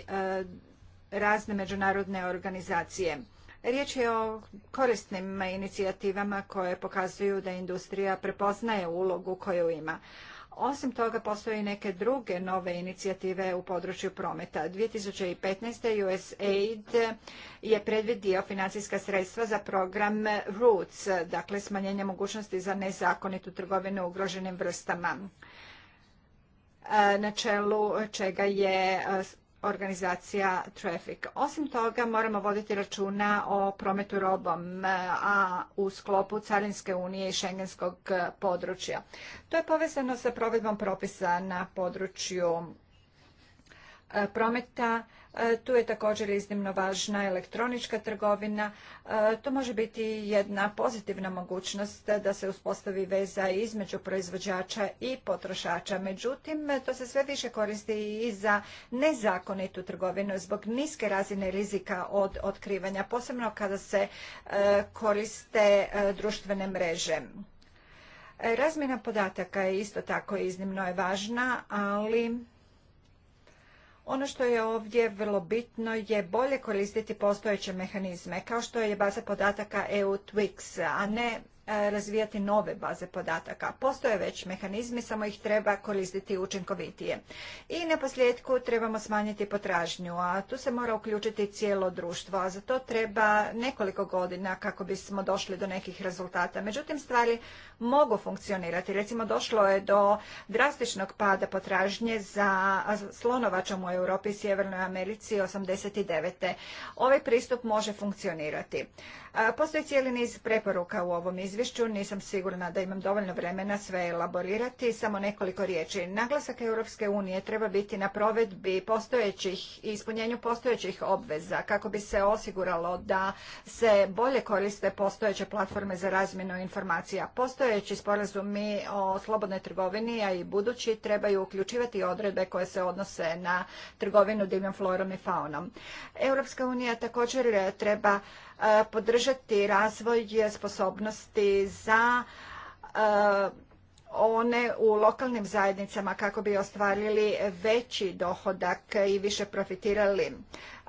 razne međunarodne organizacije. Riječ je o korisnim inicijativama koje pokazuju da industrija prepoznaje ulogu koju ima. Osim toga postoje i neke druge nove inicijative u području prometa. 2015. USAID je predvidio financijska sredstva za program ROOTS, dakle smanjenje mogućnosti za nezakonitu trgovinu ugroženim vrstama e, na čelu čega je e, organizacija Traffic. Osim toga moramo voditi računa o prometu robom, a u sklopu Carinske unije i šengenskog e, područja. To je povezano sa provedbom propisa na području e, prometa E, tu je također iznimno važna elektronička trgovina. E, to može biti jedna pozitivna mogućnost da se uspostavi veza između proizvođača i potrošača. Međutim, to se sve više koristi i za nezakonitu trgovinu zbog niske razine rizika od otkrivanja, posebno kada se e, koriste društvene mreže. Razmjena podataka je isto tako iznimno je važna, ali ono što je ovdje vrlo bitno je bolje koristiti postojeće mehanizme, kao što je baza podataka EU Twix, a ne E, razvijati nove baze podataka. Postoje već mehanizmi, samo ih treba koristiti učinkovitije. I na posljedku trebamo smanjiti potražnju, a tu se mora uključiti cijelo društvo, a za to treba nekoliko godina kako bismo došli do nekih rezultata. Međutim, stvari mogu funkcionirati. Recimo, došlo je do drastičnog pada potražnje za slonovačom u Europi i Sjevernoj Americi 89. Ovaj pristup može funkcionirati. Postoji cijeli niz preporuka u ovom izvješću, nisam sigurna da imam dovoljno vremena sve elaborirati, samo nekoliko riječi. Naglasak Europske unije treba biti na provedbi postojećih i ispunjenju postojećih obveza kako bi se osiguralo da se bolje koriste postojeće platforme za razmjenu informacija. Postojeći sporazumi o slobodnoj trgovini, a i budući, trebaju uključivati odredbe koje se odnose na trgovinu divnom florom i faunom. Europska unija također treba E, podržati razvoj sposobnosti za e, one u lokalnim zajednicama kako bi ostvarili veći dohodak i više profitirali.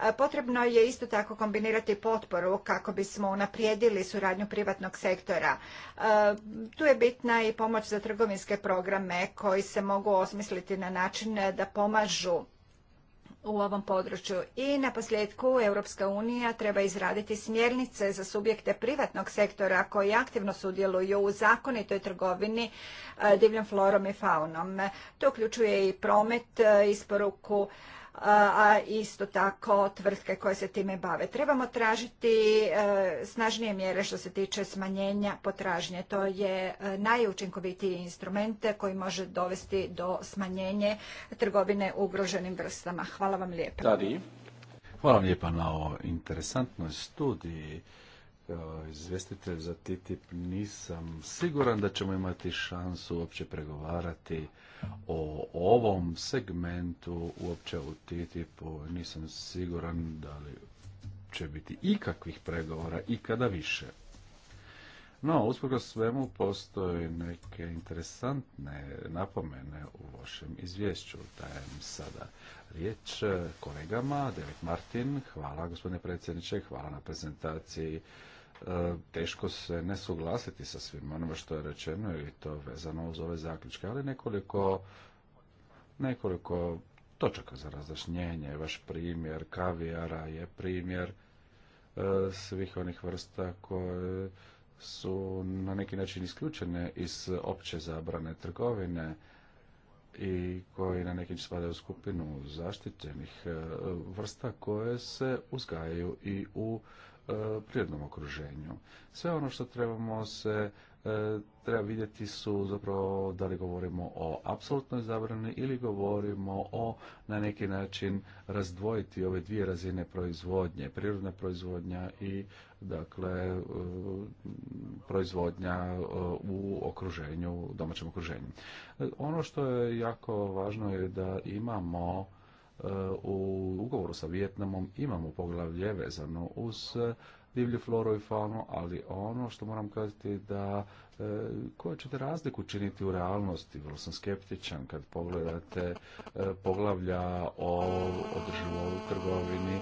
E, potrebno je isto tako kombinirati potporu kako bismo unaprijedili suradnju privatnog sektora. Tu je bitna i pomoć za trgovinske programe koji se mogu osmisliti na način da pomažu u ovom području. I na posljedku Europska unija treba izraditi smjernice za subjekte privatnog sektora koji aktivno sudjeluju u zakonitoj trgovini e, divljom florom i faunom. To uključuje i promet, e, isporuku a isto tako tvrtke koje se time bave. Trebamo tražiti e, snažnije mjere što se tiče smanjenja potražnje. To je e, najučinkovitiji instrument koji može dovesti do smanjenje trgovine ugroženim vrstama. Hvala vam lijepa. Tadi. Hvala vam lijepa na ovoj interesantnoj studiji. Izvjestitelj izvestitelj za TTIP nisam siguran da ćemo imati šansu uopće pregovarati o ovom segmentu uopće u TTIP-u nisam siguran da li će biti ikakvih pregovora kada više. No, usprkos svemu postoje neke interesantne napomene u vašem izvješću. Dajem sada riječ kolegama. David Martin, hvala gospodine predsjedniče, hvala na prezentaciji teško se ne suglasiti sa svim ono što je rečeno i to vezano uz ove zaključke, ali nekoliko, nekoliko točaka za razjašnjenje. Vaš primjer kavijara je primjer e, svih onih vrsta koje su na neki način isključene iz opće zabrane trgovine i koji na neki spadaju u skupinu zaštićenih e, vrsta koje se uzgajaju i u E, prirodnom okruženju. Sve ono što trebamo se e, treba vidjeti su zapravo da li govorimo o apsolutnoj zabrani ili govorimo o na neki način razdvojiti ove dvije razine proizvodnje, prirodna proizvodnja i dakle e, proizvodnja u okruženju, domaćem okruženju. Ono što je jako važno je da imamo E, u ugovoru sa Vijetnamom imamo poglavlje vezano uz e, divlju floru i faunu, ali ono što moram kazati da e, koje ćete razliku činiti u realnosti, vrlo sam skeptičan kad pogledate poglavlja o održivoj trgovini,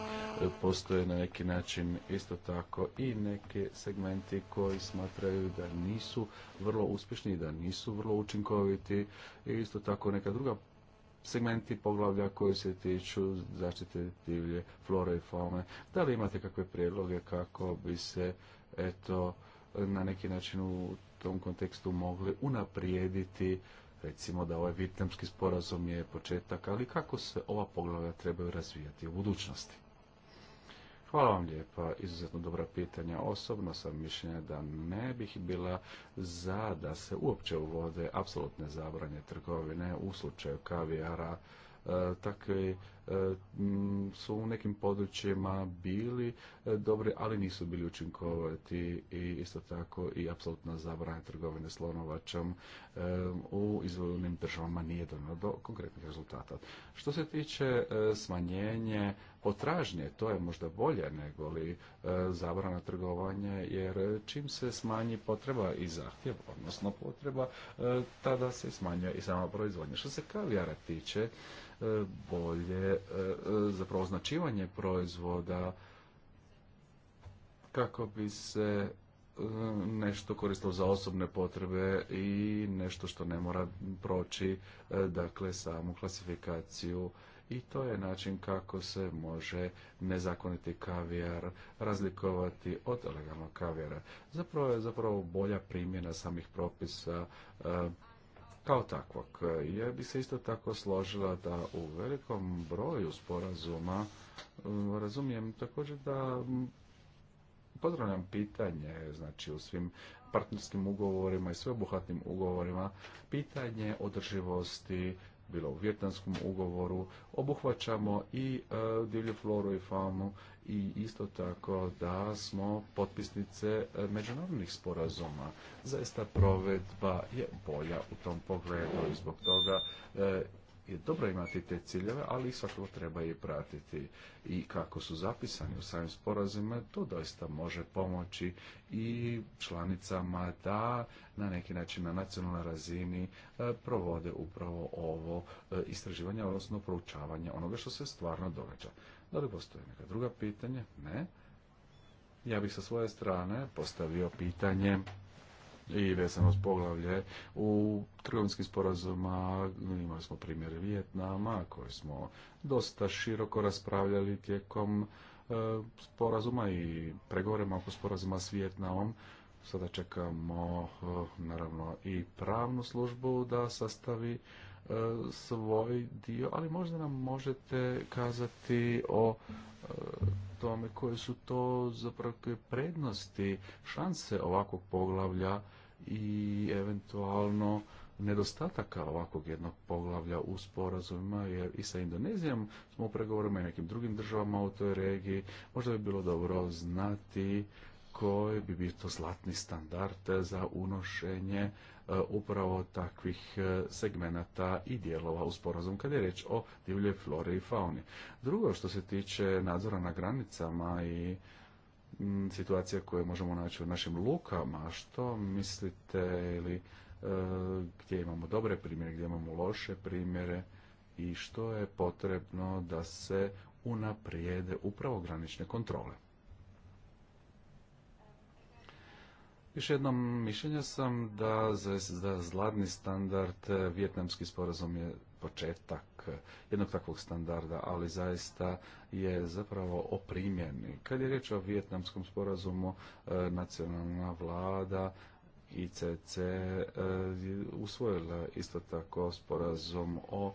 postoje na neki način isto tako i neki segmenti koji smatraju da nisu vrlo uspješni i da nisu vrlo učinkoviti i isto tako neka druga segmenti poglavlja koji se tiču zaštite divlje flore i faune. Da li imate kakve prijedloge kako bi se eto na neki način u tom kontekstu mogli unaprijediti recimo da ovaj vitnemski sporazum je početak, ali kako se ova poglavlja trebaju razvijati u budućnosti? Hvala vam lijepa, izuzetno dobra pitanja. Osobno sam mišljenja da ne bih bila za da se uopće uvode apsolutne zabranje trgovine u slučaju kavijara, e, takvi E, su u nekim područjima bili e, dobri, ali nisu bili učinkovati i isto tako i apsolutna zabrana trgovine slonovačom e, u izvoljenim državama nije do konkretnih rezultata. Što se tiče smanjenje potražnje, to je možda bolje nego li zabrana trgovanja, jer čim se smanji potreba i zahtjev, odnosno potreba, tada se smanjuje i sama proizvodnja. Što se kavijara tiče, bolje E, zapravo označivanje proizvoda kako bi se e, nešto koristilo za osobne potrebe i nešto što ne mora proći e, dakle samu klasifikaciju i to je način kako se može nezakoniti kavijar razlikovati od legalnog kavijara. Zapravo je zapravo bolja primjena samih propisa kao takvog. Ja bi se isto tako složila da u velikom broju sporazuma mm, razumijem također da mm, pozdravljam pitanje, znači u svim partnerskim ugovorima i sveobuhvatnim ugovorima, pitanje održivosti, bilo u vjetnanskom ugovoru, obuhvaćamo i e, divlju floru i faunu, i isto tako da smo potpisnice međunarodnih sporazuma. Zaista provedba je bolja u tom pogledu i zbog toga e, je dobro imati te ciljeve, ali ih svakako treba i pratiti. I kako su zapisani u samim sporazumima, to doista može pomoći i članicama da na neki način na nacionalnoj razini e, provode upravo ovo e, istraživanje, odnosno proučavanje onoga što se stvarno događa. Da li postoje neka druga pitanja? Ne. Ja bih sa svoje strane postavio pitanje i vezano s poglavlje u trgovinskim sporazuma imali smo primjer Vijetnama koji smo dosta široko raspravljali tijekom e, sporazuma i pregovorima oko sporazuma s Vijetnamom. Sada čekamo e, naravno i pravnu službu da sastavi E, svoj dio, ali možda nam možete kazati o e, tome koje su to zapravo prednosti, šanse ovakvog poglavlja i eventualno nedostataka ovakvog jednog poglavlja u sporazumima, jer i sa Indonezijom smo u pregovorima i nekim drugim državama u toj regiji. Možda bi bilo dobro znati koji bi bio to zlatni standard za unošenje E, upravo takvih e, segmenata i dijelova u sporazum kada je riječ o divljoj flori i fauni. Drugo što se tiče nadzora na granicama i situacija koje možemo naći u našim lukama, što mislite ili e, gdje imamo dobre primjere, gdje imamo loše primjere i što je potrebno da se unaprijede upravo granične kontrole. Još jednom mišljenja sam da za, zladni standard eh, vjetnamski sporazum je početak eh, jednog takvog standarda, ali zaista je zapravo o primjeni. Kad je riječ o vjetnamskom sporazumu, eh, nacionalna vlada i cc usvojila isto tako sporazum o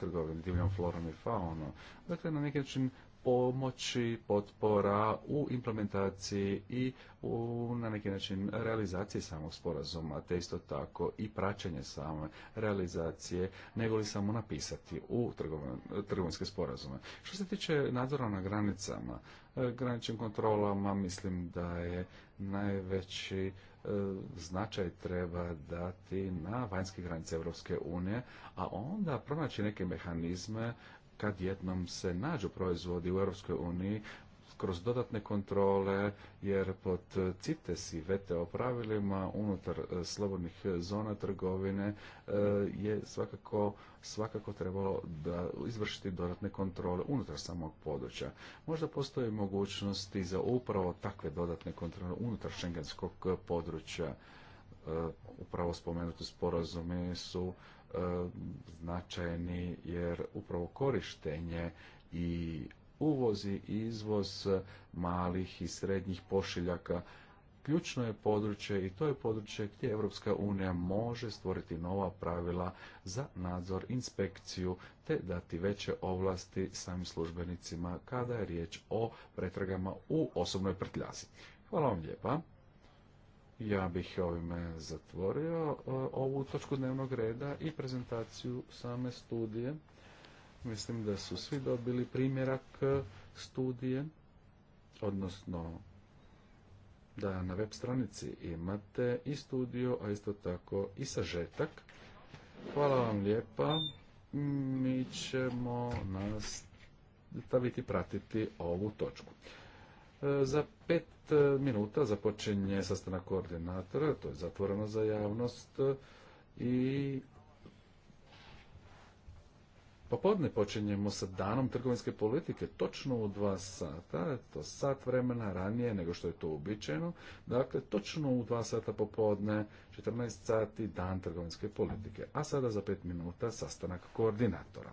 trgovini divljom florom i faunom. Dakle, na neki način pomoći, potpora u implementaciji i u, na neki način realizaciji samog sporazuma, te isto tako i praćenje same realizacije, nego li samo napisati u trgovinske sporazume. Što se tiče nadzora na granicama, e, graničnim kontrolama mislim da je najveći e, značaj treba dati na vanjske granice Europske unije, a onda pronaći neke mehanizme kad jednom se nađu proizvodi u Europskoj uniji kroz dodatne kontrole, jer pod CITES i VTO pravilima unutar e, slobodnih e, zona trgovine e, je svakako, svakako trebalo da izvršiti dodatne kontrole unutar samog područja. Možda postoji mogućnosti za upravo takve dodatne kontrole unutar šengenskog područja upravo spomenuti sporazumi su E, značajni jer upravo korištenje i uvozi i izvoz malih i srednjih pošiljaka ključno je područje i to je područje gdje Evropska unija može stvoriti nova pravila za nadzor, inspekciju te dati veće ovlasti samim službenicima kada je riječ o pretragama u osobnoj prtljazi. Hvala vam lijepa. Ja bih ovime zatvorio e, ovu točku dnevnog reda i prezentaciju same studije. Mislim da su svi dobili primjerak e, studije, odnosno da na web stranici imate i studio, a isto tako i sažetak. Hvala vam lijepa. Mi ćemo nastaviti pratiti ovu točku. E, za pet e, minuta započinje sastanak koordinatora, to je zatvoreno za javnost e, i popodne počinjemo sa danom trgovinske politike, točno u dva sata, to sat vremena ranije nego što je to uobičajeno, dakle točno u dva sata popodne, 14 sati, dan trgovinske politike, a sada za pet minuta sastanak koordinatora.